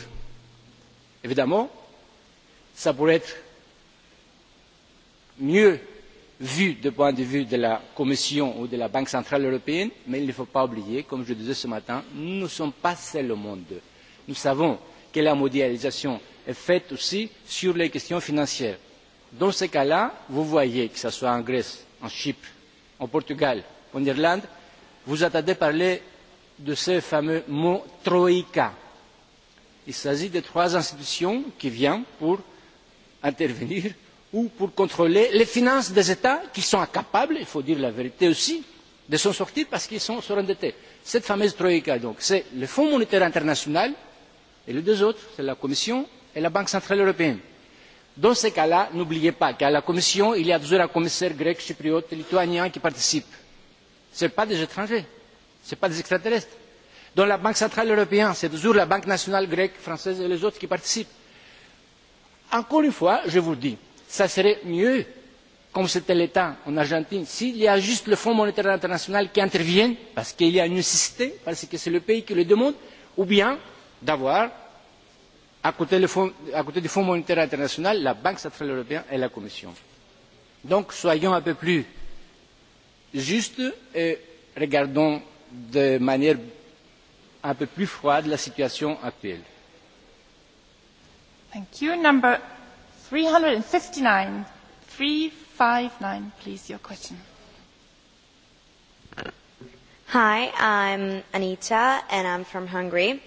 Évidemment, cela pourrait être mieux vu du point de vue de la Commission ou de la Banque centrale européenne, mais il ne faut pas oublier, comme je le disais ce matin, nous ne sommes pas seuls au monde. Nous savons que la mondialisation est faite aussi sur les questions financières. Dans ce cas-là, vous voyez, que ce soit en Grèce, en Chypre, en Portugal, en Irlande, vous attendez parler de ce fameux mot Troïka. Il s'agit de trois institutions qui viennent pour intervenir ou pour contrôler les finances des États qui sont incapables, il faut dire la vérité aussi, de s'en sortir parce qu'ils sont surendettés. Cette fameuse Troïka, donc, c'est le Fonds monétaire international et les deux autres, c'est la Commission et la Banque centrale européenne. Dans ces cas-là, n'oubliez pas qu'à la Commission, il y a toujours un commissaire grec, chypriote, lituanien qui participe. Ce ne sont pas des étrangers, ce ne sont pas des extraterrestres. Dans la Banque centrale européenne, c'est toujours la Banque nationale grecque, française et les autres qui participent. Encore une fois, je vous le dis, ça serait mieux, comme c'était l'État en Argentine, s'il y a juste le Fonds monétaire international qui intervienne, parce qu'il y a une nécessité, parce que c'est le pays qui le demande, ou bien d'avoir à côté du Fonds monétaire international, la Banque centrale européenne et la Commission. Donc, soyons un peu plus justes et regardons de manière un peu plus froide la situation actuelle. Thank you. Number 359. 359, Hi, I'm Anita and I'm from Hungary.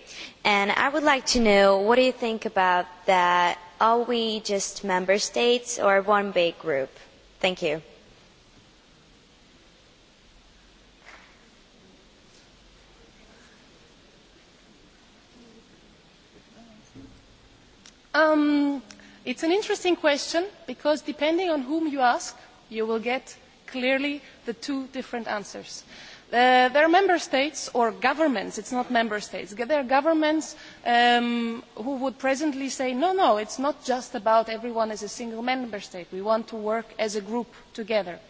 And I would like to know what do you think about that? Are we just member states or one big group? Thank you. Um, it's an interesting question because depending on whom you ask, you will get clearly the two different answers There are member states or governments, it's not member states, there are governments who would presently say, no, no, it's not just about everyone as a single member state. We want to work as a group together,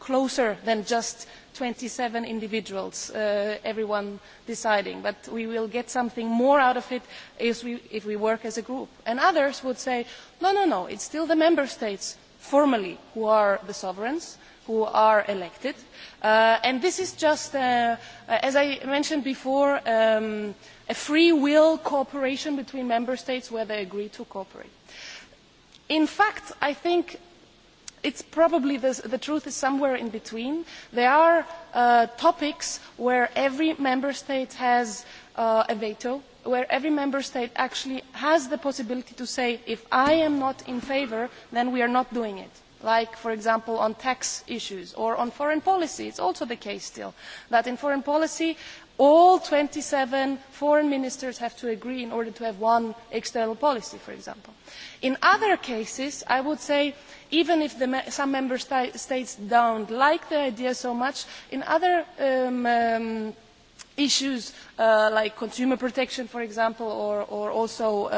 closer than just 27 individuals, everyone deciding. But we will get something more out of it if we work as a group. And others would say, no, no, no, it's still the member states formally who are the sovereigns who are elected. And this is just, as I mentioned before, a free will cooperation between member states where they agree to cooperate. In fact, I think it's probably the truth is somewhere in between. There are topics where every member state has a veto, where every member state actually has the possibility to say, if I am not in favour, then we are not doing it like for example on tax issues or on foreign policy. It's also the case still that in foreign policy all twenty seven foreign ministers have to agree in order to have one external policy, for example. In other cases, I would say even if some member states don't like the idea so much, in other issues like consumer protection, for example, or also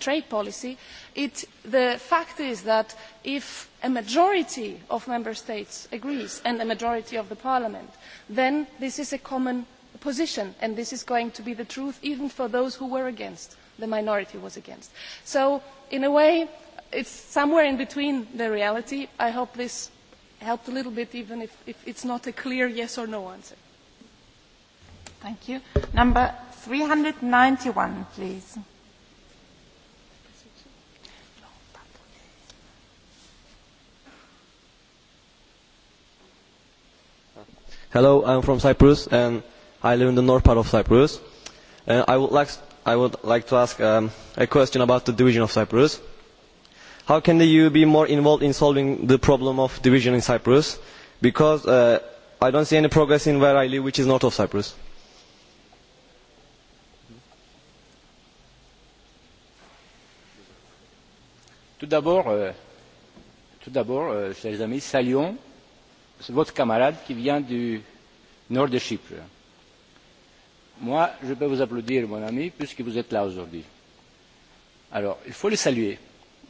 trade policy, the fact is that if a majority of member states agrees and a majority of parliament then this is a common position and this is going to be the truth even for those who were against the minority was against. so in a way it is somewhere in between the reality. i hope this helped a little bit even if it is not a clear yes or no answer. thank you. number 391 please. Hello, I'm from Cyprus and I live in the north part of Cyprus. I would like I would like to ask a question about the division of Cyprus. How can the EU be more involved in solving the problem of division in Cyprus? Because I don't see any progress in where I live, which is north of Cyprus. Tout d'abord, chers amis, saluons votre camarade qui vient du nord de Chypre. Moi, je peux vous applaudir, mon ami, puisque vous êtes là aujourd'hui. Alors, il faut le saluer.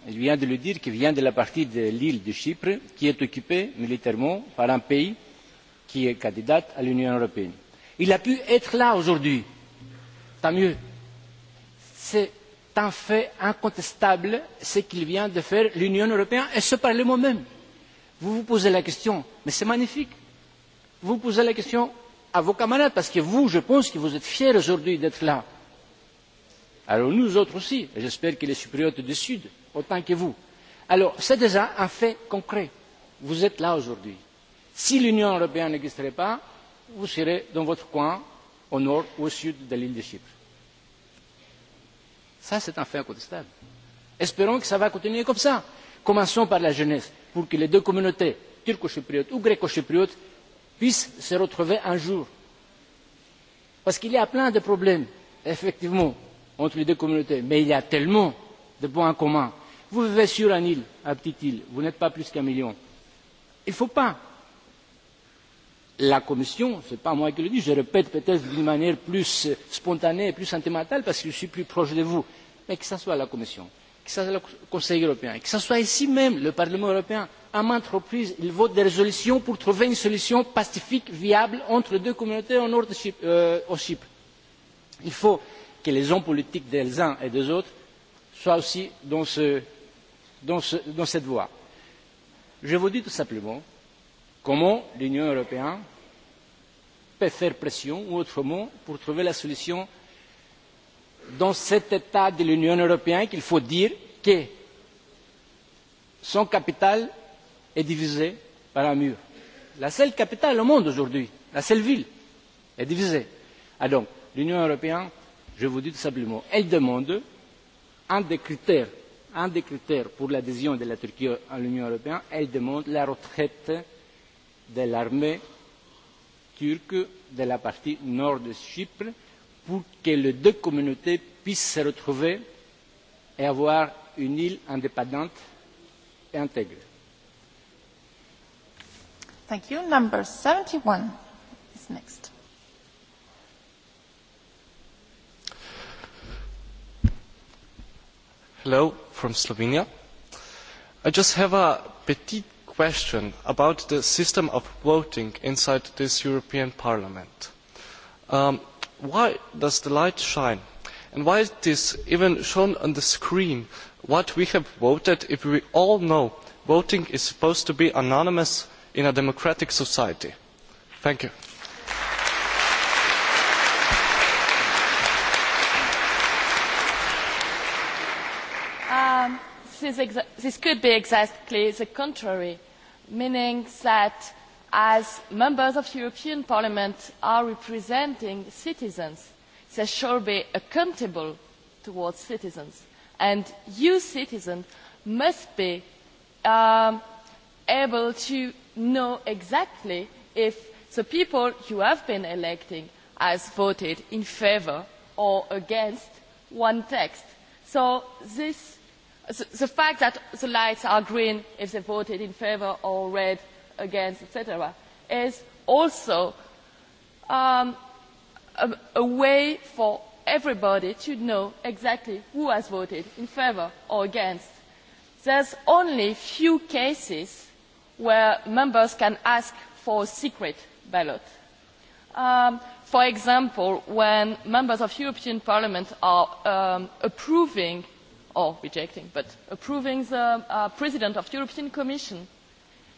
Il vient de le dire qu'il vient de la partie de l'île de Chypre qui est occupée militairement par un pays qui est candidat à l'Union européenne. Il a pu être là aujourd'hui. Tant mieux. C'est un fait incontestable ce qu'il vient de faire l'Union européenne et ce Parlement même. Vous vous posez la question, mais c'est magnifique. Vous posez la question à vos camarades, parce que vous, je pense que vous êtes fiers aujourd'hui d'être là. Alors nous autres aussi, et j'espère que les Cypriotes du Sud, autant que vous. Alors c'est déjà un fait concret. Vous êtes là aujourd'hui. Si l'Union européenne n'existerait pas, vous serez dans votre coin, au nord ou au sud de l'île de Chypre. Ça, c'est un fait incontestable. Espérons que ça va continuer comme ça. Commençons par la jeunesse, pour que les deux communautés, turco-chypriote ou gréco-chypriote, puissent se retrouver un jour. Parce qu'il y a plein de problèmes, effectivement, entre les deux communautés, mais il y a tellement de points communs. Vous vivez sur une île, une petite île, vous n'êtes pas plus qu'un million. Il ne faut pas. La Commission, ce n'est pas moi qui le dis, je répète peut-être d'une manière plus spontanée, plus sentimentale, parce que je suis plus proche de vous, mais que ce soit la Commission que ce soit le Conseil européen, que ce soit ici même le Parlement européen, à maintes reprises, il vote des résolutions pour trouver une solution pacifique, viable, entre deux communautés au nord de Chypre. Il faut que les hommes politiques des uns et des autres soient aussi dans cette voie. Je vous dis tout simplement comment l'Union européenne peut faire pression, ou autrement, pour trouver la solution dans cet état de l'union européenne qu'il faut dire que son capital est divisé par un mur. la seule capitale au monde aujourd'hui la seule ville est divisée. alors l'union européenne je vous dis tout simplement elle demande un des critères un des critères pour l'adhésion de la Turquie à l'Union européenne, elle demande la retraite de l'armée turque de la partie nord de Chypre pour que les deux communautés puissent se retrouver et avoir une île indépendante et intégrée. Thank you. Number 71 is next. Hello from Slovenia. I just have a petite question about the system of voting inside this European Parliament why does the light shine and why it this even shown on the screen what we have voted if we all know voting is supposed to be anonymous in a democratic society? Thank you. This could be exactly the contrary, meaning that as members of the European Parliament are representing citizens, they should be accountable towards citizens. And you, citizens, must be able to know exactly if the people you have been electing have voted in favour or against one text. So this, the fact that the lights are green if they voted in favour or red against, etc., is also a way for everybody to know exactly who has voted in favour or against. There are only few cases where members can ask for a secret ballot. For example, when members of European Parliament are approving or rejecting, but approving the President of the European Commission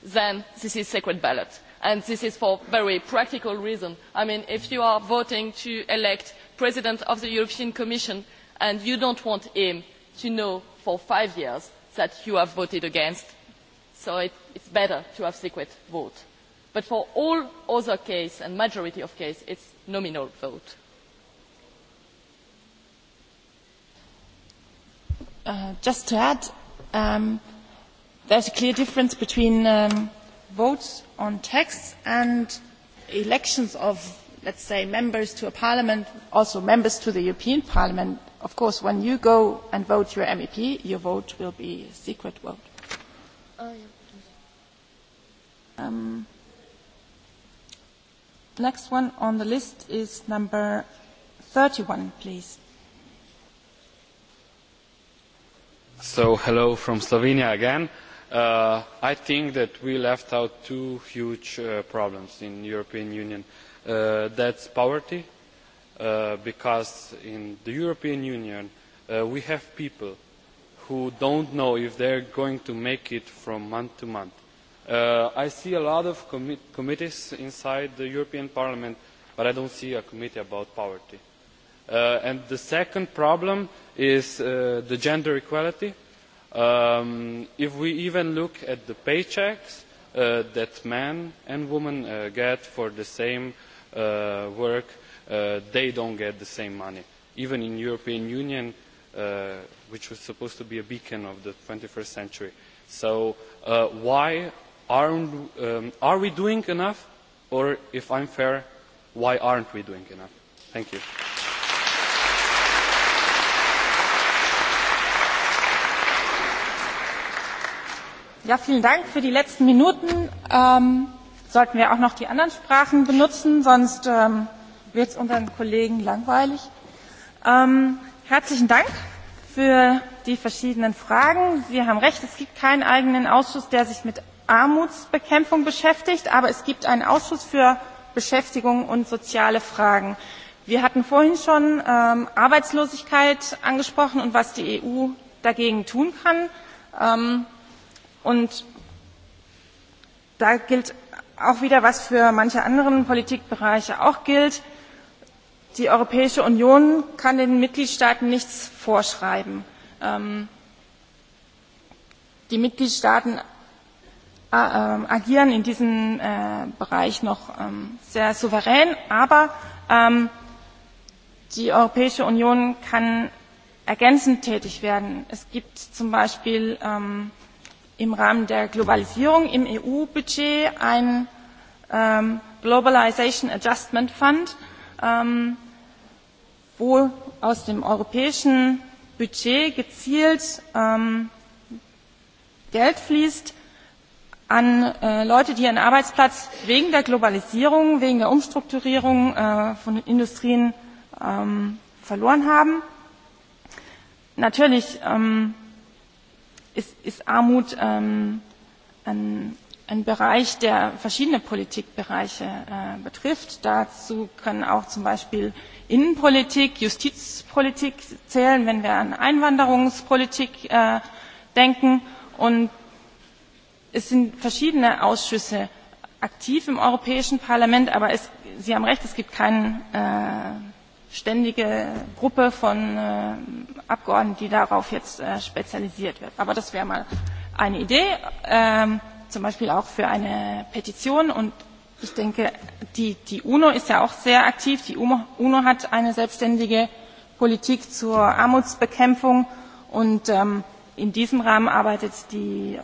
then this is secret ballot. And this is for very practical reason. I mean, if you are voting to elect President of the European Commission and you do not want him to know for five years that you have voted against, so is better to have secret vote. But for all other cases and majority of cases, it it's nominal vote. Just to add There is a clear difference between votes on texts and elections of, let's say, members to a parliament, also members to the European Parliament. Of course, when you go and vote your MEP, your vote will be a secret vote. Next one on the list is number 31, please. So, hello from Slovenia again I think that we left out two huge problems in the European Union. That's poverty, because in the European Union we have people who don't know if they are going to make it from month to month. I see a lot of committees inside the European Parliament, but I don't see a committee about poverty. And the second problem is the gender equality If we even look at the paychecks that men and women get for the same work, they don't get the same money. Even in the European Union, which was supposed to be a beacon of the 21st century. So why are we doing enough? Or if I'm fair, why aren't we doing enough? Thank you. vielen Dank für die letzten Minuten. sollten wir auch noch die anderen Sprachen benutzen, sonst wird es unseren Kollegen langweilig. herzlichen Dank für die verschiedenen Fragen. Sie haben recht, es gibt keinen eigenen Ausschuss, der sich mit Armutsbekämpfung beschäftigt, aber es gibt einen Ausschuss für Beschäftigung und soziale Fragen. Wir hatten vorhin schon Arbeitslosigkeit angesprochen und was die EU dagegen tun kann. Und da gilt auch wieder, was für manche anderen Politikbereiche auch gilt. Die Europäische Union kann den Mitgliedstaaten nichts vorschreiben. Die Mitgliedstaaten agieren in diesem Bereich noch sehr souverän, aber die Europäische Union kann ergänzend tätig werden. Es gibt zum Beispiel im Rahmen der Globalisierung im EU-Budget ein Globalisation Adjustment Fund, wo aus dem europäischen Budget gezielt Geld fließt an Leute, die ihren Arbeitsplatz wegen der Globalisierung, wegen der Umstrukturierung von Industrien verloren haben. Natürlich ist Armut ein Bereich, der verschiedene Politikbereiche betrifft. Dazu können auch zum Beispiel Innenpolitik, Justizpolitik zählen, wenn wir an Einwanderungspolitik denken. Und es sind verschiedene Ausschüsse aktiv im Europäischen Parlament, aber Sie haben recht, es gibt keinen ständige Gruppe von Abgeordneten, die darauf jetzt spezialisiert wird. Aber das wäre mal eine Idee, zum Beispiel auch für eine Petition. Und ich denke, die UNO ist ja auch sehr aktiv. Die UNO hat eine selbstständige Politik zur Armutsbekämpfung. Und in diesem Rahmen arbeitet die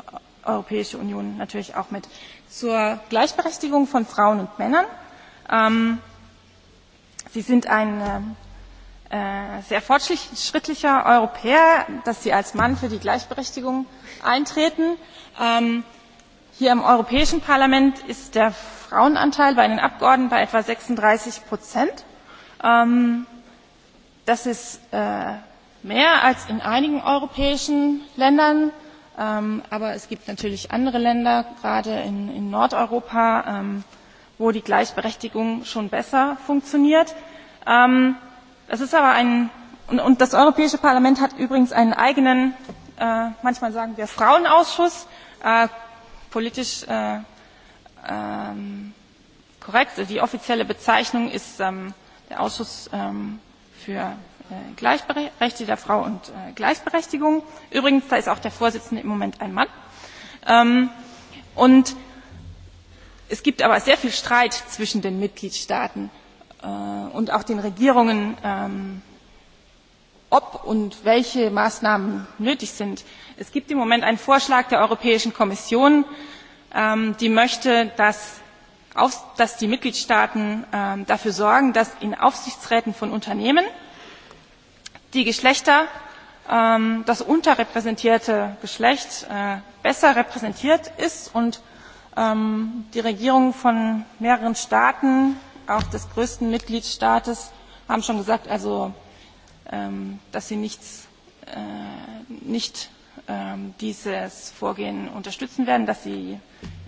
Europäische Union natürlich auch mit. Zur Gleichberechtigung von Frauen und Männern Sie sind ein sehr fortschrittlicher Europäer, dass Sie als Mann für die Gleichberechtigung eintreten. Hier im Europäischen Parlament ist der Frauenanteil bei den Abgeordneten bei etwa 36 Prozent. Das ist mehr als in einigen europäischen Ländern. Aber es gibt natürlich andere Länder, gerade in Nordeuropa wo die Gleichberechtigung schon besser funktioniert. Das ist aber ein und das Europäische Parlament hat übrigens einen eigenen, manchmal sagen wir Frauenausschuss, politisch korrekt. Die offizielle Bezeichnung ist der Ausschuss für Rechte der Frau und Gleichberechtigung. Übrigens, da ist auch der Vorsitzende im Moment ein Mann es gibt aber sehr viel streit zwischen den mitgliedstaaten und auch den regierungen ob und welche maßnahmen nötig sind. es gibt im moment einen vorschlag der europäischen kommission die möchte dass die mitgliedstaaten dafür sorgen dass in aufsichtsräten von unternehmen die geschlechter das unterrepräsentierte geschlecht besser repräsentiert ist und die regierungen von mehreren staaten auch des größten mitgliedstaates haben schon gesagt also dass sie nichts nicht dieses vorgehen unterstützen werden dass sie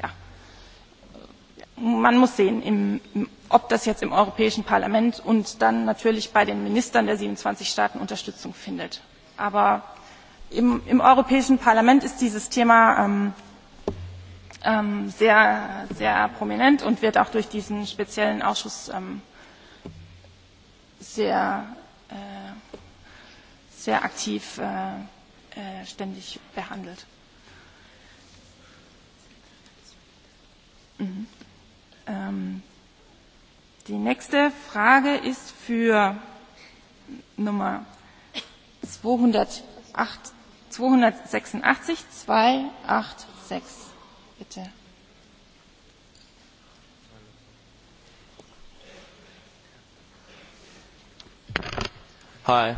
ja man muss sehen ob das jetzt im europäischen parlament und dann natürlich bei den ministern der 27 staaten unterstützung findet aber im europäischen parlament ist dieses thema sehr, sehr prominent und wird auch durch diesen speziellen Ausschuss sehr, sehr aktiv ständig behandelt. Die nächste Frage ist für Nummer 286, 286. Hi,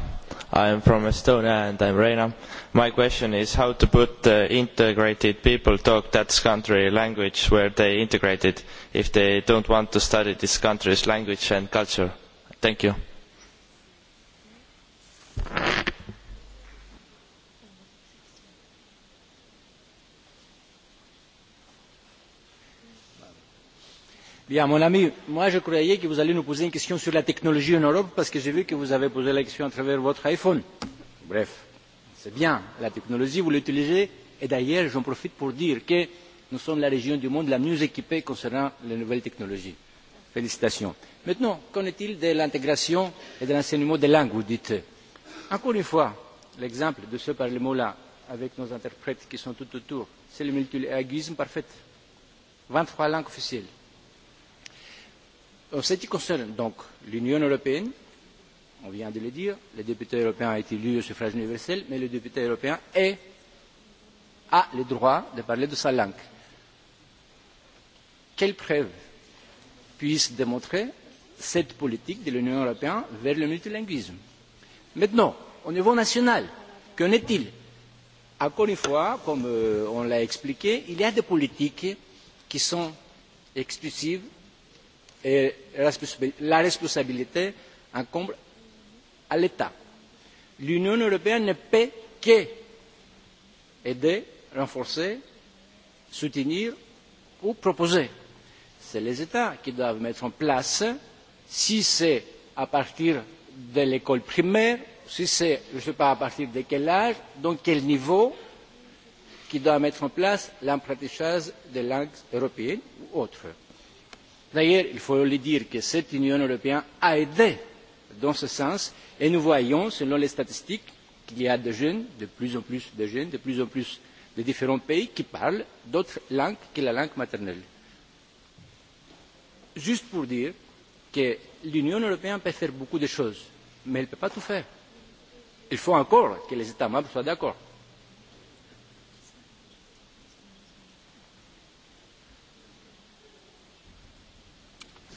Hi, am from Estonia and I'm Reina. My question is how to put the integrated people talk that country language where they integrated if they don't want to study this country's language and culture. Thank you. Bien, mon ami, moi je croyais que vous alliez nous poser une question sur la technologie en Europe parce que j'ai vu que vous avez posé la question à travers votre iPhone. Bref, c'est bien, la technologie, vous l'utilisez. Et d'ailleurs, j'en profite pour dire que nous sommes la région du monde la mieux équipée concernant les nouvelles technologies. Félicitations. Maintenant, qu'en est-il de l'intégration et de l'enseignement des langues, vous dites Encore une fois, l'exemple de ce Parlement-là, avec nos interprètes qui sont tout autour, c'est le multilinguisme parfait. 23 langues officielles En ce qui concerne donc l'Union européenne, on vient de le dire, le député européen été élu au suffrage universel, mais le député européen est, a le droit de parler de sa langue. Quelles preuves puisse démontrer cette politique de l'Union européenne vers le multilinguisme Maintenant, au niveau national, qu'en est-il Encore une fois, comme on l'a expliqué, il y a des politiques qui sont exclusives et la responsabilité incombe à l'état. l'union européenne ne peut qu'aider renforcer soutenir ou proposer. c'est les états qui doivent mettre en place si c'est à partir de l'école primaire si c'est je ne sais pas à partir de quel âge dans quel niveau qui doit mettre en place l'apprentissage des langues européennes ou autres D'ailleurs, il faut le dire que cette Union européenne a aidé dans ce sens et nous voyons, selon les statistiques, qu'il y a des jeunes, de plus en plus de jeunes, de plus en plus de différents pays qui parlent d'autres langues que la langue maternelle. Juste pour dire que l'Union européenne peut faire beaucoup de choses, mais elle ne peut pas tout faire. Il faut encore que les États membres soient d'accord.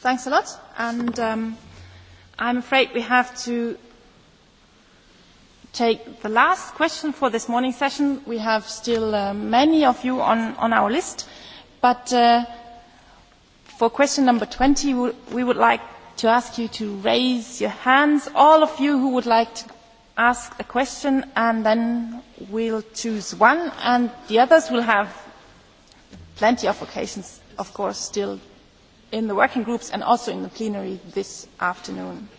Thanks a lot. And um, I'm afraid we have to take the last question for this morning session. We have still many of you on, on our list, but for question number 20, we would like to ask you to raise your hands, all of you who would like to ask a question, and then we'll choose one, and the others will have plenty of occasions, of course, still in the working groups and also in the plenary this afternoon.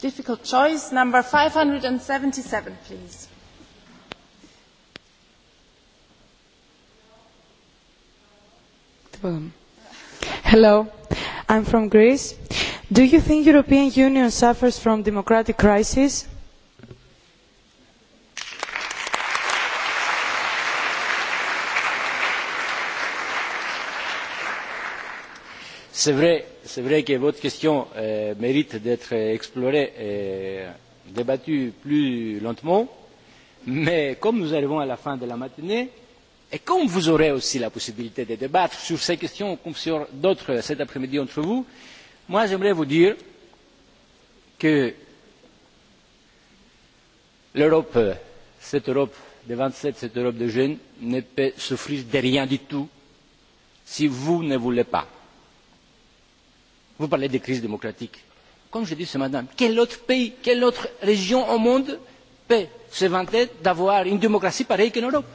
Difficult choice. Number 577, please. Hello. I'm from Greece. Do you think European Union suffers from democratic crisis? C'est vrai que votre question mérite d'être explorée et débattue plus lentement, mais comme nous arrivons à la fin de la matinée, et comme vous aurez aussi la possibilité de débattre sur ces questions comme sur d'autres cet après-midi entre vous, moi j'aimerais vous dire que l'Europe, cette Europe des sept, cette Europe des jeunes, ne peut souffrir de rien du tout si vous ne voulez pas Vous parlez des crises démocratiques. Comme je dis ce matin, quel autre pays, quelle autre région au monde peut se vanter d'avoir une démocratie pareille qu'en Europe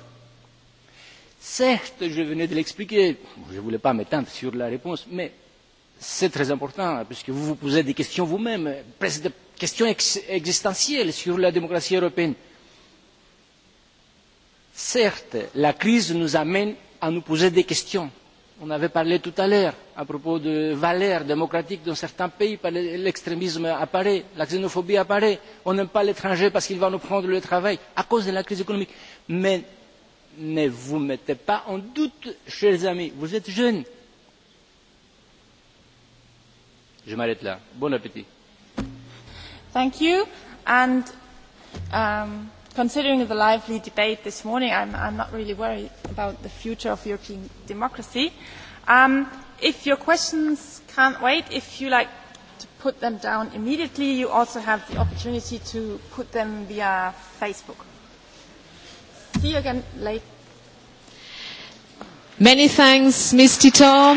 Certes, je venais de l'expliquer, je ne voulais pas m'étendre sur la réponse, mais c'est très important, puisque vous vous posez des questions vous-même, presque des questions existentielles sur la démocratie européenne. Certes, la crise nous amène à nous poser des questions On avait parlé tout à l'heure à propos de valeurs démocratiques dans certains pays, l'extrémisme apparaît, la xénophobie apparaît, on n'aime pas l'étranger parce qu'il va nous prendre le travail à cause de la crise économique. Mais ne vous mettez pas en doute, chers amis, vous êtes jeunes. Je m'arrête là. Bon appétit. Considering the lively debate this morning, I'm not really worried about the future of European democracy. If your questions can't wait, if you like to put them down immediately, you also have the opportunity to put them via Facebook. See you again later. Many thanks, Ms. Tito,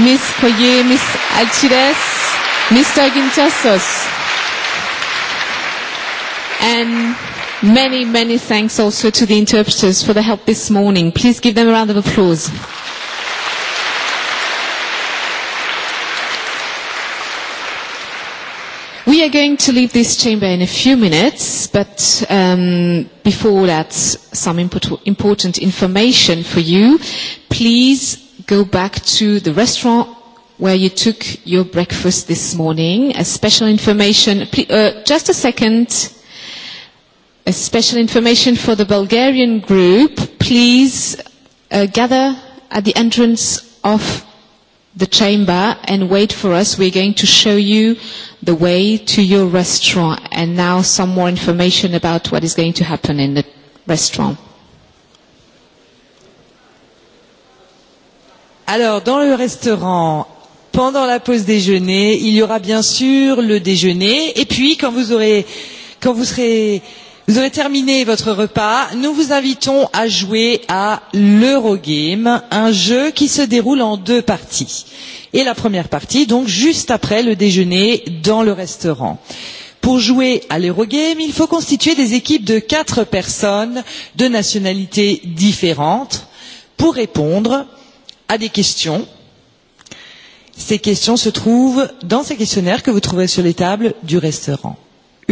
Ms. Poyer, Ms. Alcides, Mr. Gintasos. And Many, many thanks also to the interpreters for the help this morning. Please give them a round of applause. We are going to leave this chamber in a few minutes, but um, before that, some important information for you. Please go back to the restaurant where you took your breakfast this morning. A special information. just a second a special information for the Bulgarian group. Please gather at the entrance of the chamber and wait for us. We're going to show you the way to your restaurant. And now some more information about what is going to happen in the restaurant. Alors, dans le restaurant, pendant la pause déjeuner, il y aura bien sûr le déjeuner. Et puis, quand vous aurez, quand vous serez Vous avez terminé votre repas. Nous vous invitons à jouer à l'Eurogame, un jeu qui se déroule en deux parties. Et la première partie, donc juste après le déjeuner dans le restaurant. Pour jouer à l'Eurogame, il faut constituer des équipes de quatre personnes de nationalités différentes pour répondre à des questions. Ces questions se trouvent dans ces questionnaires que vous trouverez sur les tables du restaurant.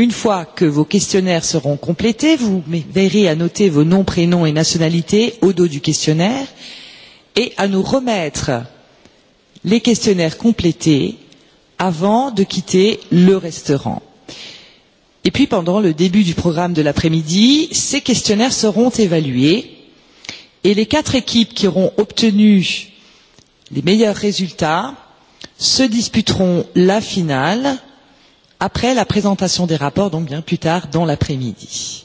Une fois que vos questionnaires seront complétés, vous verrez à noter vos noms, prénoms et nationalités au dos du questionnaire et à nous remettre les questionnaires complétés avant de quitter le restaurant. Et puis, pendant le début du programme de l'après-midi, ces questionnaires seront évalués et les quatre équipes qui auront obtenu les meilleurs résultats se disputeront la finale après la présentation des rapports, donc bien plus tard dans l'après-midi.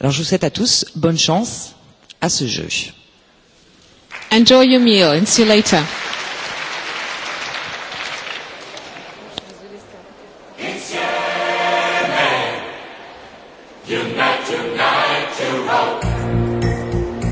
Alors je vous souhaite à tous bonne chance à ce jeu. Enjoy your meal and see you later.